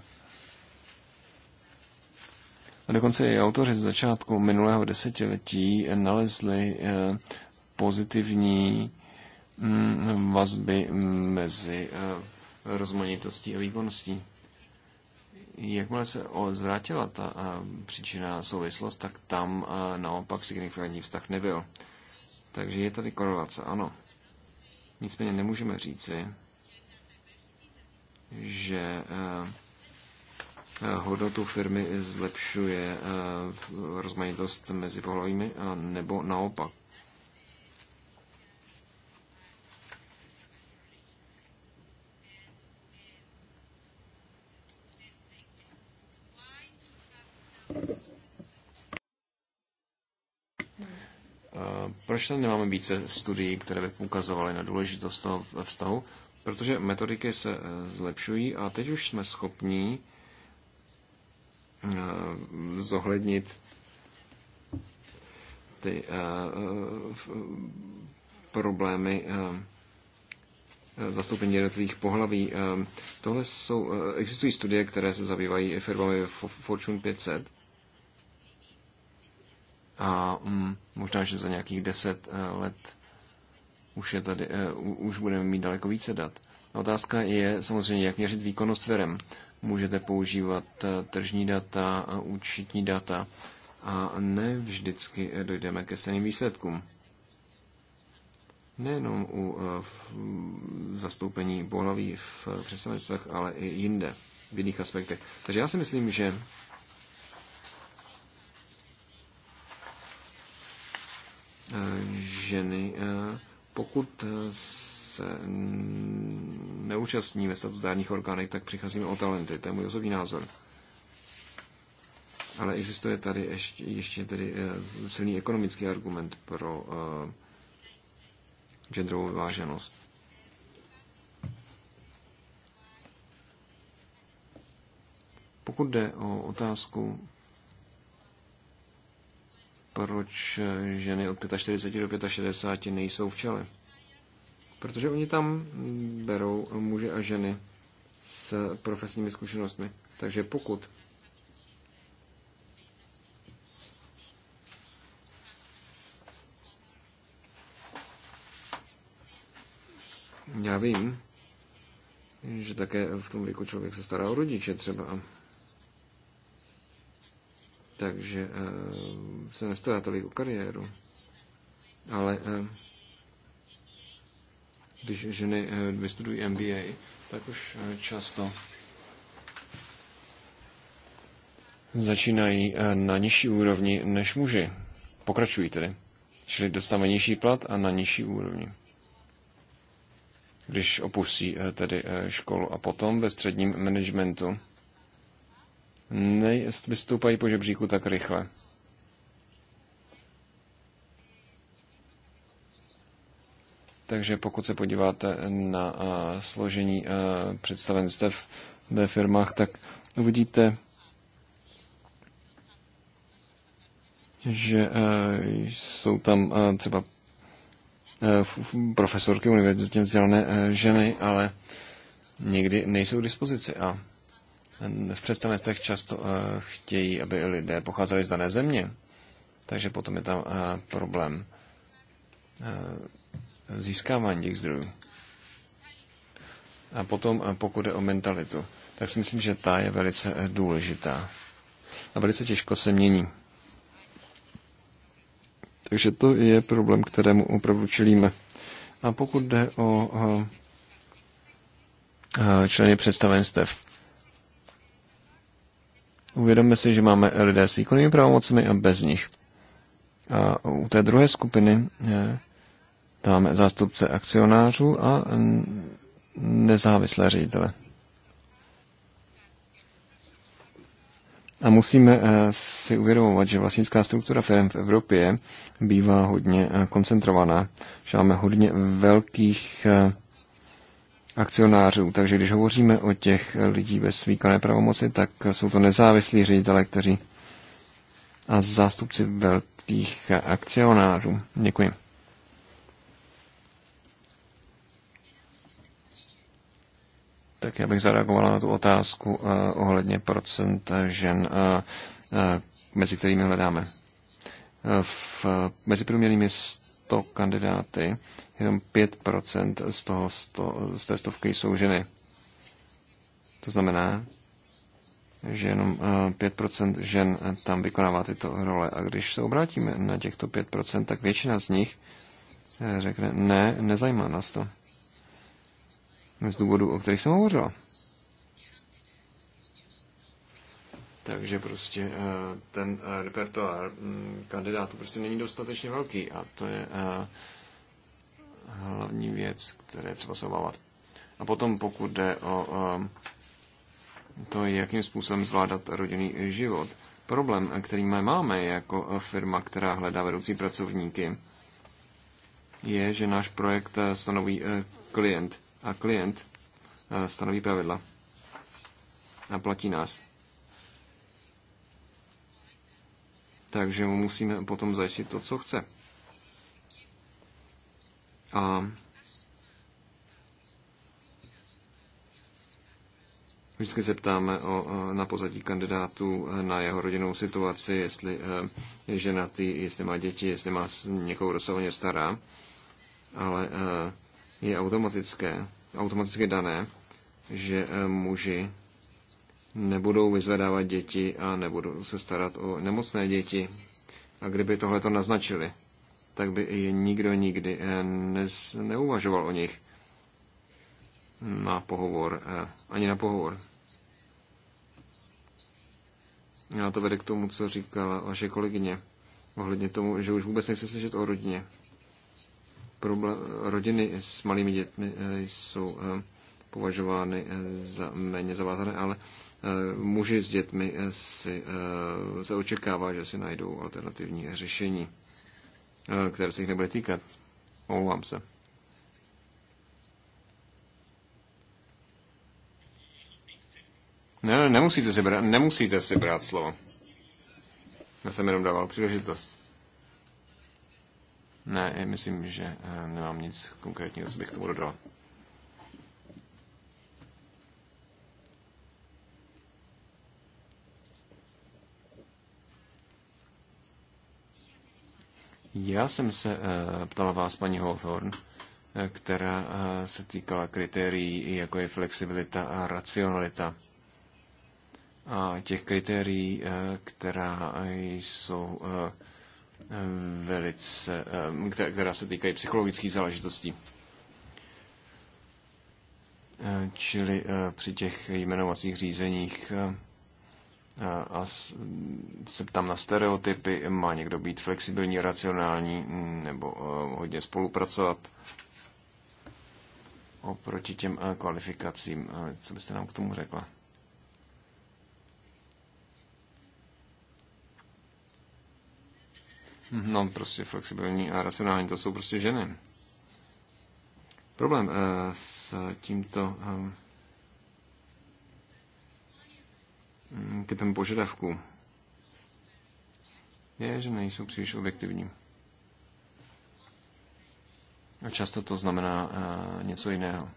A dokonce i autoři z začátku minulého desetiletí nalezli eh, pozitivní mm, vazby mm, mezi eh, rozmanitostí a výkonností. Jakmile se zvrátila ta eh, příčina souvislost, tak tam naopak signifikantní vztah nebyl. Takže je tady korelace, ano. Nicméně nemůžeme říci, že Eh, hodnotu firmy zlepšuje eh, rozmanitost mezi pohlavími a nebo naopak. Eh, proč tam nemáme více studií, které by ukazovaly na důležitost toho vztahu? Protože metodiky se zlepšují a teď už jsme schopní Eh, zohlednit ty eh, eh, problémy zastoupení jednotlivých pohlaví. Tohle jsou, existují studie, které se zabývají firmami Fortune 500 a mm, možná, že za nějakých deset let už, je tady, už budeme mít daleko více dat. Otázka je samozřejmě, jak měřit výkonnost firm můžete používat eh, tržní data a účetní data a ne vždycky eh, dojdeme ke stejným výsledkům. Nejenom u eh, v mm, zastoupení pohlaví v představenstvech, ale i jinde, v jiných aspektech. Takže já si myslím, že ženy, pokud se neúčastní ve statutárních orgánech, tak přicházíme o talenty. To je můj osobní názor. Ale existuje tady ještě, ještě tedy eh, silný ekonomický argument pro uh, genderovou vyváženost. Pokud jde o otázku, proč eh, ženy od 45 do 65 nejsou v čele, Protože oni tam berou muže a ženy s profesními zkušenostmi. Takže pokud Já vím, že také v tom věku člověk se stará o rodiče třeba. Takže eh, se nestará tolik o kariéru. Ale eh, když ženy eh, vystudují MBA, tak už eh, často začínají eh, na nižší úrovni než muži. Pokračují tedy. Čili dostávají nižší plat a na nižší úrovni. Když opustí tedy školu a potom ve středním managementu nevystoupají po žebříku tak rychle. Takže pokud se podíváte na eh, složení eh, představenstev ve firmách, tak uvidíte, že eh, jsou tam třeba profesorky univerzitě vzdělané ženy, ale někdy nejsou k dispozici a v představenstvech často chtějí, aby lidé pocházeli z dané země, takže potom je tam problém získávání těch zdrojů. A potom, eh, pokud je o mentalitu, tak si myslím, že ta je velice eh, důležitá. A velice těžko se mění. Takže to je problém, kterému opravdu čelíme. A pokud jde o eh, členy představenstev, uvědomme si, že máme lidé s výkonnými pravomocemi a bez nich. A u té druhé skupiny Máme zástupce akcionářů a nezávislé ředitele. A musíme eh, si uvědomovat, že vlastnická struktura firm v Evropě bývá hodně eh, koncentrovaná, že máme hodně velkých eh, akcionářů. Takže když hovoříme o těch lidí bez výkonné pravomoci, tak jsou to nezávislí ředitele, kteří a zástupci velkých akcionářů. Děkuji. Tak já bych zareagovala na tu otázku eh, ohledně procent žen, eh, eh, mezi kterými hledáme. V, mezi průměrnými 100 kandidáty jenom 5% z, toho 100, z té stovky jsou ženy. To znamená, že jenom 5% žen tam vykonává tyto role. A když se obrátíme na těchto 5%, tak většina z nich řekne, ne, nezajímá nás to z důvodu, o kterých jsem hovořila. Takže prostě eh, ten eh, repertoár mm, kandidátů prostě není dostatečně velký a to je eh, hlavní věc, které je třeba se obávat. A potom pokud jde o to, jakým způsobem zvládat rodinný život, problém, který my máme jako firma, která hledá vedoucí pracovníky, je, že náš projekt stanoví klient a klient eh, stanoví pravidla a platí nás. Takže mu musíme potom zajistit to, co chce. A Vždycky se ptáme o, na pozadí kandidátů, eh, na jeho rodinnou situaci, jestli eh, je ženatý, jestli má děti, jestli má někoho, kdo se o ně stará. Ale je automatické, automaticky dané, že eh, muži nebudou vyzvedávat děti a nebudou se starat o nemocné děti. A kdyby tohle to naznačili, tak by je nikdo nikdy eh, nez, neuvažoval o nich na pohovor, eh, ani na pohovor. A to vede k tomu, co říkala vaše kolegyně, ohledně tomu, že už vůbec nechce slyšet o rodině problém, rodiny s malými dětmi eh, jsou eh, považovány eh, za méně zavázané, ale muži s dětmi si, se očekává, že si najdou alternativní řešení, které se jich nebude týkat. Omlouvám se. Ne, nemusíte si brát, nemusíte si brát slovo. Já jsem jenom dával příležitost. Ne, myslím, že eh, nemám nic konkrétního, co bych tomu dodal. Já jsem se eh, ptala vás, paní Hawthorne, eh, která se týkala kritérií, jako je flexibilita a racionalita. A těch kritérií, která jsou velice, eh, která se týkají psychologických záležitostí. Eh, čili eh, při těch jmenovacích řízeních a se ptám na stereotypy, má někdo být flexibilní, racionální nebo hodně spolupracovat oproti těm kvalifikacím. Co byste nám k tomu řekla? No, prostě flexibilní a racionální, to jsou prostě ženy. Problém eh, s tímto eh, mm, typem požadavků je, že nejsou příliš objektivní. A často to znamená eh, něco jiného.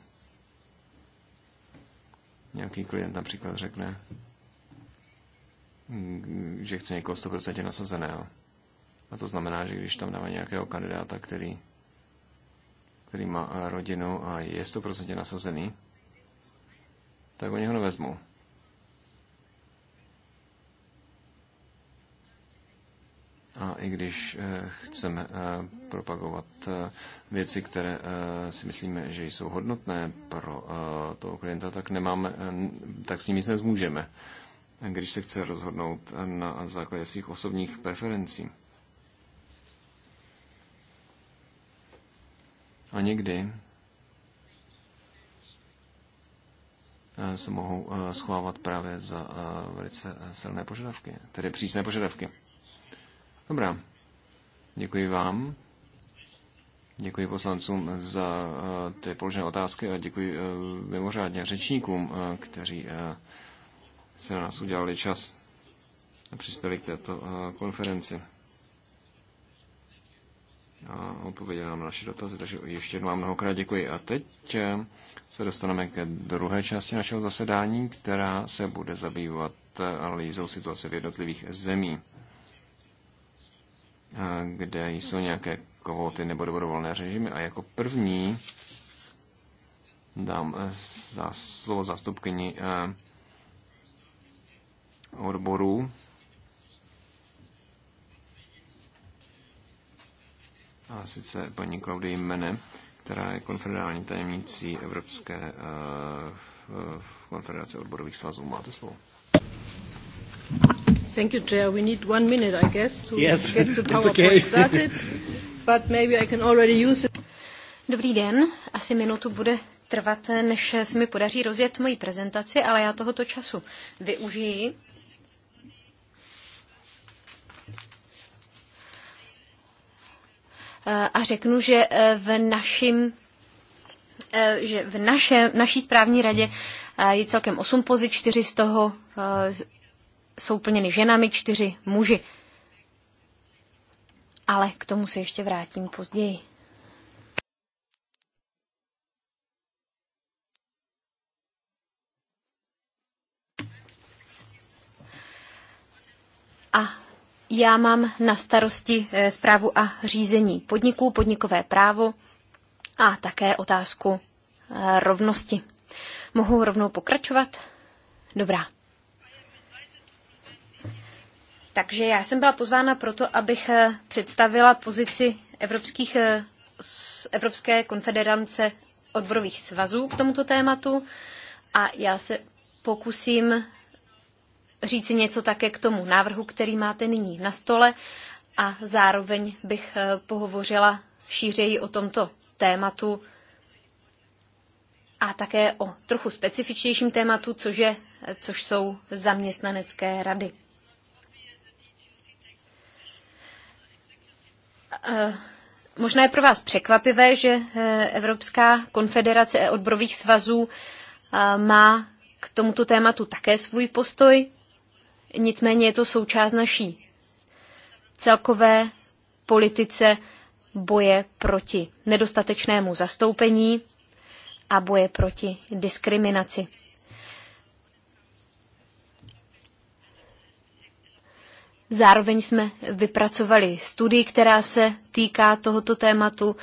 Nějaký klient například řekne, mm, že chce někoho 100% nasazeného. A to znamená, že když tam dáme nějakého kandidáta, který, který má eh, rodinu a je 100% nasazený, tak oni ho nevezmou. A i když eh, chceme eh, propagovat věci, které si myslíme, že jsou hodnotné pro toho klienta, tak, nemáme, tak s nimi se nezmůžeme, když se chce rozhodnout na základě svých osobních preferencí. A někdy eh, se mohou eh, schovávat právě za eh, velice silné požadavky, tedy přísné požadavky. Dobrá, děkuji vám. Děkuji poslancům za ty položené otázky a děkuji mimořádně řečníkům, kteří se na nás udělali čas a přispěli k této konferenci a odpověděl nám na naše dotazy, takže ještě jednou vám mnohokrát děkuji. A teď eh, se dostaneme ke druhé části našeho zasedání, která se bude zabývat eh, analýzou situace v jednotlivých zemí, eh, kde jsou nějaké kvóty nebo dobrovolné režimy. A jako první dám za slovo zastupkyni odborů a sice paní Klaudy Mene, která je konfederální tajemnící Evropské uh, eh, konfederace odborových svazů. Máte slovo. Thank you, Chair. We need one minute, I guess, to yes, get the <laughs> PowerPoint okay. started, but maybe I can already use it. Dobrý den, asi minutu bude trvat, než se mi podaří rozjet moji prezentaci, ale já tohoto času využiji Eh, a řeknu, že eh, v našim eh, že v naše, naší správní radě je celkem 8 pozic, 4 z toho jsou plněny ženami, 4 muži. Ale k tomu se ještě vrátím později. A já mám na starosti zprávu eh, a řízení podniků, podnikové právo a také otázku eh, rovnosti. Mohu rovnou pokračovat? Dobrá. Takže já jsem byla pozvána proto, abych eh, představila pozici evropských, Evropské konfederance odborových svazů k tomuto tématu a já se pokusím říci něco také k tomu návrhu, který máte nyní na stole a zároveň bych eh, pohovořila šířeji o tomto tématu a také o trochu specifičnějším tématu, což, je, eh, což jsou zaměstnanecké rady. Eh, možná je pro vás překvapivé, že Evropská konfederace odborových svazů má k tomuto tématu také svůj postoj nicméně je to součást naší celkové politice boje proti nedostatečnému zastoupení a boje proti diskriminaci. Zároveň jsme vypracovali studii, která se týká tohoto tématu.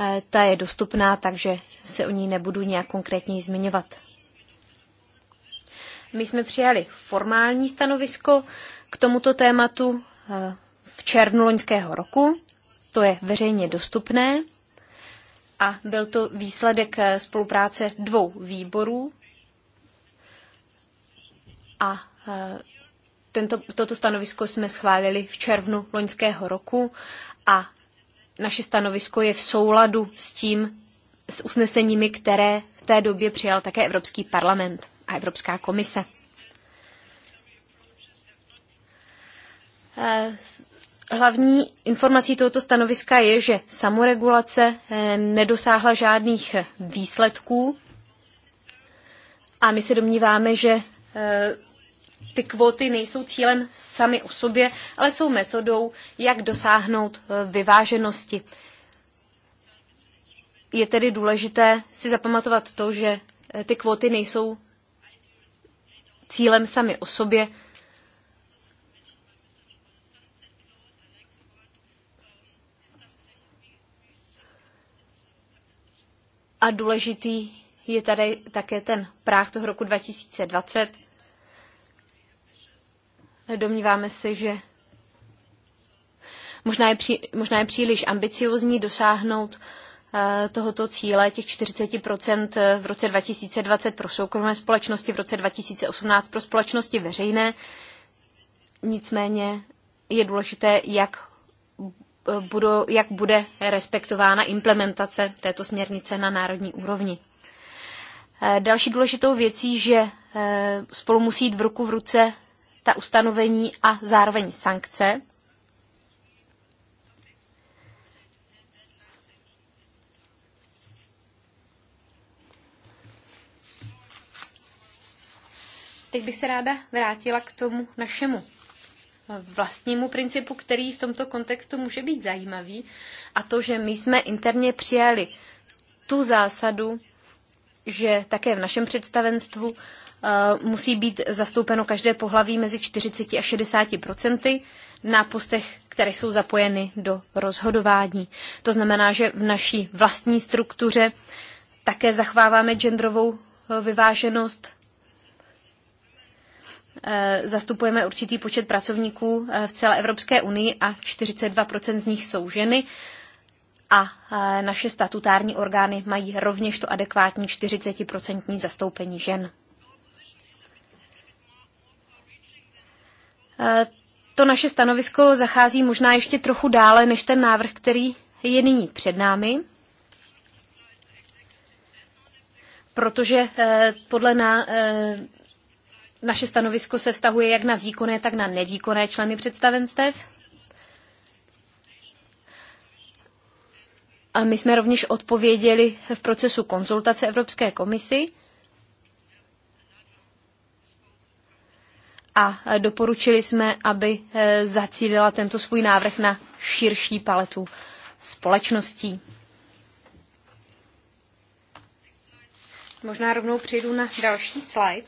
Eh, ta je dostupná, takže se o ní nebudu nějak konkrétně zmiňovat. My jsme přijali formální stanovisko k tomuto tématu eh, v červnu loňského roku. To je veřejně dostupné a byl to výsledek eh, spolupráce dvou výborů. A eh, tento, toto stanovisko jsme schválili v červnu loňského roku a naše stanovisko je v souladu s tím, s usneseními, které v té době přijal také Evropský parlament a Evropská komise. Eh, hlavní informací tohoto stanoviska je, že samoregulace eh, nedosáhla žádných výsledků a my se domníváme, že eh, ty kvóty nejsou cílem sami o sobě, ale jsou metodou, jak dosáhnout vyváženosti. Je tedy důležité si zapamatovat to, že ty kvóty nejsou cílem sami o sobě. A důležitý je tady také ten práh toho roku 2020. Domníváme se, že možná je, pří, možná je příliš ambiciozní dosáhnout uh, Eh, tohoto cíle, těch 40% eh, v roce 2020 pro soukromé společnosti, v roce 2018 pro společnosti veřejné. Nicméně je důležité, jak, eh, budu, jak bude respektována implementace této směrnice na národní úrovni. Další důležitou věcí, že spolu musí jít v ruku v ruce ta ustanovení a zároveň sankce. Teď bych se ráda vrátila k tomu našemu vlastnímu principu, který v tomto kontextu může být zajímavý, a to, že my jsme interně přijali tu zásadu, že také v našem představenstvu uh, musí být zastoupeno každé pohlaví mezi 40 a 60 procenty na postech, které jsou zapojeny do rozhodování. To znamená, že v naší vlastní struktuře také zachváváme genderovou uh, vyváženost Eh, zastupujeme určitý počet pracovníků eh, v celé Evropské unii a 42% z nich jsou ženy a eh, naše statutární orgány mají rovněž to adekvátní 40% zastoupení žen. To naše stanovisko zachází možná ještě trochu dále než ten návrh, který je nyní před námi, protože podle, na, naše stanovisko se vztahuje jak na výkonné, tak na nevýkonné členy představenstev. A my jsme rovněž odpověděli v procesu konzultace Evropské komisi a doporučili jsme, aby eh, zacílila tento svůj návrh na širší paletu společností. Možná rovnou přejdu na další slide.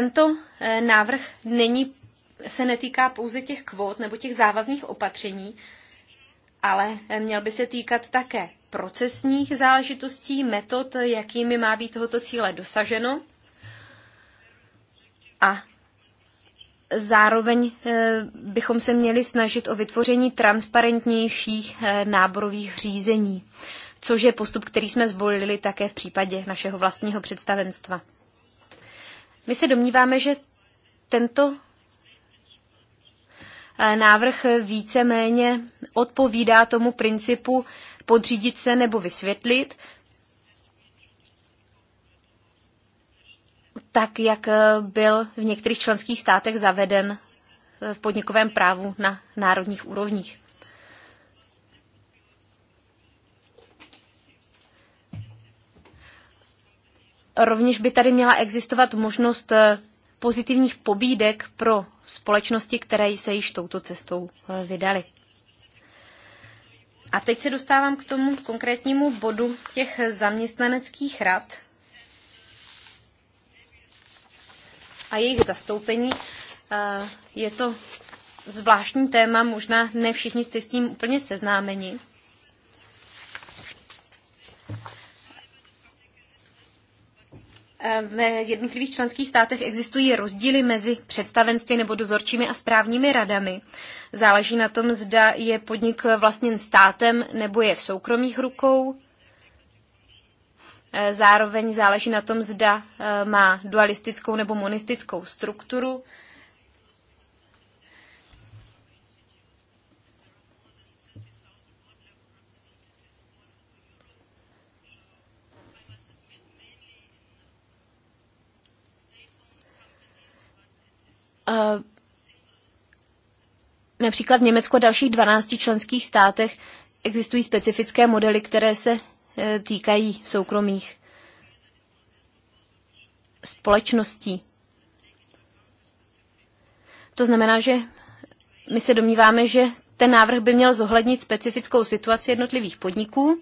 tento eh, návrh není, se netýká pouze těch kvót nebo těch závazných opatření, ale eh, měl by se týkat také procesních záležitostí, metod, jakými má být tohoto cíle dosaženo. A zároveň eh, bychom se měli snažit o vytvoření transparentnějších náborových řízení, což je postup, který jsme zvolili také v případě našeho vlastního představenstva. My se domníváme, že tento eh, návrh víceméně odpovídá tomu principu podřídit se nebo vysvětlit, tak jak eh, byl v některých členských státech zaveden eh, v podnikovém právu na národních úrovních. Rovněž by tady měla existovat možnost eh, pozitivních pobídek pro společnosti, které se již touto cestou eh, vydaly. A teď se dostávám k tomu konkrétnímu bodu těch zaměstnaneckých rad a jejich zastoupení. Eh, je to zvláštní téma, možná ne všichni jste s tím úplně seznámeni. Eh, v jednotlivých členských státech existují rozdíly mezi představenství nebo dozorčími a správními radami. Záleží na tom, zda je podnik vlastněn státem nebo je v soukromých rukou. Eh, zároveň záleží na tom, zda eh, má dualistickou nebo monistickou strukturu. Eh, například v Německu a dalších 12 členských státech existují specifické modely, které se eh, týkají soukromých společností. To znamená, že my se domníváme, že ten návrh by měl zohlednit specifickou situaci jednotlivých podniků.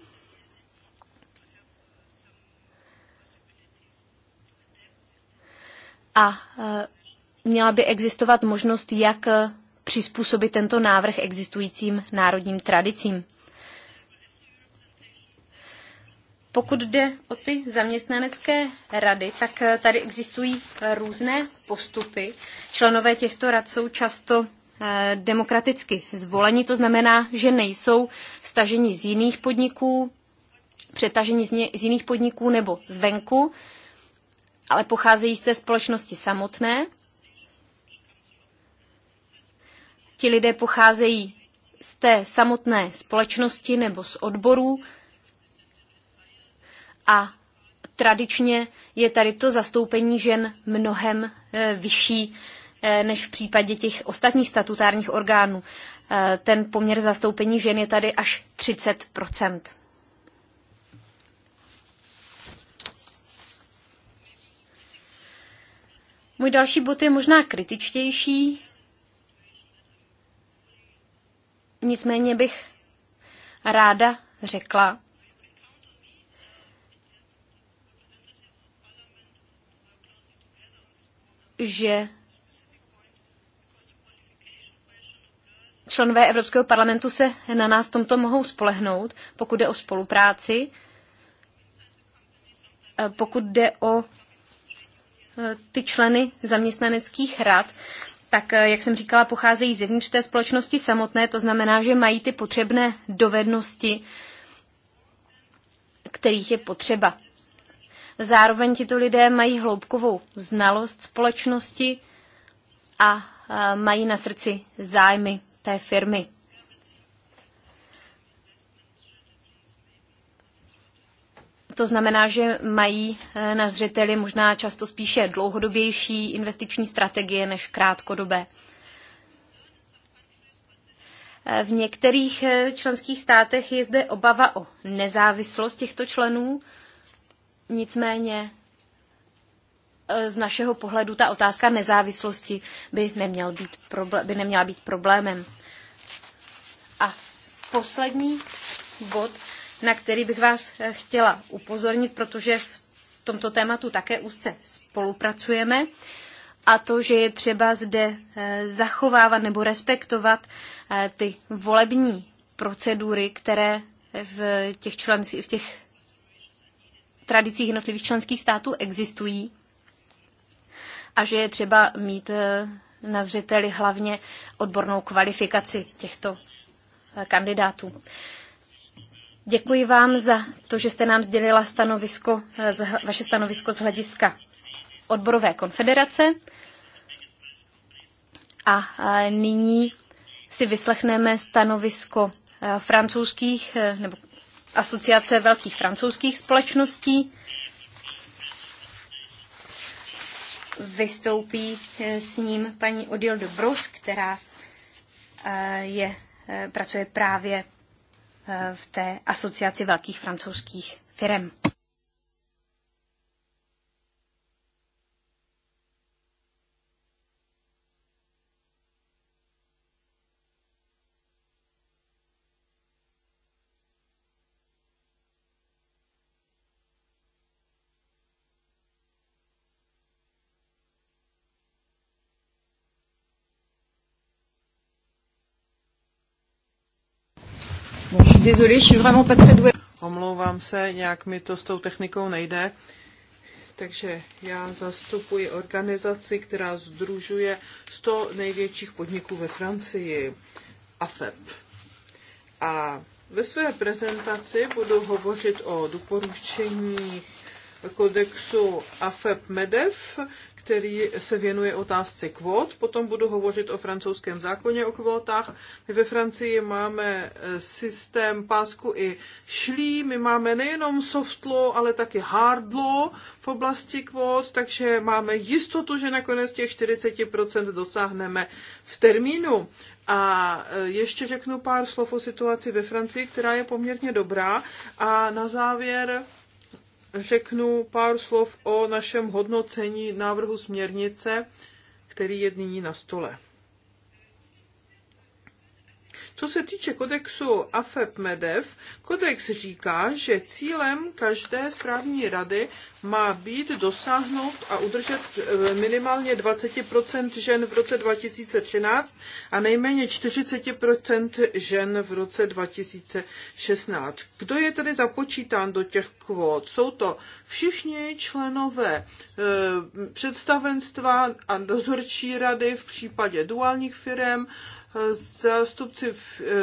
A eh, měla by existovat možnost, jak eh, přizpůsobit tento návrh existujícím národním tradicím. Pokud jde o ty zaměstnanecké rady, tak eh, tady existují eh, různé postupy. Členové těchto rad jsou často demokraticky zvoleni, to znamená, že nejsou staženi z jiných podniků, přetaženi z jiných podniků nebo zvenku, ale pocházejí z té společnosti samotné Ti lidé pocházejí z té samotné společnosti nebo z odborů a tradičně je tady to zastoupení žen mnohem eh, vyšší eh, než v případě těch ostatních statutárních orgánů. Eh, ten poměr zastoupení žen je tady až 30 Můj další bod je možná kritičtější. Nicméně bych ráda řekla, že členové Evropského parlamentu se na nás tomto mohou spolehnout, pokud jde o spolupráci, eh, pokud jde o eh, ty členy zaměstnaneckých rad, tak, eh, jak jsem říkala, pocházejí zevnitř té společnosti samotné, to znamená, že mají ty potřebné dovednosti, kterých je potřeba. Zároveň tito lidé mají hloubkovou znalost společnosti a eh, mají na srdci zájmy té firmy. To znamená, že mají eh, na zřeteli možná často spíše dlouhodobější investiční strategie než krátkodobé. Eh, v některých eh, členských státech je zde obava o nezávislost těchto členů, nicméně z našeho pohledu ta otázka nezávislosti by, neměl být problém, by neměla být problémem. A poslední bod na který bych vás eh, chtěla upozornit, protože v tomto tématu také úzce spolupracujeme a to, že je třeba zde eh, zachovávat nebo respektovat eh, ty volební procedury, které v těch, členských, v těch tradicích jednotlivých členských států existují a že je třeba mít na zřeteli hlavně odbornou kvalifikaci těchto kandidátů. Děkuji vám za to, že jste nám sdělila stanovisko, eh, vaše stanovisko z hlediska odborové konfederace. A nyní si vyslechneme stanovisko eh, francouzských eh, nebo asociace velkých francouzských společností. Vystoupí s ním paní Odil de Brus, která je, pracuje právě v té asociaci velkých francouzských firm. Désolée, je suis vraiment pas très douée. Omlouvám se, nějak mi to s tou technikou nejde. Takže já zastupuji organizaci, která združuje 100 největších podniků ve Francii, AFEP. A ve své prezentaci budu hovořit o doporučeních kodexu AFEP MEDEF, který se věnuje otázce kvót. Potom budu hovořit o francouzském zákoně o kvótách. My ve Francii máme eh, systém pásku i šlí. My máme nejenom soft law, ale taky hard law v oblasti kvót, takže máme jistotu, že nakonec těch 40% dosáhneme v termínu. A eh, ještě řeknu pár slov o situaci ve Francii, která je poměrně dobrá. A na závěr řeknu pár slov o našem hodnocení návrhu směrnice, který je nyní na stole. Co se týče kodexu AFEP-MEDEV, kodex říká, že cílem každé správní rady má být dosáhnout a udržet eh, minimálně 20 žen v roce 2013 a nejméně 40 žen v roce 2016. Kdo je tedy započítán do těch kvót? Jsou to všichni členové eh, představenstva a dozorčí rady v případě duálních firm, zástupci eh,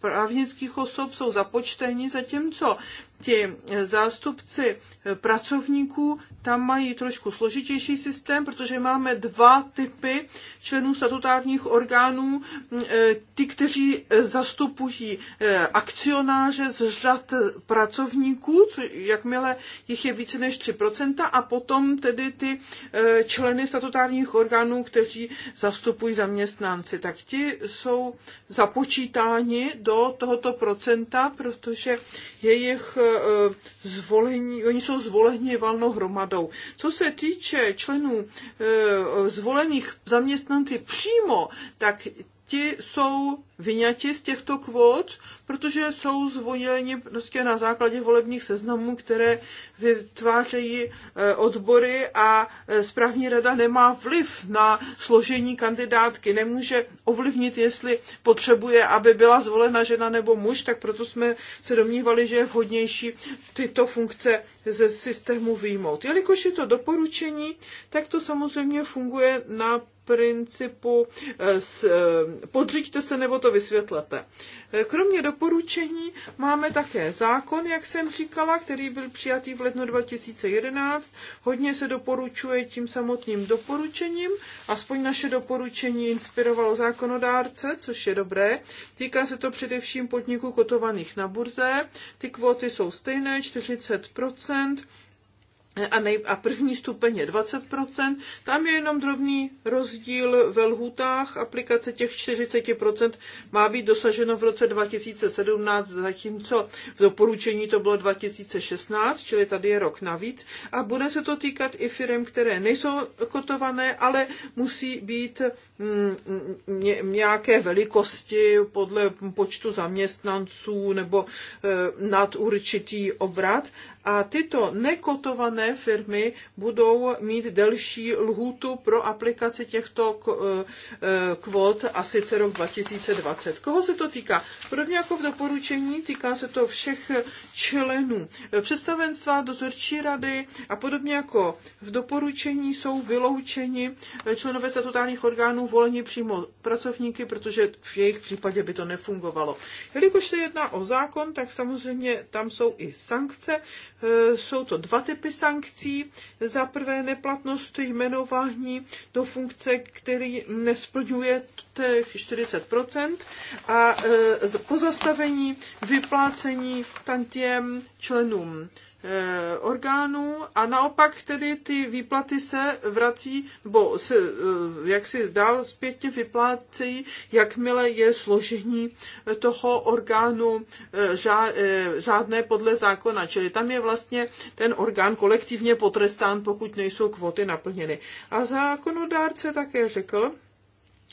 právnických osob jsou započteni, zatímco ti zástupci pracovníků tam mají trošku složitější systém, protože máme dva typy členů statutárních orgánů. Ty, kteří zastupují eh, akcionáře z řad pracovníků, co, jakmile jich je více než 3%, a potom tedy ty eh, členy statutárních orgánů, kteří zastupují zaměstnanci. Tak ti jsou započítáni do tohoto procenta, protože jejich eh, Eh, zvolení, oni jsou zvoleni valnou hromadou. Co se týče členů eh, zvolených zaměstnanci přímo, tak ti jsou vyňati z těchto kvót, protože jsou zvoněni prostě na základě volebních seznamů, které vytvářejí e, odbory a e, správní rada nemá vliv na složení kandidátky. Nemůže ovlivnit, jestli potřebuje, aby byla zvolena žena nebo muž, tak proto jsme se domnívali, že je vhodnější tyto funkce ze systému výjmout. Jelikož je to doporučení, tak to samozřejmě funguje na principu e, podřiďte podříďte se nebo to vysvětlete. Eh, Kromě doporučení máme také zákon, jak jsem říkala, který byl přijatý v lednu 2011. Hodně se doporučuje tím samotným doporučením. Aspoň naše doporučení inspirovalo zákonodárce, což je dobré. Týká se to především podniků kotovaných na burze. Ty kvóty jsou stejné, 40 a, nej, a první stupeň je 20%. Tam je jenom drobný rozdíl ve lhůtách. Aplikace těch 40% má být dosaženo v roce 2017, zatímco v doporučení to bylo 2016, čili tady je rok navíc. A bude se to týkat i firm, které nejsou kotované, ale musí být mm, mm, mm, nějaké velikosti podle počtu zaměstnanců nebo eh, nad určitý obrat a tyto nekotované firmy budou mít delší lhůtu pro aplikaci těchto eh, eh, kvot a sice rok 2020. Koho se to týká? Podobně jako v doporučení, týká se to všech členů představenstva, dozorčí rady a podobně jako v doporučení jsou vyloučeni členové statutárních orgánů volení přímo pracovníky, protože v jejich případě by to nefungovalo. Jelikož se jedná o zákon, tak samozřejmě tam jsou i sankce, Eh, jsou to dva typy sankcí. Za prvé neplatnost jmenování do funkce, který nesplňuje těch 40% a eh, pozastavení vyplácení tantiem členům Eh, orgánů a naopak tedy ty výplaty se vrací, nebo se, eh, jak si zdál, zpětně vyplácejí, jakmile je složení toho orgánu eh, žádné podle zákona. Čili tam je vlastně ten orgán kolektivně potrestán, pokud nejsou kvoty naplněny. A zákonodárce také řekl,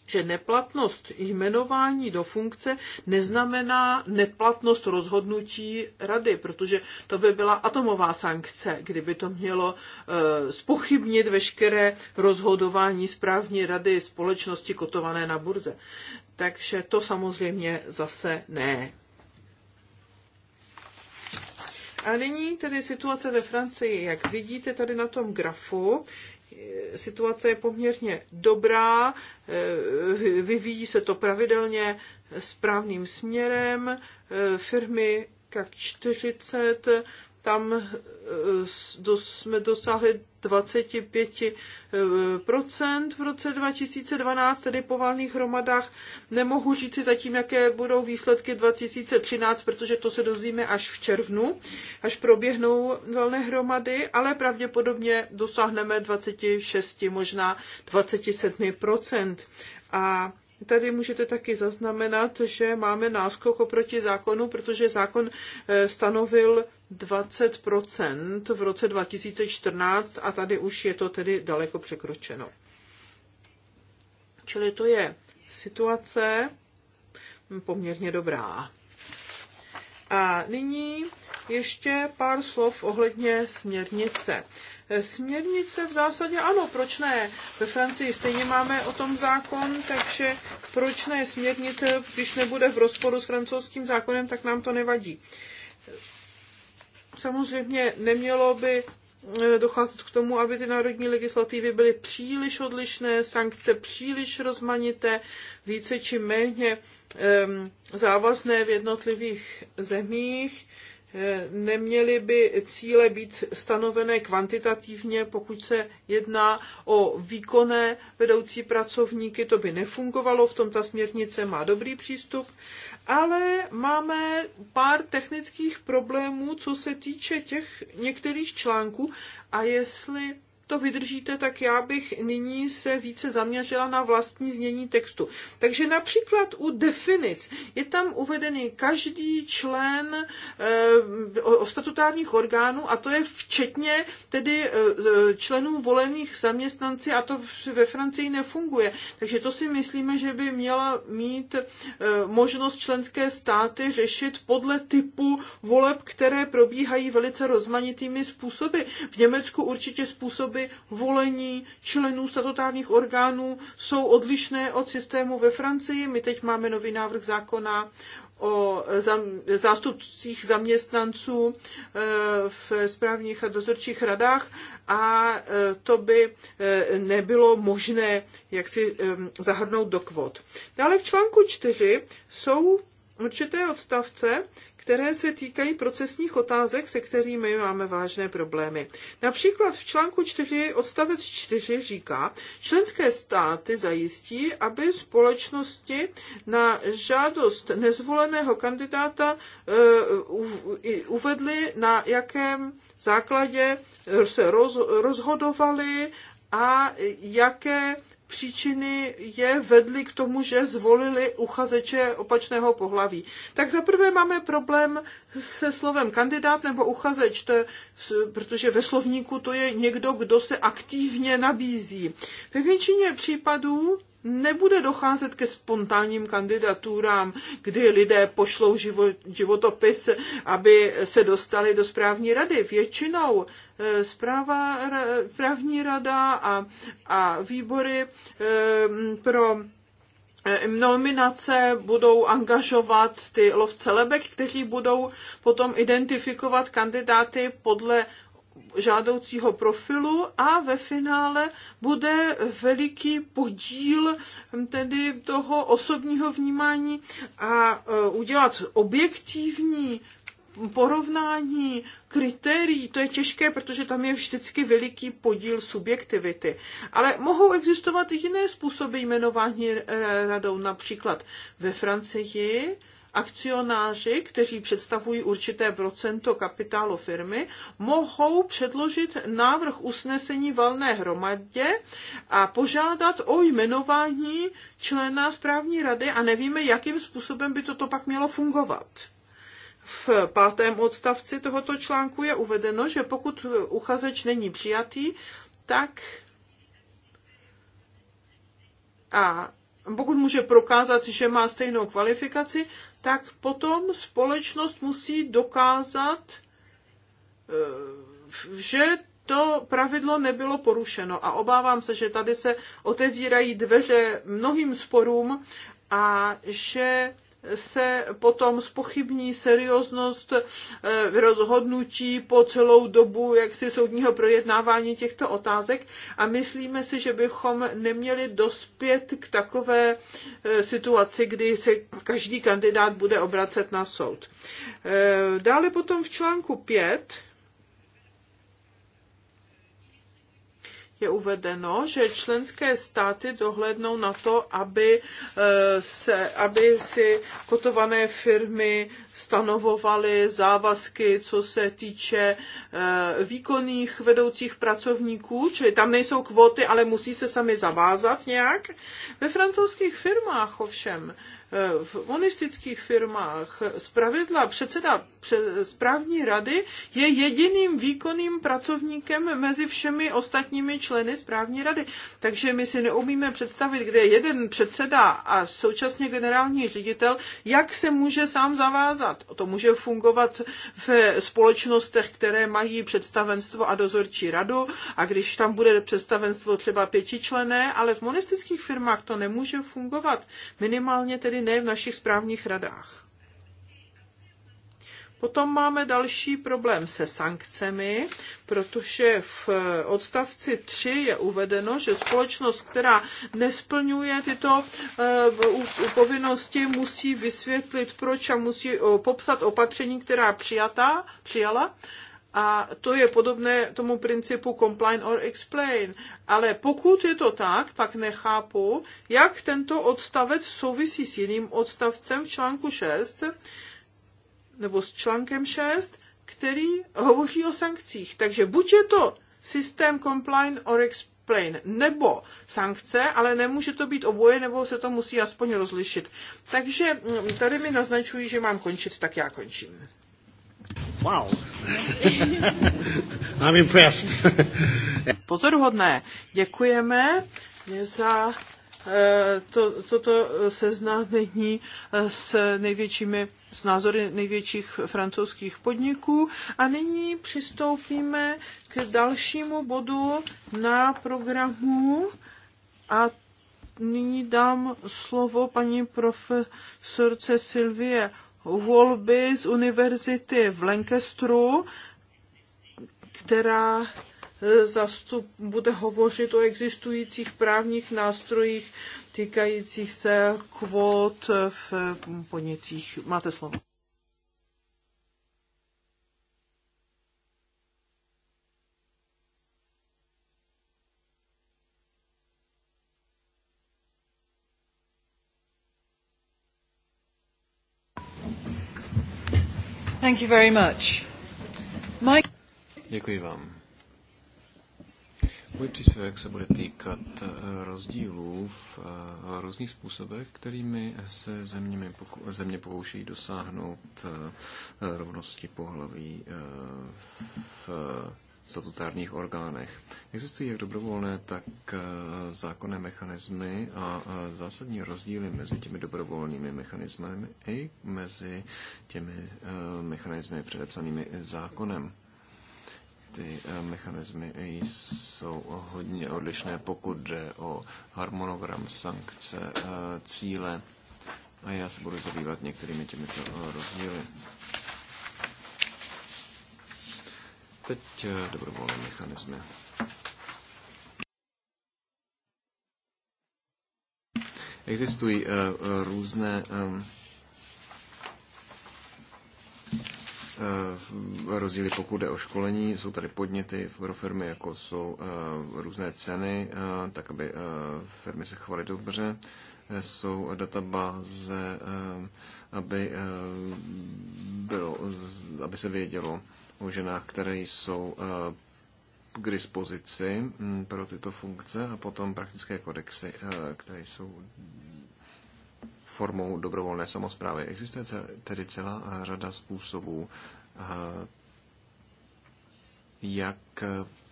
že neplatnost jmenování do funkce neznamená neplatnost rozhodnutí rady, protože to by byla atomová sankce, kdyby to mělo eh, spochybnit veškeré rozhodování správní rady společnosti kotované na burze. Takže to samozřejmě zase ne. A nyní tedy situace ve Francii. Jak vidíte tady na tom grafu, situace je poměrně dobrá, eh, vyvíjí se to pravidelně správným směrem, eh, firmy jak 40 tam eh, jsme dosáhli 25% eh, v roce 2012, tedy po valných hromadách. Nemohu říct si zatím, jaké budou výsledky 2013, protože to se dozvíme až v červnu, až proběhnou valné hromady, ale pravděpodobně dosáhneme 26, možná 27%. A Tady můžete taky zaznamenat, že máme náskok oproti zákonu, protože zákon eh, stanovil 20% v roce 2014 a tady už je to tedy daleko překročeno. Čili to je situace poměrně dobrá. A nyní ještě pár slov ohledně směrnice. Směrnice v zásadě ano, proč ne? Ve Francii stejně máme o tom zákon, takže proč ne směrnice, když nebude v rozporu s francouzským zákonem, tak nám to nevadí. Samozřejmě nemělo by eh, docházet k tomu, aby ty národní legislativy byly příliš odlišné, sankce příliš rozmanité, více či méně ehm, závazné v jednotlivých zemích. Eh, neměly by cíle být stanovené kvantitativně, pokud se jedná o výkonné vedoucí pracovníky, to by nefungovalo, v tom ta směrnice má dobrý přístup, ale máme pár technických problémů, co se týče těch některých článků a jestli to vydržíte, tak já bych nyní se více zaměřila na vlastní znění textu. Takže například u definic je tam uvedený každý člen e, statutárních orgánů a to je včetně tedy e, členů volených zaměstnanci a to ve Francii nefunguje. Takže to si myslíme, že by měla mít e, možnost členské státy řešit podle typu voleb, které probíhají velice rozmanitými způsoby. V Německu určitě způsoby způsoby volení členů statutárních orgánů jsou odlišné od systému ve Francii. My teď máme nový návrh zákona o zástupcích zaměstnanců e, v správních a dozorčích radách a e, to by e, nebylo možné jak si zahrnout do kvot. Dále v článku 4 jsou určité odstavce, které se týkají procesních otázek, se kterými máme vážné problémy. Například v článku 4 odstavec 4 říká, členské státy zajistí, aby společnosti na žádost nezvoleného kandidáta eh, uvedly, na jakém základě se rozhodovali a jaké příčiny je vedly k tomu, že zvolili uchazeče opačného pohlaví. Tak zaprvé máme problém se slovem kandidát nebo uchazeč, to je, protože ve slovníku to je někdo, kdo se aktivně nabízí. Ve většině případů nebude docházet ke spontánním kandidaturám, kdy lidé pošlou životopis, aby se dostali do správní rady. Většinou eh, správa, správní rada a, a výbory eh, pro eh, nominace budou angažovat ty lovce lebek, kteří budou potom identifikovat kandidáty podle žádoucího profilu a ve finále bude veliký podíl hm, tedy toho osobního vnímání a e, udělat objektivní porovnání kritérií, to je těžké, protože tam je vždycky veliký podíl subjektivity. Ale mohou existovat i jiné způsoby jmenování e, radou. Například ve Francii akcionáři, kteří představují určité procento kapitálu firmy, mohou předložit návrh usnesení valné hromadě a požádat o jmenování člena správní rady a nevíme, jakým způsobem by toto pak mělo fungovat. V pátém odstavci tohoto článku je uvedeno, že pokud uchazeč není přijatý, tak a pokud může prokázat, že má stejnou kvalifikaci, tak potom společnost musí dokázat, eh, že to pravidlo nebylo porušeno. A obávám se, že tady se otevírají dveře mnohým sporům a že se potom spochybní serióznost eh, rozhodnutí po celou dobu jaksi soudního projednávání těchto otázek a myslíme si, že bychom neměli dospět k takové eh, situaci, kdy se každý kandidát bude obracet na soud. Eh, dále potom v článku 5 je uvedeno, že členské státy dohlednou na to, aby, eh, se, aby si kotované firmy stanovovaly závazky, co se týče eh, výkonných vedoucích pracovníků, čili tam nejsou kvóty, ale musí se sami zavázat nějak. Ve francouzských firmách ovšem Eh, v monistických firmách zpravidla předseda správní rady je jediným výkonným pracovníkem mezi všemi ostatními členy správní rady. Takže my si neumíme představit, kde jeden předseda a současně generální ředitel, jak se může sám zavázat. To může fungovat ve společnostech, které mají představenstvo a dozorčí radu a když tam bude představenstvo třeba pětičlené, ale v monistických firmách to nemůže fungovat. Minimálně tedy tedy ne v našich správních radách. Potom máme další problém se sankcemi, protože v odstavci 3 je uvedeno, že společnost, která nesplňuje tyto eh, povinnosti, musí vysvětlit proč a musí eh, popsat opatření, která přijata, přijala a to je podobné tomu principu complain or explain. Ale pokud je to tak, pak nechápu, jak tento odstavec souvisí s jiným odstavcem v článku 6, nebo s článkem 6, který hovoří o sankcích. Takže buď je to systém complain or explain, nebo sankce, ale nemůže to být oboje, nebo se to musí aspoň rozlišit. Takže mm, tady mi naznačují, že mám končit, tak já končím. Wow. <laughs> I'm impressed. <laughs> Pozoruhodné. Děkujeme za eh, to, toto seznámení eh, s největšími s názory největších francouzských podniků. A nyní přistoupíme k dalšímu bodu na programu a nyní dám slovo paní profesorce Sylvie volby z univerzity v Lancasteru, která e, zastup, bude hovořit o existujících právních nástrojích týkajících se kvót v podnicích. Máte slovo. Thank you very much. Děkuji vám. Můj příspěvek se bude týkat eh, rozdílů eh, v různých způsobech, kterými se zeměmi, země pokouší dosáhnout eh, rovnosti pohlaví v statutárních orgánech. Existují jak dobrovolné, tak eh, zákonné mechanismy a eh, zásadní rozdíly mezi těmi dobrovolnými mechanismy i mezi těmi eh, mechanismy předepsanými zákonem. Ty mechanismy jsou hodně odlišné, pokud jde o harmonogram, sankce, cíle. A já se budu zabývat některými těmito rozdíly. teď eh, dobrovolné mechanizmy. Existují eh, eh, různé ehm, rozdíly, pokud jde o školení. Jsou tady podněty pro firmy, jako jsou různé ceny, tak aby firmy se chovaly dobře. Jsou databáze, aby, bylo, aby se vědělo, o ženách, které jsou eh, k dispozici mm, pro tyto funkce a potom praktické kodexy, eh, které jsou formou dobrovolné samozprávy. Existuje tedy celá řada způsobů, eh, jak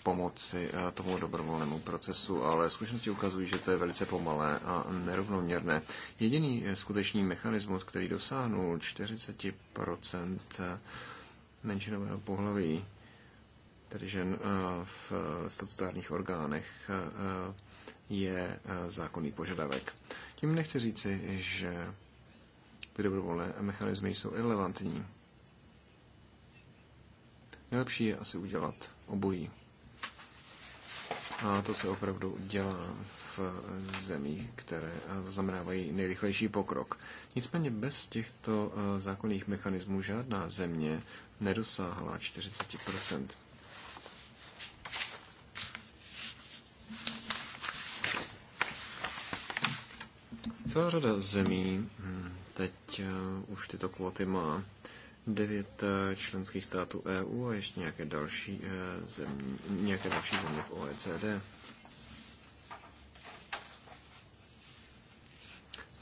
pomoci tomu dobrovolnému procesu, ale zkušenosti ukazují, že to je velice pomalé a nerovnoměrné. Jediný skutečný mechanismus, který dosáhnul 40 menšinového pohlaví, tedy žen eh, v statutárních orgánech, eh, je eh, zákonný požadavek. Tím nechci říci, že ty dobrovolné mechanismy jsou irrelevantní. Nejlepší je asi udělat obojí. A to se opravdu dělá v zemích, které zaznamenávají nejrychlejší pokrok. Nicméně bez těchto zákonných mechanismů žádná země nedosáhla 40 Celá řada zemí hm, teď eh, už tyto kvóty má. Devět eh, členských států EU a ještě nějaké další eh, země, nějaké další země v OECD.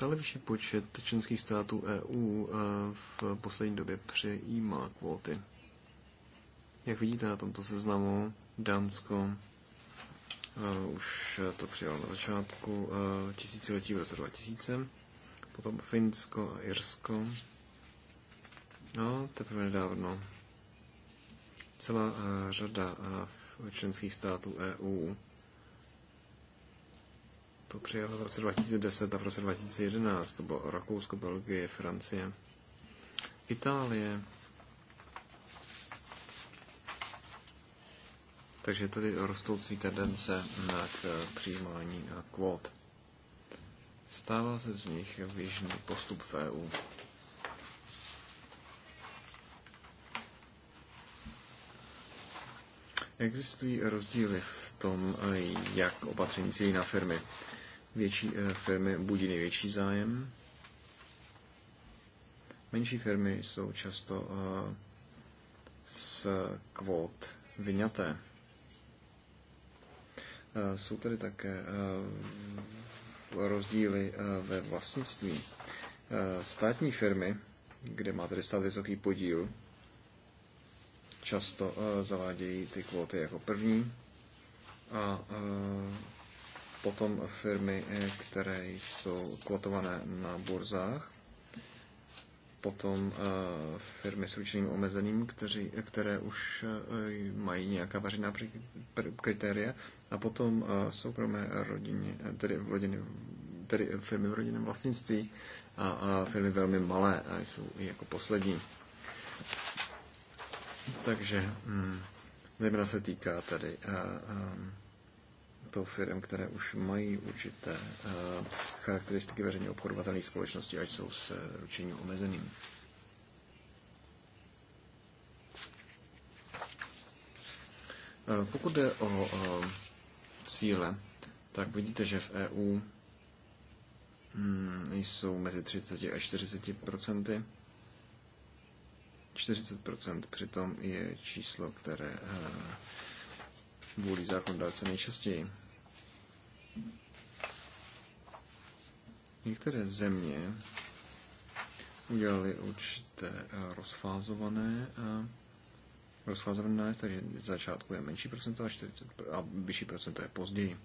Stále vyšší počet členských států EU e, v poslední době přejímá kvóty. Jak vidíte na tomto seznamu, Dánsko e, už to přijalo na začátku e, tisíciletí v roce 2000, potom Finsko a Irsko, no teprve nedávno. Celá řada členských států EU to přijala v roce 2010 a v roce 2011. To bylo Rakousko, Belgie, Francie, Itálie. Takže tady rostoucí tendence k přijímání a kvót. Stává se z nich běžný postup v EU. Existují rozdíly v tom, jak opatření cílí na firmy. Větší eh, firmy budí největší zájem. Menší firmy jsou často z eh, kvót vyňaté. Eh, jsou tady také rozdíly ve vlastnictví. Státní firmy, kde má tedy stát vysoký podíl, často zavádějí ty kvóty jako první a potom firmy, eh, které jsou kotované na burzách, potom eh, firmy s ručením omezeným, kteří, které už eh, mají nějaká veřejná kritéria, a potom soukromé rodiny, tedy, rodiny, tedy firmy v rodinném vlastnictví a, firmy velmi malé a jsou i jako poslední. Takže hmm, zejména se týká tady. Uh, um, to firm, které už mají určité eh, charakteristiky veřejně obchodovatelných společností, ať jsou s ručením eh, omezeným. Eh, pokud jde o cíle, tak vidíte, že v EU hm, jsou mezi 30 a 40 procenty. 40% přitom je číslo, které volí zákonodárce nejčastěji. Některé země udělali určité eh, rozfázované eh, rozfázované nájezd, takže začátku je menší procento a, 40, a vyšší procento je později.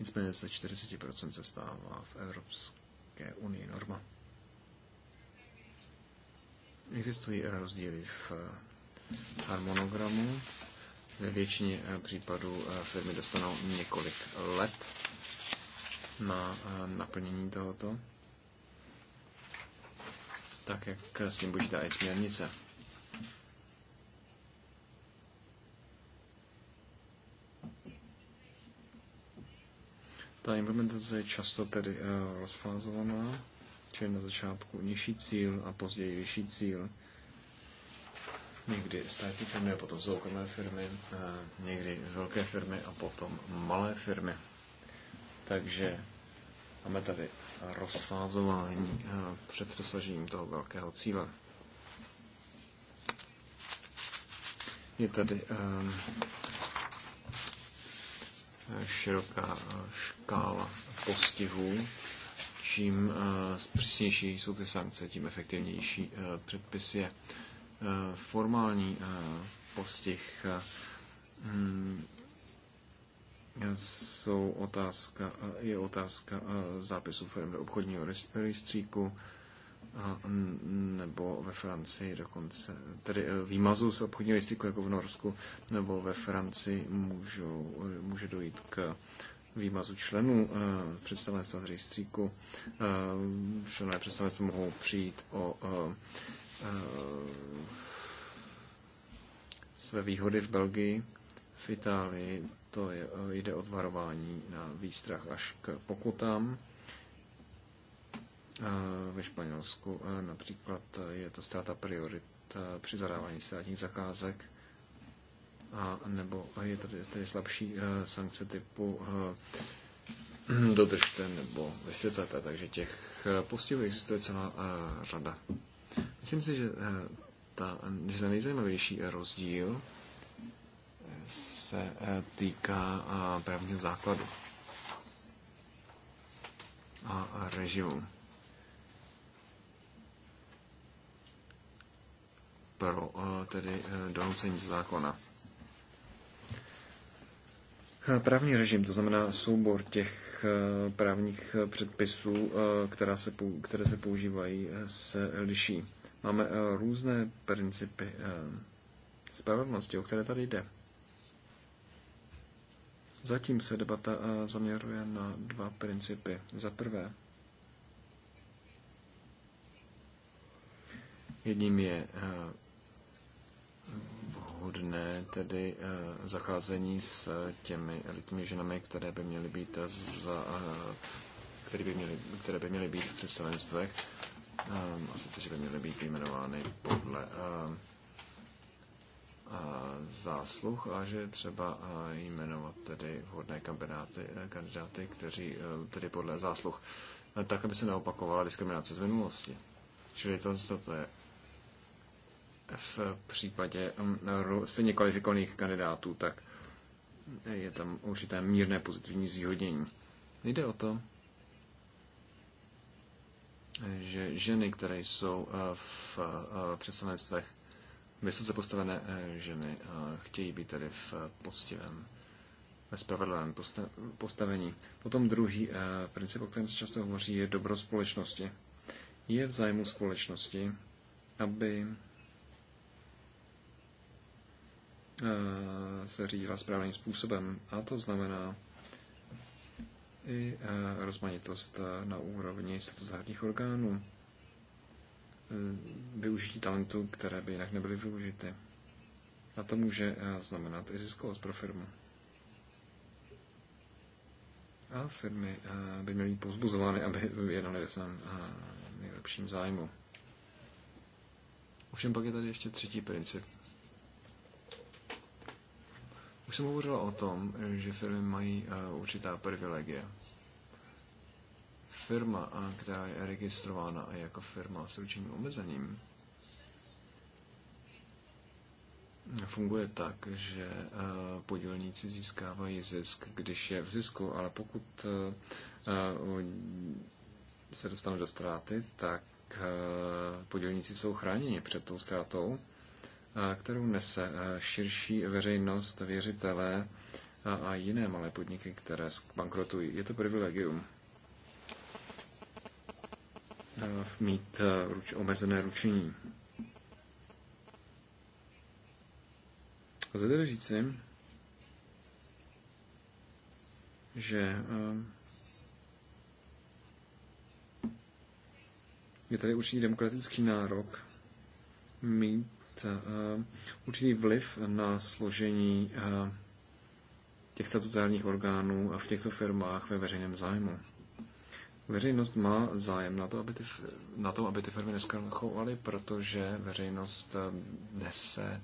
Nicméně se 40% se stává v Evropské unii norma. Existují eh, rozdíly v harmonogramu. Ve většině případů firmy dostanou několik let na eh, naplnění tohoto, tak jak s tím počítá i směrnice. Ta implementace je často tedy eh, rozfázovaná, čili na začátku nižší cíl a později vyšší cíl. Někdy státní firmy a potom soukromé firmy, eh, někdy velké firmy a potom malé firmy. Takže Máme tady rozfázování eh, před dosažením toho velkého cíle. Je tady eh, široká eh, škála postihů. Čím přísnější jsou ty sankce, tím efektivnější předpis je. Formální postih hm, jsou otázka, je otázka eh, zápisu firm do obchodního rejstříku nebo ve Francii dokonce, tedy eh, výmazu z obchodního rejstříku jako v Norsku, nebo ve Francii můžou, eh, může dojít k výmazu členů představenstva z rejstříku. Členové představenstva mohou přijít o své výhody v Belgii, v Itálii to je, eh, jde od varování na výstrach až k pokutám. Eh, ve Španělsku eh, například je to ztráta priorit při zadávání státních zakázek a nebo je tady, tady slabší sankce typu <clears throat> dodržte nebo vysvětlete, takže těch postihů existuje celá řada. Myslím si, že, ta, že ten nejzajímavější rozdíl se eh, týká eh, právního základu a režimu pro eh, tedy donucení zákona. Právní režim, to znamená soubor těch právních předpisů, která se, které se používají, se liší. Máme různé principy spravedlnosti, o které tady jde. Zatím se debata eh, zaměřuje na dva principy. Za prvé, jedním je eh, vhodné tedy eh, zacházení s těmi elitními ženami, které by měly být za, které by měly, které by měly být v představenstvech, a sice, že by měly být jmenovány podle zásluh a že třeba jmenovat tedy vhodné kandidáty, e, kandidáty kteří e, tedy podle zásluh, e, tak, aby se neopakovala diskriminace z minulosti. Čili to, to, to je v případě stejně kvalifikovaných kandidátů, tak je tam určité mírné pozitivní zvýhodnění. Jde o to, že ženy, které jsou v představenstvech vysoce postavené eh, ženy eh, chtějí být tedy v eh, poctivém, ve spravedlivém postavení. Potom druhý princip, o kterém se často hovoří, je dobro společnosti. Je v zájmu společnosti, aby se řídila správným způsobem. A to znamená i rozmanitost na úrovni statutárních orgánů. Eh, využití talentů, které by jinak nebyly využity. A to může eh, znamenat i ziskovost pro firmu. A firmy eh, by měly být pozbuzovány, aby jednaly ve svém nejlepším zájmu. Ovšem pak je tady ještě třetí princip. Už jsem hovořil o tom, že firmy mají určitá privilegie firma, která je registrována jako firma s ručením omezeným, funguje tak, že eh, podílníci získávají zisk, když je v zisku, ale pokud eh, se dostanou do ztráty, tak eh, podílníci jsou chráněni před tou ztrátou, kterou nese širší veřejnost, věřitelé a jiné malé podniky, které bankrotují. Je to privilegium. Eh, mít eh, ruč, omezené ručení. Lze tedy říci, že eh, je tady určitý demokratický nárok mít určitý vliv na složení těch statutárních orgánů a v těchto firmách ve veřejném zájmu. Veřejnost má zájem na, to, aby ty, na tom, aby ty firmy neskrachovaly, protože veřejnost eh, nese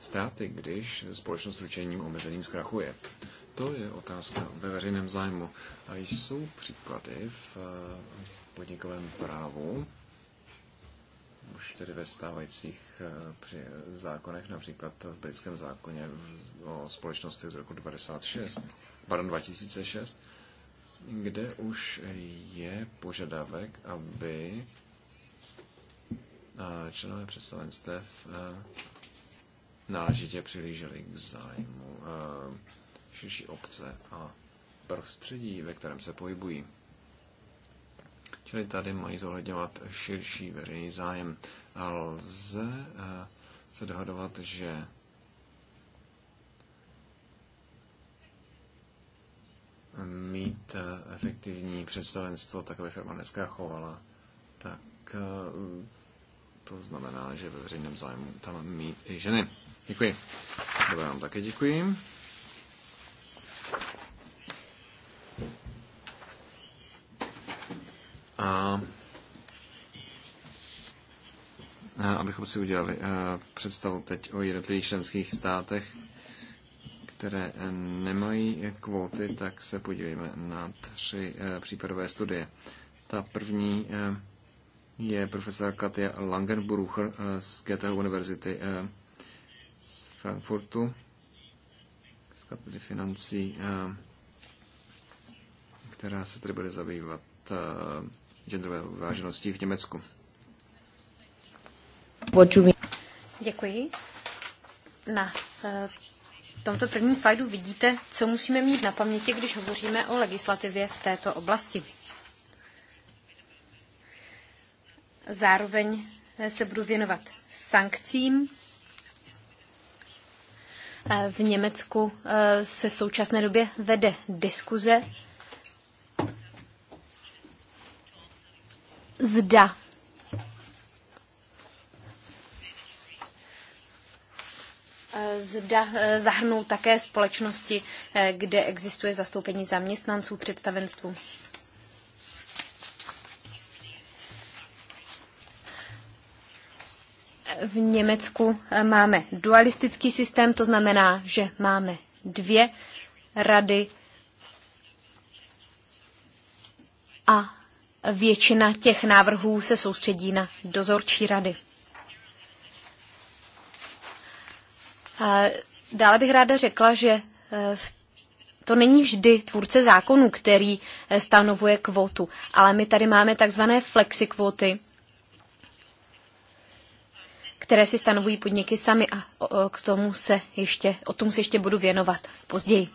ztráty, když společnost s ručením omezením zkrachuje. To je otázka ve veřejném zájmu. A jsou příklady v eh, podnikovém právu, už tedy ve stávajících eh, zákonech, například v britském zákoně o společnosti z roku 96, pardon, 2006, kde už je požadavek, aby eh, členové představenstev eh, náležitě přilíželi k zájmu eh, širší obce a prostředí, ve kterém se pohybují. Čili tady mají zohledňovat širší veřejný zájem. ale lze se dohadovat, že mít eh, efektivní představenstvo, tak aby firma dneska chovala, tak eh, to znamená, že ve veřejném zájmu tam mít i ženy. Děkuji. Dobrá, vám také děkuji. A eh, abychom si udělali představu teď o jednotlivých členských státech, které nemají kvóty, tak se podívejme na tři eh, případové studie. Ta první eh, je profesor Katia Langenbrucher eh, z GTH univerzity z Frankfurtu, z kapely financí, která se tedy bude zabývat genderové vážeností v Německu. Děkuji. Na tomto prvním slajdu vidíte, co musíme mít na paměti, když hovoříme o legislativě v této oblasti. Zároveň se budu věnovat sankcím. V Německu eh, se v současné době vede diskuze, zda Eh, zda eh, zahrnou také společnosti, eh, kde existuje zastoupení zaměstnanců představenstvu. V Německu máme dualistický systém, to znamená, že máme dvě rady a většina těch návrhů se soustředí na dozorčí rady. Dále bych ráda řekla, že e, to není vždy tvůrce zákonu, který e, stanovuje kvotu, ale my tady máme takzvané flexikvoty, které si stanovují podniky sami a k tomu se ještě, o tom se ještě budu věnovat později.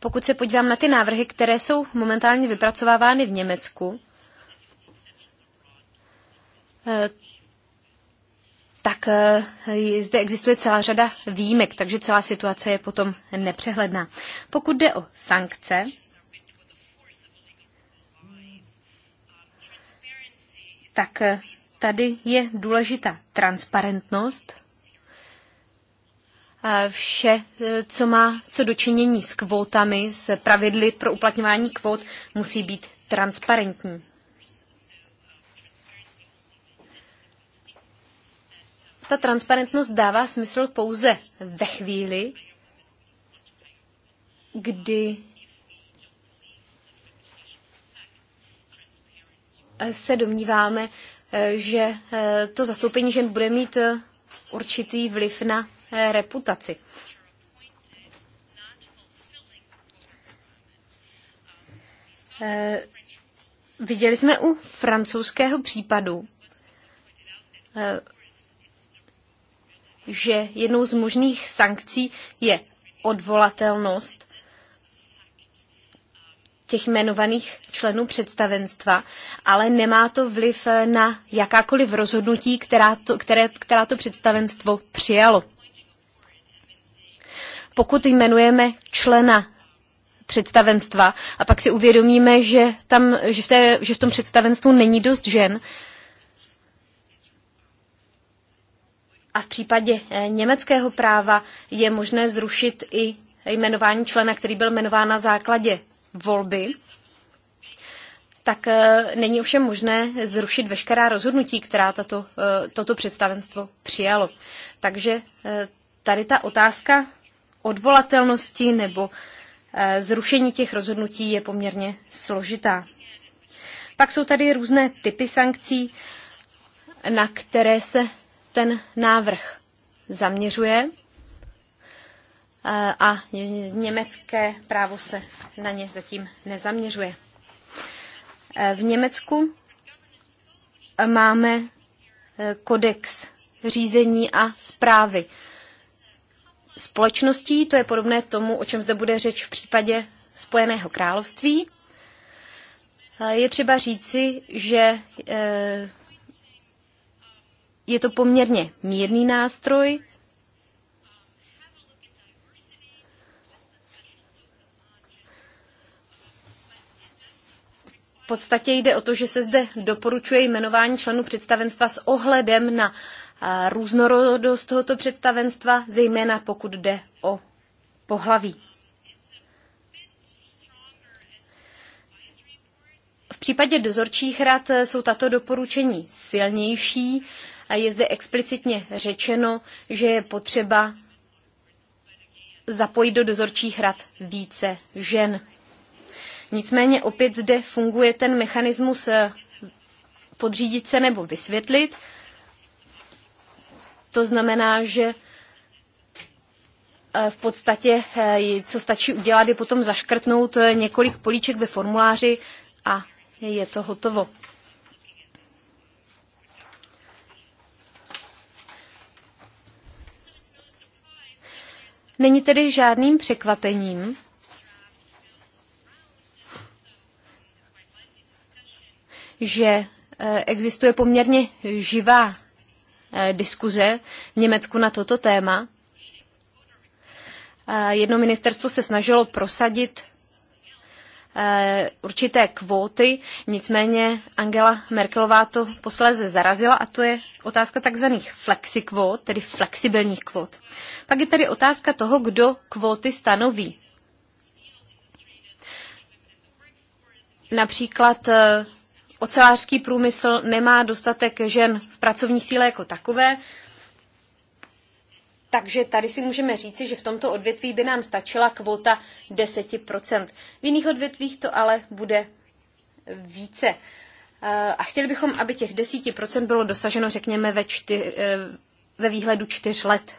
Pokud se podívám na ty návrhy, které jsou momentálně vypracovávány v Německu, e, tak eh, zde existuje celá řada výjimek, takže celá situace je potom nepřehledná. Pokud jde o sankce, tak eh, tady je důležitá transparentnost. Eh, vše, co má co dočinění s kvótami, s pravidly pro uplatňování kvót, musí být transparentní. ta transparentnost dává smysl pouze ve chvíli, kdy eh, se domníváme, eh, že eh, to zastoupení žen bude mít určitý vliv na reputaci. Viděli jsme u francouzského případu, že jednou z možných sankcí je odvolatelnost těch jmenovaných členů představenstva, ale nemá to vliv na jakákoliv rozhodnutí, která to, které, která to představenstvo přijalo. Pokud jmenujeme člena představenstva a pak si uvědomíme, že, tam, že, v, té, že v tom představenstvu není dost žen, a v případě eh, německého práva je možné zrušit i jmenování člena, který byl jmenován na základě volby, tak eh, není ovšem možné zrušit veškerá rozhodnutí, která tato, eh, toto představenstvo přijalo. Takže tady ta otázka odvolatelnosti nebo zrušení těch rozhodnutí je poměrně složitá. Pak jsou tady různé typy sankcí, na které se ten návrh zaměřuje eh, a německé právo se na ně zatím nezaměřuje. Eh, v Německu máme eh, kodex řízení a zprávy společností, to je podobné tomu, o čem zde bude řeč v případě Spojeného království. Je třeba říci, že je to poměrně mírný nástroj. V podstatě jde o to, že se zde doporučuje jmenování členů představenstva s ohledem na různorodost tohoto představenstva, zejména pokud jde o pohlaví. V případě dozorčích rad jsou tato doporučení silnější, a je zde explicitně řečeno, že je potřeba zapojit do dozorčích rad více žen. Nicméně opět zde funguje ten mechanismus eh, podřídit se nebo vysvětlit. To znamená, že eh, v podstatě, eh, co stačí udělat, je potom zaškrtnout několik políček ve formuláři a je to hotovo. Není tedy žádným překvapením, že e, existuje poměrně živá e, diskuze v Německu na toto téma. Jedno ministerstvo se snažilo prosadit Eh, určité kvóty, nicméně Angela Merkelová to posléze zarazila a to je otázka takzvaných flexikvót, tedy flexibilních kvót. Pak je tady otázka toho, kdo kvóty stanoví. Například eh, ocelářský průmysl nemá dostatek žen v pracovní síle jako takové, takže tady si můžeme říci, že v tomto odvětví by nám stačila kvota 10%. V jiných odvětvích to ale bude více. Eh, a chtěli bychom, aby těch 10% bylo dosaženo, řekněme, ve, čty, eh, ve výhledu čtyř let.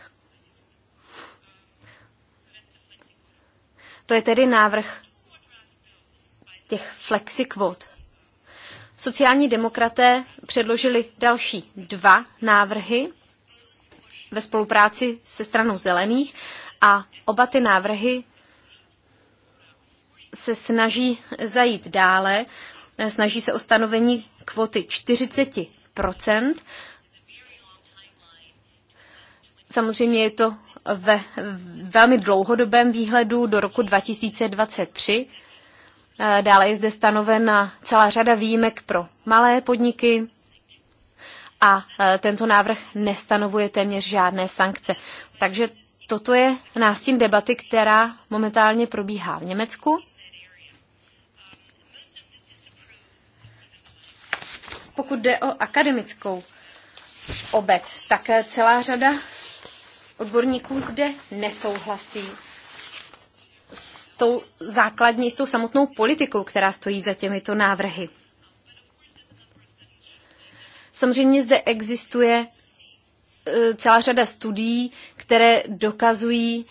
To je tedy návrh těch flexikvot. Sociální demokraté předložili další dva návrhy ve spolupráci se stranou zelených a oba ty návrhy se snaží zajít dále, snaží se o stanovení kvoty 40 Samozřejmě je to ve velmi dlouhodobém výhledu do roku 2023. Dále je zde stanovena celá řada výjimek pro malé podniky, a e, tento návrh nestanovuje téměř žádné sankce. Takže toto je nástín debaty, která momentálně probíhá v Německu. Pokud jde o akademickou obec, tak e, celá řada odborníků zde nesouhlasí s tou základní, s tou samotnou politikou, která stojí za těmito návrhy. Samozřejmě zde existuje e, celá řada studií, které dokazují,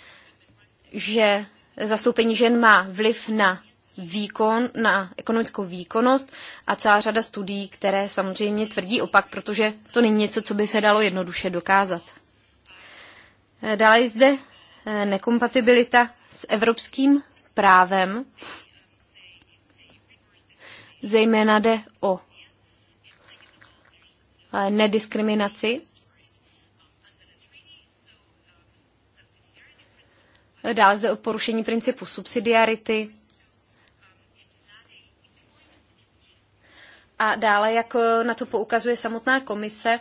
že zastoupení žen má vliv na výkon, na ekonomickou výkonnost a celá řada studií, které samozřejmě tvrdí opak, protože to není něco, co by se dalo jednoduše dokázat. E, dále je zde e, nekompatibilita s evropským právem. Zejména jde o Eh, nediskriminaci. Dále zde o porušení principu subsidiarity. A dále, jak eh, na to poukazuje samotná komise,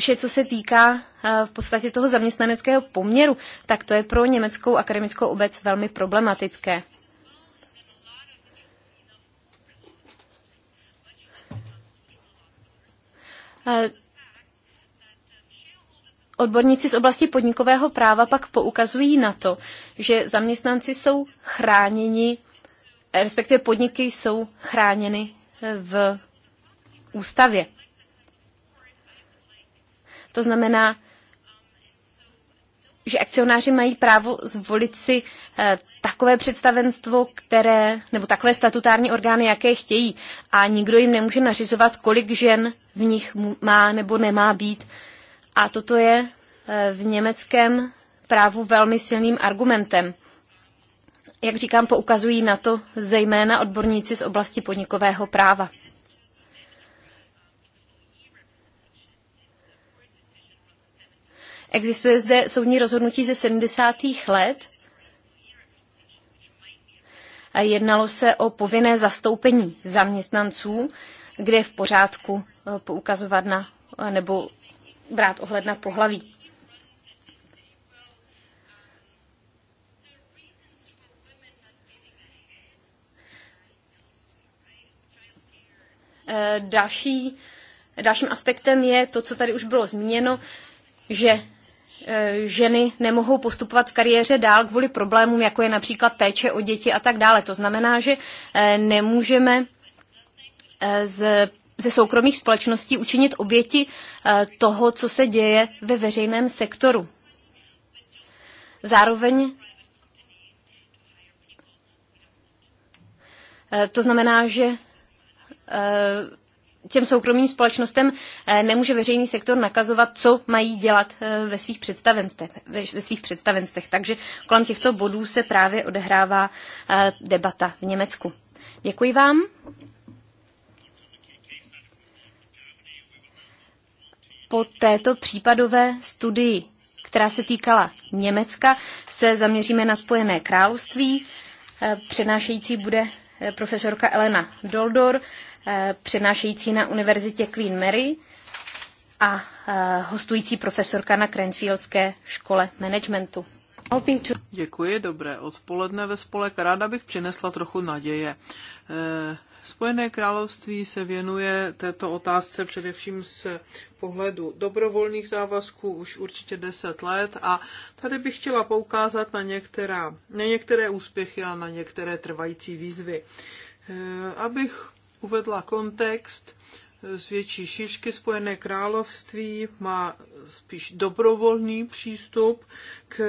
vše, eh, co se týká v podstatě toho zaměstnaneckého poměru, tak to je pro německou akademickou obec velmi problematické. Eh, odborníci z oblasti podnikového práva pak poukazují na to, že zaměstnanci jsou chráněni, respektive podniky jsou chráněny eh, v ústavě. To znamená, že akcionáři mají právo zvolit si eh, takové představenstvo, které, nebo takové statutární orgány, jaké chtějí. A nikdo jim nemůže nařizovat, kolik žen v nich má nebo nemá být. A toto je eh, v německém právu velmi silným argumentem. Jak říkám, poukazují na to zejména odborníci z oblasti podnikového práva. Existuje zde soudní rozhodnutí ze 70. let. Jednalo se o povinné zastoupení zaměstnanců, kde je v pořádku eh, poukazovat na nebo brát ohled na pohlaví. Eh, další, dalším aspektem je to, co tady už bylo zmíněno, že Eh, ženy nemohou postupovat v kariéře dál kvůli problémům, jako je například péče o děti a tak dále. To znamená, že eh, nemůžeme eh, z, ze soukromých společností učinit oběti toho, co se děje ve veřejném sektoru. Zároveň to znamená, že těm soukromým společnostem eh, nemůže veřejný sektor nakazovat, co mají dělat eh, ve svých představenstvech. Ve svých představenstvech. Takže kolem těchto bodů se právě odehrává eh, debata v Německu. Děkuji vám. Po této případové studii, která se týkala Německa, se zaměříme na Spojené království. Přednášející bude profesorka Elena Doldor. Eh, přednášející na univerzitě Queen Mary a eh, hostující profesorka na Cransfieldské škole managementu. Děkuji, dobré odpoledne ve spolek. Ráda bych přinesla trochu naděje. Eh, Spojené království se věnuje této otázce především z pohledu dobrovolných závazků už určitě 10 let a tady bych chtěla poukázat na, některá, na některé úspěchy a na některé trvající výzvy. Abych uvedla kontext z větší šířky Spojené království má spíš dobrovolný přístup k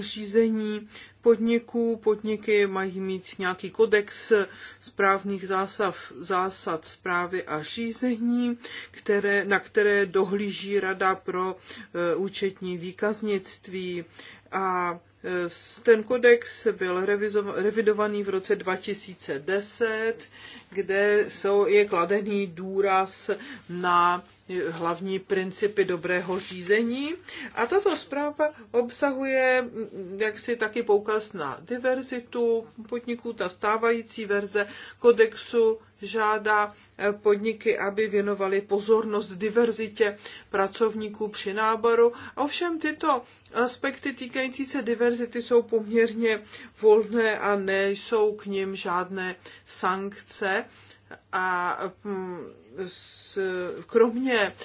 řízení podniků. Podniky mají mít nějaký kodex správných zásad, zásad zprávy a řízení, které, na které dohlíží Rada pro eh, účetní výkaznictví. A Eh, ten kodex byl revidovaný v roce 2010, kde jsou, je kladený důraz na hlavní principy dobrého řízení. A tato zpráva obsahuje mm, jaksi taky poukaz na diverzitu podniků. Ta stávající verze kodexu žádá eh, podniky, aby věnovali pozornost diverzitě pracovníků při náboru. Ovšem tyto aspekty týkající se diverzity jsou poměrně volné a nejsou k nim žádné sankce a mm, kromě eh,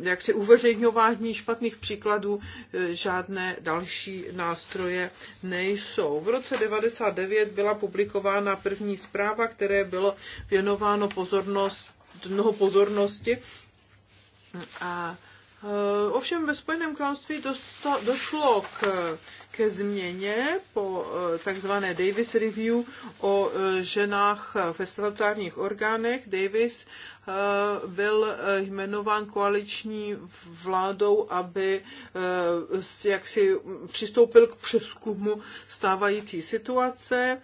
jak si uveřejňování špatných příkladů eh, žádné další nástroje nejsou. V roce 99 byla publikována první zpráva, které bylo věnováno pozornost, mnoho pozornosti a Eh, ovšem ve Spojeném království dosta, došlo k, ke změně po eh, takzvané Davis Review o eh, ženách ve statutárních orgánech. Davis byl jmenován koaliční vládou, aby jak si přistoupil k přeskumu stávající situace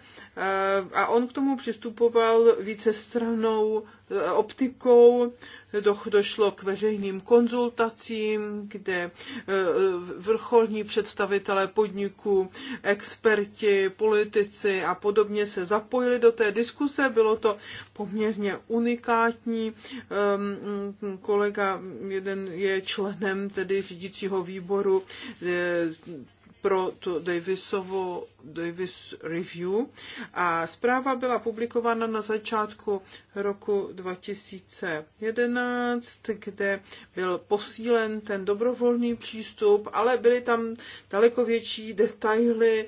a on k tomu přistupoval stranou optikou došlo k veřejným konzultacím, kde e, vrcholní představitelé podniků, experti, politici a podobně se zapojili do té diskuse. Bylo to poměrně unikátní. Ehm, kolega jeden je členem tedy řídícího výboru e, pro tu Davisovo, Davis Review a zpráva byla publikována na začátku roku 2011, kde byl posílen ten dobrovolný přístup, ale byly tam daleko větší detaily eh,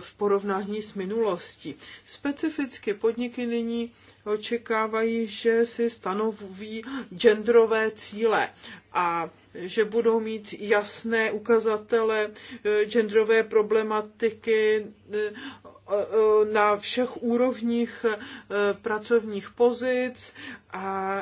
v porovnání s minulostí. Specificky podniky nyní očekávají, že si stanoví genderové cíle a že budou mít jasné ukazatele eh, genderové problematiky eh, na všech úrovních eh, pracovních pozic a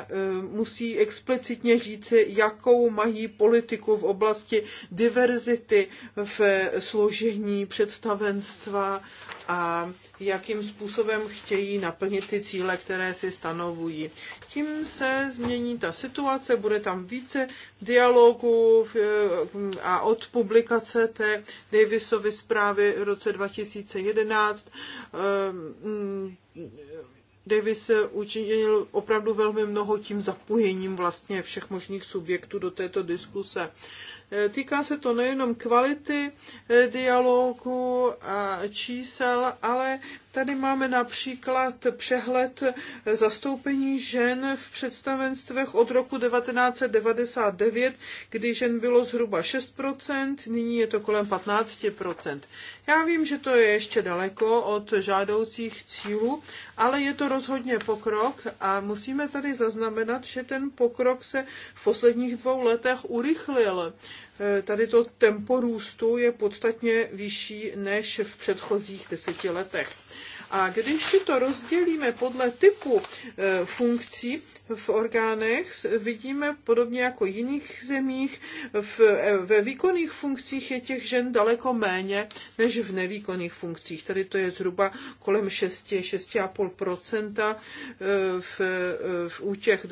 musí explicitně říci, jakou mají politiku v oblasti diverzity v složení představenstva a jakým způsobem chtějí naplnit ty cíle, které si stanovují. Tím se změní ta situace, bude tam více dialogů eh, a od publikace té Davisovy zprávy v roce 2011 eh, mm, Davis učinil opravdu velmi mnoho tím zapojením vlastně všech možných subjektů do této diskuse. Eh, týká se to nejenom kvality eh, dialogu a čísel, ale Tady máme například přehled zastoupení žen v představenstvech od roku 1999, kdy žen bylo zhruba 6%, nyní je to kolem 15%. Já vím, že to je ještě daleko od žádoucích cílů, ale je to rozhodně pokrok a musíme tady zaznamenat, že ten pokrok se v posledních dvou letech urychlil tady to tempo růstu je podstatně vyšší než v předchozích deseti letech. A když si to rozdělíme podle typu e, funkcí v orgánech, vidíme podobně jako v jiných zemích, v, e, ve výkonných funkcích je těch žen daleko méně než v nevýkonných funkcích. Tady to je zhruba kolem 6, 6,5% e, v, v, u těch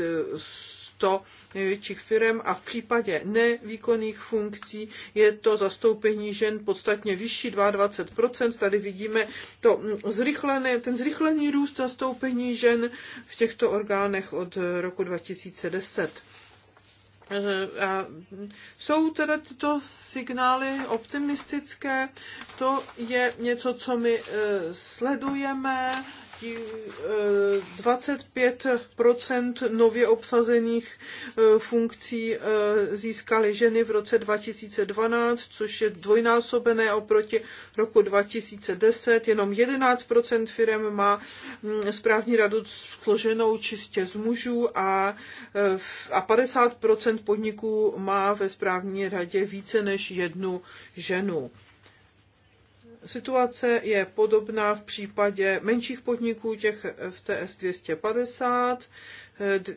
100 největších firm a v případě nevýkonných funkcí je to zastoupení žen podstatně vyšší, 22%. Tady vidíme to zrychlené, ten zrychlený růst zastoupení žen v těchto orgánech od roku 2010. Eh, a jsou teda tyto signály optimistické, to je něco, co my eh, sledujeme, 25 nově obsazených e, funkcí e, získaly ženy v roce 2012, což je dvojnásobené oproti roku 2010. Jenom 11 firm má mm, správní radu složenou čistě z mužů a, e, a 50 podniků má ve správní radě více než jednu ženu. Situace je podobná v případě menších podniků, těch v TS 250,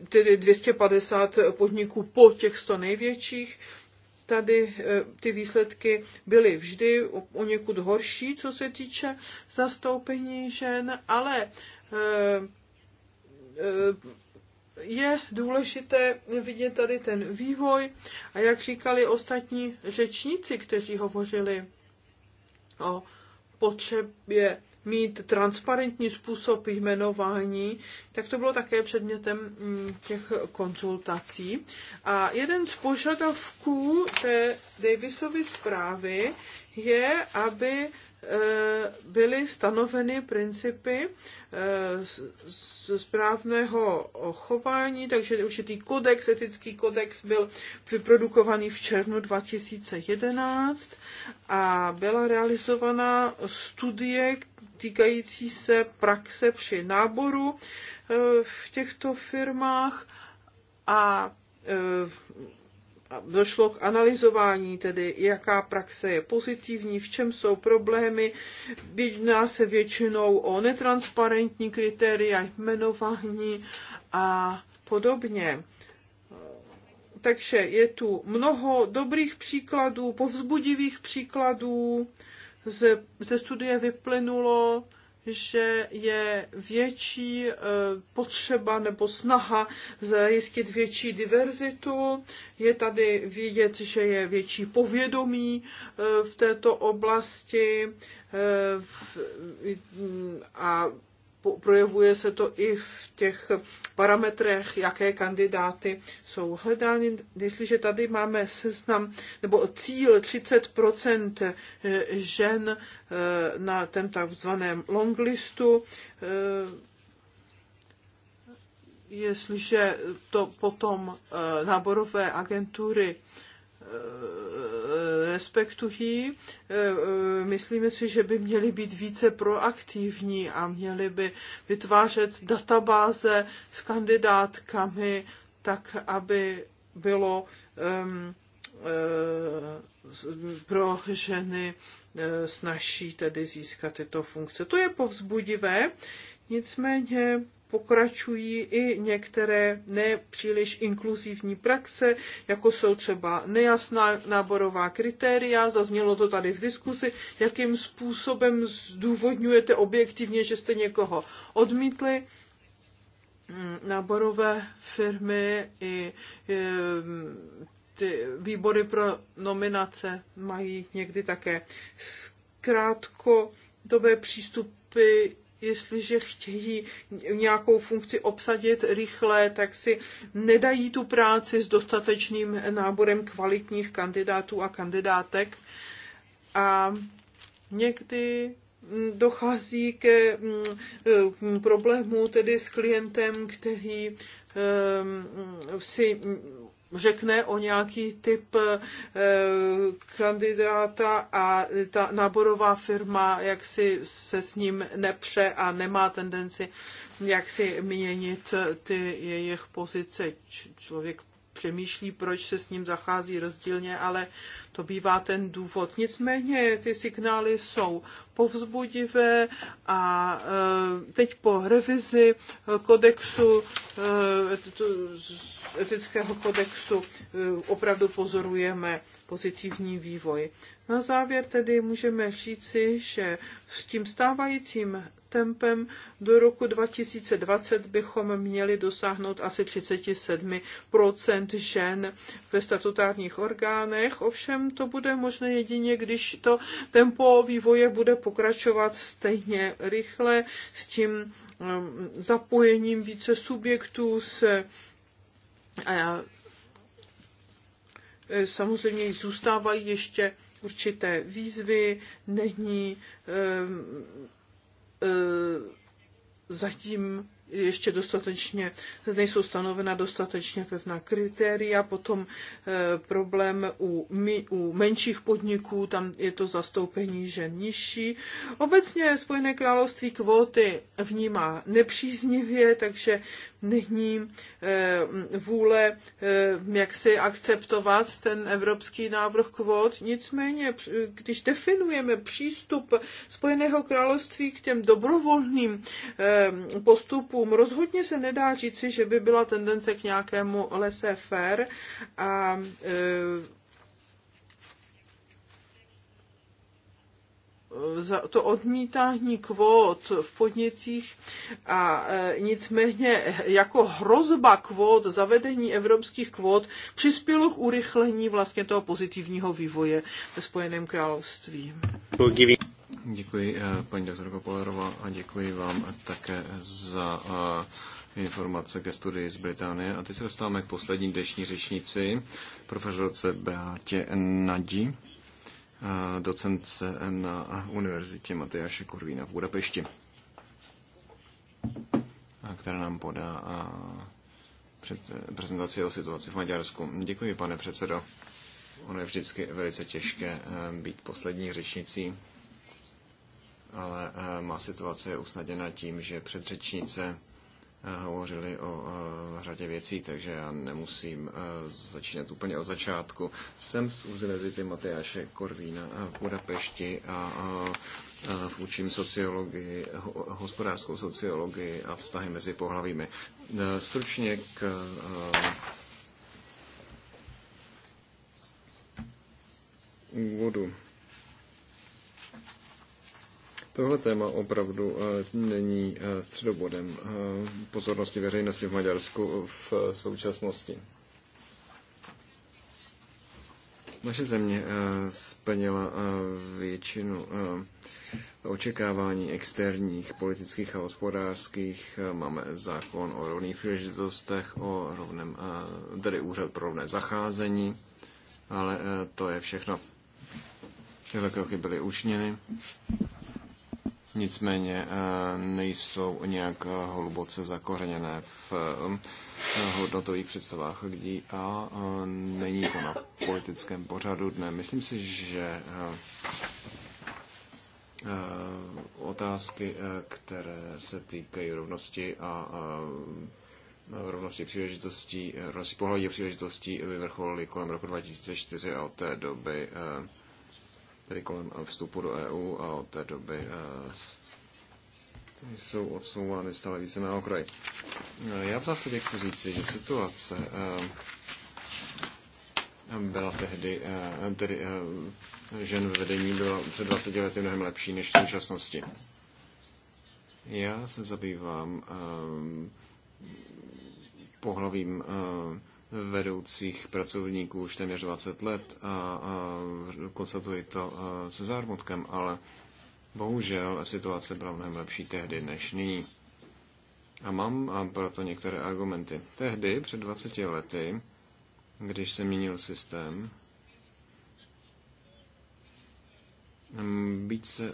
tedy 250 podniků po těch 100 největších. Tady e, ty výsledky byly vždy o někud horší, co se týče zastoupení žen, ale e, e, je důležité vidět tady ten vývoj a jak říkali ostatní řečníci, kteří hovořili o potřebě mít transparentní způsob jmenování, tak to bylo také předmětem mm, těch konzultací. A jeden z požadavků té Davisovy zprávy je, aby Eh, byly stanoveny principy eh, správného chování, takže určitý kodex, etický kodex byl vyprodukovaný v červnu 2011 a byla realizovaná studie týkající se praxe při náboru eh, v těchto firmách a došlo k analyzování, tedy jaká praxe je pozitivní, v čem jsou problémy. Jedná se většinou o netransparentní kritéria, jmenování a podobně. Takže je tu mnoho dobrých příkladů, povzbudivých příkladů. Ze, ze studie vyplynulo, že je větší eh, potřeba nebo snaha zajistit větší diverzitu. Je tady vidět, že je větší povědomí eh, v této oblasti eh, a projevuje se to i v těch parametrech, jaké kandidáty jsou hledány. Jestliže tady máme seznam nebo cíl 30 eh, žen eh, na tom takzvaném longlistu, eh, jestliže to potom náborové agentury respektují. Eh, eh, myslíme si, že by měli být více proaktivní a měli by vytvářet databáze s kandidátkami, tak aby bylo um, ehm, eh, pro ženy snaží tedy získat tyto funkce. To je povzbudivé, nicméně pokračují i některé nepříliš inkluzivní praxe, jako jsou třeba nejasná náborová kritéria, zaznělo to tady v diskusi, jakým způsobem zdůvodňujete objektivně, že jste někoho odmítli náborové firmy i e, ty výbory pro nominace mají někdy také krátkodobé přístupy jestliže chtějí nějakou funkci obsadit rychle, tak si nedají tu práci s dostatečným náborem kvalitních kandidátů a kandidátek. A někdy dochází ke mm, problému tedy s klientem, který mm, si řekne o nějaký typ eh, kandidáta a ta náborová firma jak si se s ním nepře a nemá tendenci jak si měnit eh, ty jejich pozice. Člověk přemýšlí, proč se s ním zachází rozdílně, ale to bývá ten důvod. Nicméně ty signály jsou povzbudivé a eh, teď po revizi eh, kodexu, eh, etického kodexu opravdu pozorujeme pozitivní vývoj. Na závěr tedy můžeme říci, že s tím stávajícím tempem do roku 2020 bychom měli dosáhnout asi 37 žen ve statutárních orgánech. Ovšem to bude možné jedině, když to tempo vývoje bude pokračovat stejně rychle s tím um, zapojením více subjektů se eh, samozřejmě zůstávají ještě určité výzvy, není eh, E, zatím ještě dostatečně, nejsou stanovena dostatečně pevná kritéria, potom e, problém u, my, u menších podniků, tam je to zastoupení žen nižší. Obecně Spojené království kvóty vnímá nepříznivě, takže není eh, vůle eh, jak si akceptovat ten evropský návrh kvót. Nicméně, eh, když definujeme přístup Spojeného království k těm dobrovolným postupům, rozhodně se nedá říci, že by byla tendence k nějakému lese faire a za to odmítání kvót v podnicích a e, nicméně jako hrozba kvót, zavedení evropských kvót přispělo k urychlení vlastně toho pozitivního vývoje ve Spojeném království. Děkuji e, paní doktorko Polerova a děkuji vám také za e, informace ke studii z Británie. A teď se dostáváme k poslední dnešní řečnici, profesorce Beatě Nadí docentce na univerzitě Matyáše Kurvína v Budapešti, která nám podá před prezentaci o situaci v Maďarsku. Děkuji, pane předsedo. Ono je vždycky velice těžké e, být poslední řečnicí, ale e, má situace je usnaděna tím, že předřečnice Eh, hovořili o eh, řadě věcí, takže já nemusím eh, začínat úplně od začátku. Jsem z Univerzity Matyáše Korvína v Budapešti a učím sociologii, hospodářskou sociologii a vztahy mezi pohlavími. Stručně k úvodu. Tohle téma opravdu eh, není eh, středobodem eh, pozornosti veřejnosti v Maďarsku v současnosti. Naše země splnila většinu očekávání externích, politických a hospodářských. Máme zákon o rovných příležitostech, o rovném, tedy úřad pro rovné zacházení, ale to je všechno. Tyhle kroky byly učněny nicméně eh, nejsou nějak eh, hluboce zakořeněné v eh, hodnotových představách lidí a není to na politickém pořadu dne. Myslím si, že otázky, které se týkají rovnosti a rovnosti příležitostí, rovnosti pohledí příležitostí vyvrcholily kolem roku 2004 a od té doby tedy kolem eh, vstupu do EU a od té doby eh, jsou odsouvány stále více na okraj. Eh, já v zásadě chci říct, že situace byla tehdy, tedy žen ve vedení byla před 20 lety mnohem lepší než v současnosti. Já se zabývám pohlavím vedoucích pracovníků už téměř 20 let a, a konstatuji to se zármutkem, ale bohužel situace byla mnohem lepší tehdy než nyní. A mám a proto některé argumenty. Tehdy, před 20 lety, když se měnil systém, více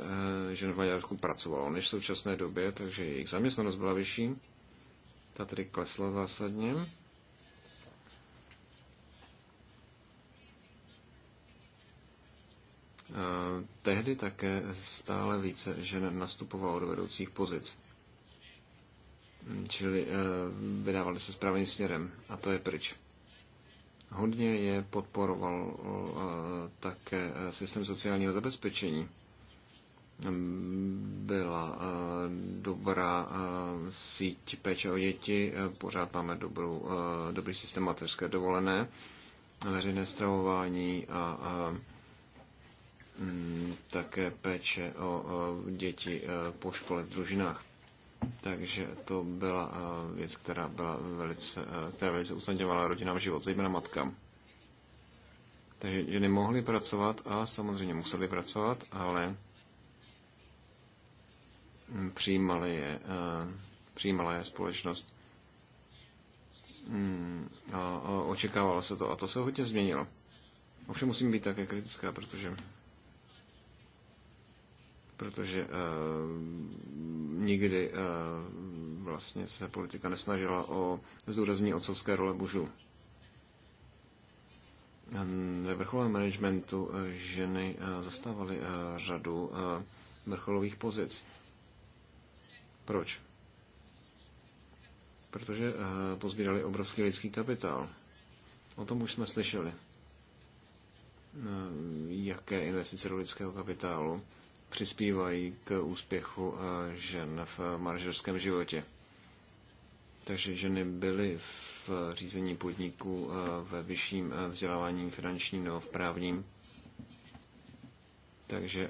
žen v Maďarsku pracovalo než v současné době, takže jejich zaměstnanost byla vyšší. Ta tedy klesla zásadně E, tehdy také stále více žen nastupovalo do vedoucích pozic. Čili e, vydávali se správným směrem. A to je pryč. Hodně je podporoval e, také systém sociálního zabezpečení. Byla dobrá síť péče o děti, pořád máme dobrou, dobrý systém mateřské dovolené, veřejné stravování a, a Mm, také péče o děti e, po škole v družinách. Takže to byla e, věc, která, byla velice, e, která velice usnadňovala rodinám život, zejména matkám. Takže ženy mohly pracovat a samozřejmě museli pracovat, ale přijímala je, přijímala je společnost. Mm, a očekávalo se to a to se hodně změnilo. Ovšem musím být také kritická, protože protože eh, nikdy eh, vlastně se politika nesnažila o zdůraznění otcovské role mužů. Ve vrcholovém managementu eh, ženy zastávaly řadu vrcholových pozic. Proč? Protože pozbírali obrovský lidský kapitál. O tom už jsme slyšeli. Jaké investice do lidského kapitálu přispívají k úspěchu eh, žen v manažerském životě. Takže ženy byly v řízení podniků eh, ve vyšším eh, vzdělávání finančním nebo v právním. Takže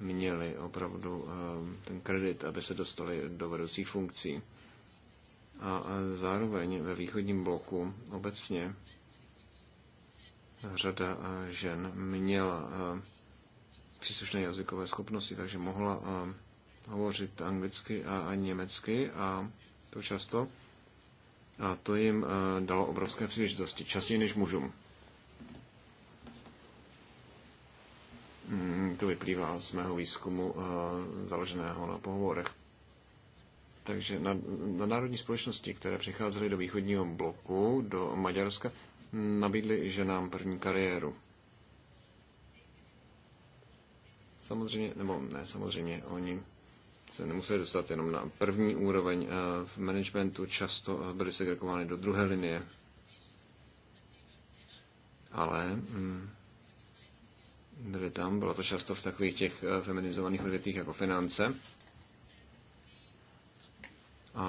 měly opravdu ten kredit, aby se dostali do vedoucích funkcí. A zároveň ve východním bloku obecně řada žen měla příslušné jazykové schopnosti, takže mohla eh, hovořit anglicky a, a německy a to často. A to jim eh, dalo obrovské příležitosti, častěji než mužům. Mm, to vyplývá z mého výzkumu eh, založeného na pohovorech. Takže na, na národní společnosti, které přicházely do východního bloku, do Maďarska, nabídly ženám první kariéru. samozřejmě, nebo ne, samozřejmě, oni se nemuseli dostat jenom na první úroveň eh, v managementu, často eh, byly segregovány do druhé linie. Ale mm, byly tam, bylo to často v takových těch eh, feminizovaných odvětvích jako finance. A,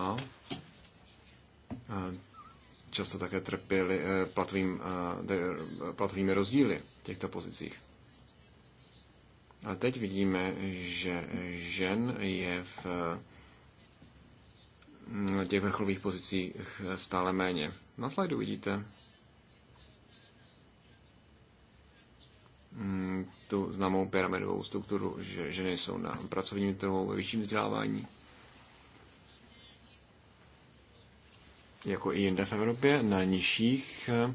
a často také trpěli platovým, platovými rozdíly v těchto pozicích. A teď vidíme, že žen je v těch vrcholových pozicích stále méně. Na slajdu vidíte mm, tu známou pyramidovou strukturu, že ženy jsou na pracovním trhu ve vyšším vzdělávání. Jako i jinde v Evropě, na nižších eh,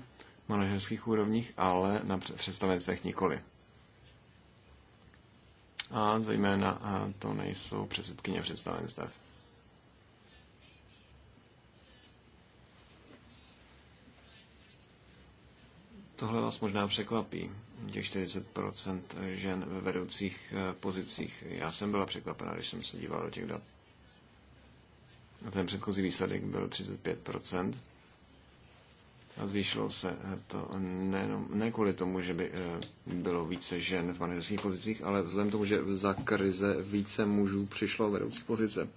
manažerských úrovních, ale na představenstvech nikoli a zejména to nejsou předsedkyně představenstev. Tohle vás možná překvapí, těch 40% žen ve vedoucích e, pozicích. Já jsem byla překvapená, když jsem se díval do těch dat. A ten předchozí výsledek byl 35%. A zvýšilo se eh, to ne, ne kvůli tomu, že by eh, bylo více žen v manažerských pozicích, ale vzhledem tomu, že za krize více mužů přišlo vedoucí pozice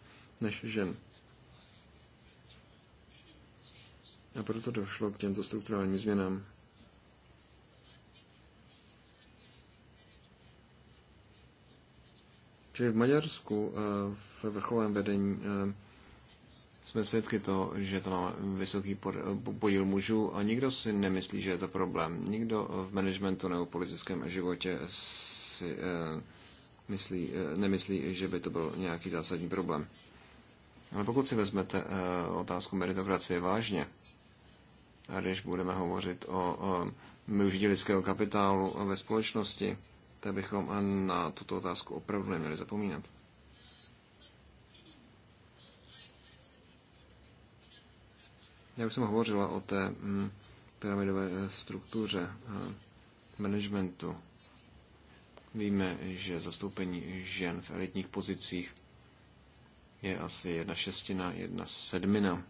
než žen. A proto došlo k těmto strukturálním změnám. Čili v Maďarsku eh, v vrcholovém vedení jsme svědky toho, že to má vysoký podíl mužů a nikdo si nemyslí, že je to problém. Nikdo v managementu nebo politickém životě si eh, myslí, eh, nemyslí, že by to byl nějaký zásadní problém. Ale pokud si vezmete eh, otázku meritokracie vážně, a když budeme hovořit o, o využití lidského kapitálu ve společnosti, tak bychom na tuto otázku opravdu neměli zapomínat. Já už jsem hovořila o té mm, pyramidové eh, struktuře eh, managementu. Víme, že zastoupení žen v elitních pozicích je asi jedna šestina, jedna sedmina.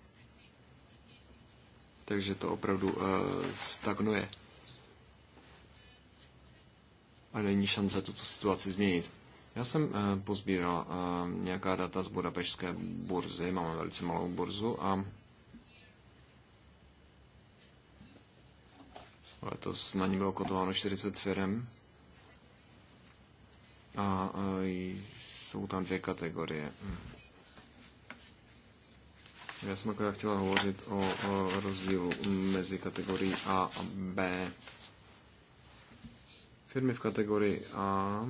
Takže to opravdu eh, stagnuje. A není šance tuto situaci změnit. Já jsem pozbíral nějaká data z budapešské burzy, máme velice malou burzu a Letos na ní bylo kotováno 40 firm. A e, jsou tam dvě kategorie. Já jsem akorát chtěla hovořit o, o rozdílu mezi kategorií A a B. Firmy v kategorii A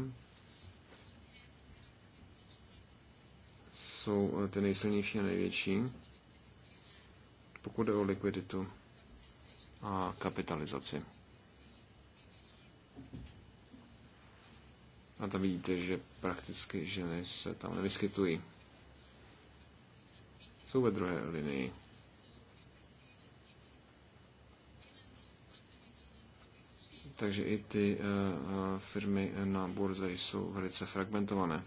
jsou e, ty nejsilnější a největší, pokud jde o likviditu a kapitalizaci. A tam vidíte, že prakticky ženy se tam nevyskytují. Jsou ve druhé linii. Takže i ty eh, eh, firmy na burze jsou velice fragmentované.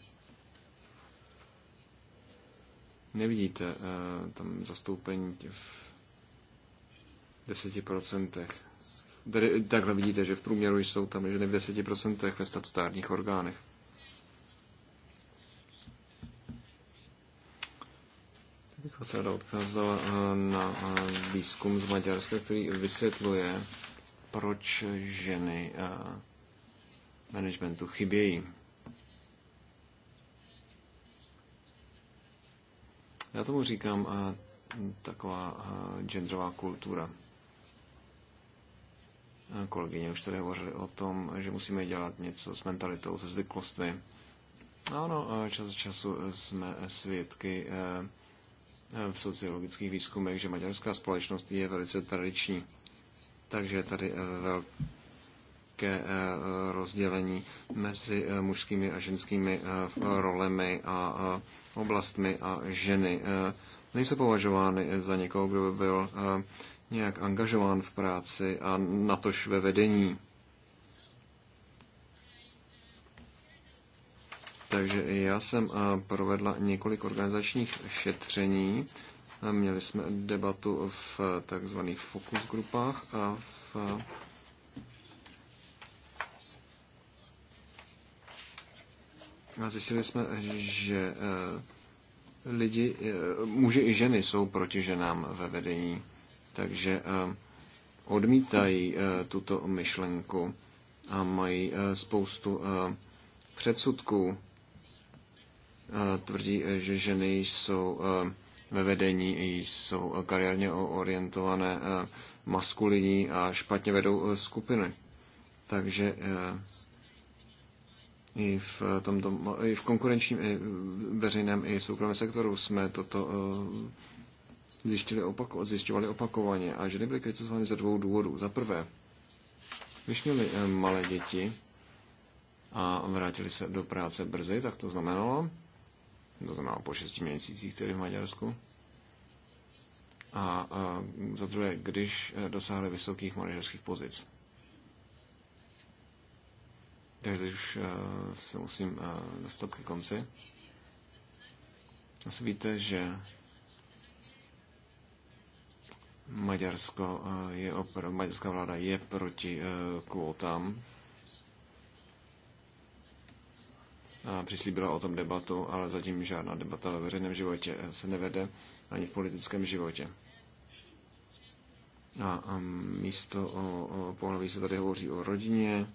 Nevidíte eh, tam zastoupení v 10%. Tady, takhle vidíte, že v průměru jsou tam ženy v 10% ve statutárních orgánech. bych vás ráda odkázal eh, na eh, výzkum z Maďarska, který vysvětluje, proč ženy eh, managementu chybějí. Já tomu říkám taková genderová kultura. Kolegyně už tady hovořili o tom, že musíme dělat něco s mentalitou, se zvyklostmi. Ano, eh, čas od času eh, jsme svědky eh, v sociologických výzkumech, že maďarská společnost je velice tradiční. Takže je tady velké rozdělení mezi mužskými a ženskými rolemi a oblastmi a ženy nejsou považovány za někoho, kdo by byl nějak angažován v práci a natož ve vedení. Takže já jsem eh, provedla několik organizačních šetření. Eh, měli jsme debatu v eh, takzvaných fokus grupách a v A zjistili jsme, že lidi, muži i ženy jsou proti ženám ve vedení. Takže eh, odmítají eh, tuto myšlenku a mají eh, spoustu předsudků. Tvrdí, že ženy jsou ve vedení, jsou kariérně orientované, maskulinní a špatně vedou skupiny. Takže i v, tomto, i v konkurenčním, i veřejném, i soukromém sektoru jsme toto zjištěli opako- zjišťovali opakovaně a ženy byly kritizovány ze dvou důvodů. Za prvé, když měli eh, malé děti a vrátili se do práce brzy, tak to znamenalo, to znamenalo po šesti měsících tedy v Maďarsku, a, a za druhé, když eh, dosáhli vysokých manažerských pozic. Takže už uh, se musím uh, dostat ke konci. Asi víte, že Maďarsko eh, je opr- maďarská vláda je proti eh, kvótám. A přislíbila o tom debatu, ale zatím žádná debata ve veřejném životě eh, se nevede, ani v politickém životě. A, a místo o, o pohlaví se tady hovoří o rodině,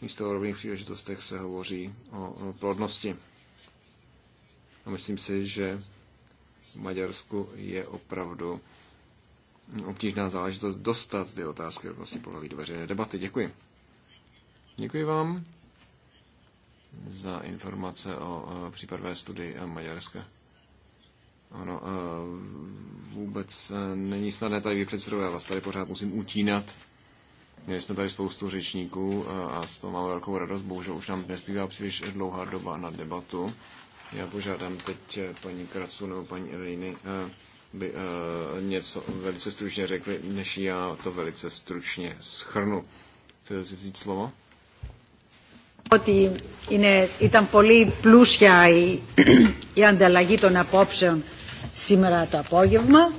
místo o rovných příležitostech se hovoří o, o plodnosti. A myslím si, že v Maďarsku je opravdu obtížná záležitost dostat ty otázky rovnosti pohlaví do veřejné debaty. Děkuji. Děkuji vám za informace o případové studii Maďarska. Ano, e, vůbec e, není snadné tady vypředstavovat, já vás tady pořád musím utínat. Měli jsme tady spoustu řečníků e, a z toho máme velkou radost. Bohužel už nám nespívá příliš dlouhá doba na debatu. Já požádám teď paní Kracu nebo paní Eliny by uh, něco velice stručně řekli, než já to velice stručně schrnu. Chcete si vzít slovo? ότι είναι, ήταν πολύ πλούσια η, η ανταλλαγή των απόψεων σήμερα το απόγευμα.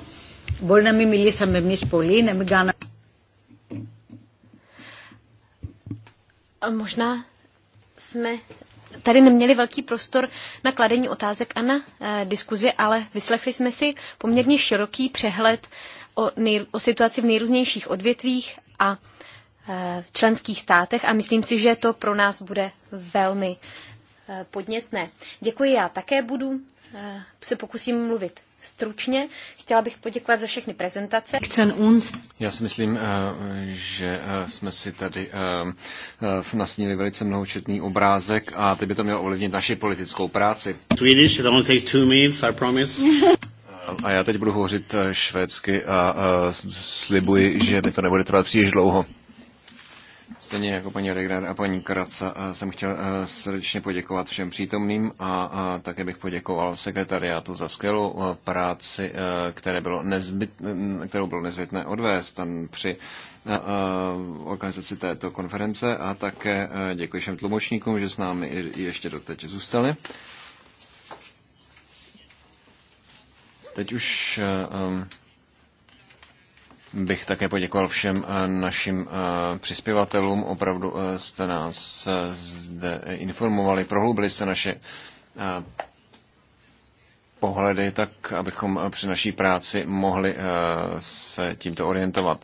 Μπορεί να μην μιλήσαμε εμείς πολύ, να μην κάναμε... να jsme tady neměli velký prostor na kladení otázek a na e, diskuzi, ale vyslechli jsme si poměrně široký přehled o, nej, o situaci v nejrůznějších odvětvích a e, členských státech a myslím si, že to pro nás bude velmi e, podnětné. Děkuji, já také budu, e, se pokusím mluvit stručně. Chtěla bych poděkovat za všechny prezentace. Já si myslím, eh, že eh, jsme si tady eh, nasnili velice mnohočetný obrázek a teď by to mělo ovlivnit naši politickou práci. Swedish, it only takes two minutes, I promise. A já teď budu hovořit švédsky a, a slibuji, že mi to nebude trvat příliš dlouho. Stejně jako paní Regner a paní Karaca eh, jsem chtěl eh, srdečně poděkovat všem přítomným a také bych poděkoval sekretariátu za skvělou eh, práci, které bylo nezbyt, mm, kterou bylo nezbytné odvést při organizaci této konference a také děkuji všem tlumočníkům, že s námi ještě doteď zůstali. Teď už bych také poděkoval všem eh, našim eh, přispěvatelům. Opravdu eh, jste nás zde informovali, prohloubili jste naše pohledy, tak abychom při naší práci mohli se tímto orientovat.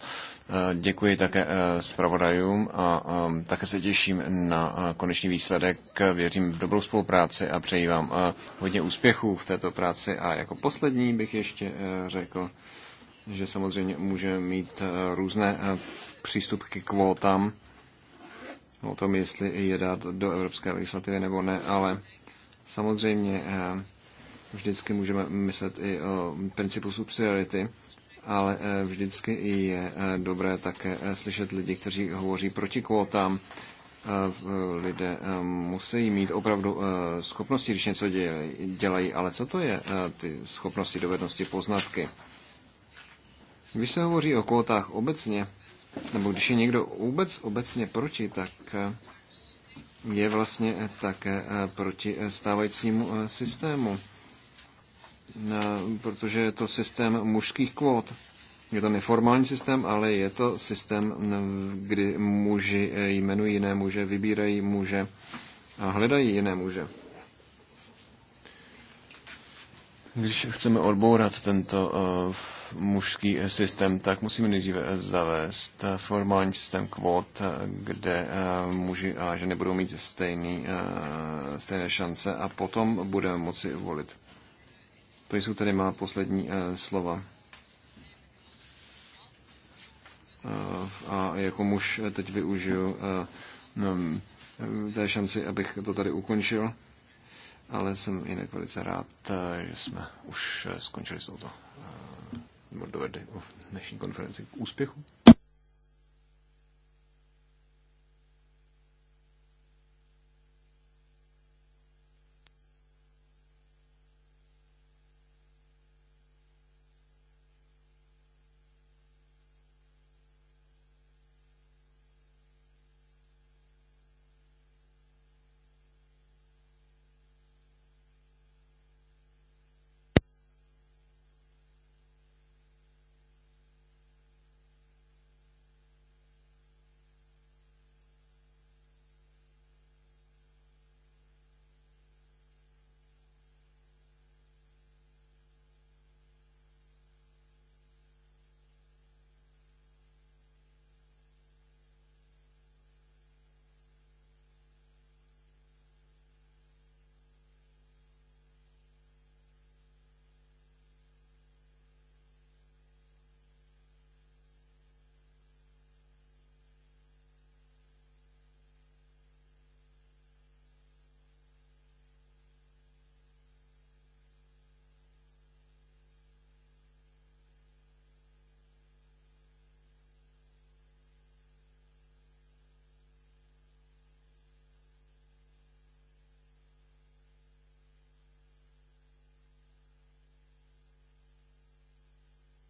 Děkuji také zpravodajům a také se těším na konečný výsledek. Věřím v dobrou spolupráci a přeji vám hodně úspěchů v této práci. A jako poslední bych ještě řekl, že samozřejmě může mít eh, různé eh, přístupky k kvótám o tom, jestli je dát do evropské legislativy nebo ne, ale samozřejmě eh, vždycky můžeme myslet i o principu subsidiarity, ale vždycky je dobré také slyšet lidi, kteří hovoří proti kvótám. Lidé musí mít opravdu schopnosti, když něco dělají, ale co to je ty schopnosti, dovednosti, poznatky? Když se hovoří o kvótách obecně, nebo když je někdo vůbec obecně proti, tak eh, je vlastně eh, také eh, proti stávajícímu systému. Protože je to systém mužských kvót. Je to neformální systém, ale je to systém, kdy muži jmenují jiné muže, vybírají muže a hledají jiné muže. Když chceme odbourat tento eh, mužský systém, tak musíme nejdříve zavést formální systém kvót, kde eh, muži a ženy budou mít stejný, eh, stejné šance a potom budeme moci volit. To jsou tedy má poslední slova. A jako muž teď využiju mm, té šanci, abych to tady ukončil ale jsem jinak velice rád, eh, že jsme už eh, skončili s touto eh, nebo dovedli dnešní konferenci k úspěchu.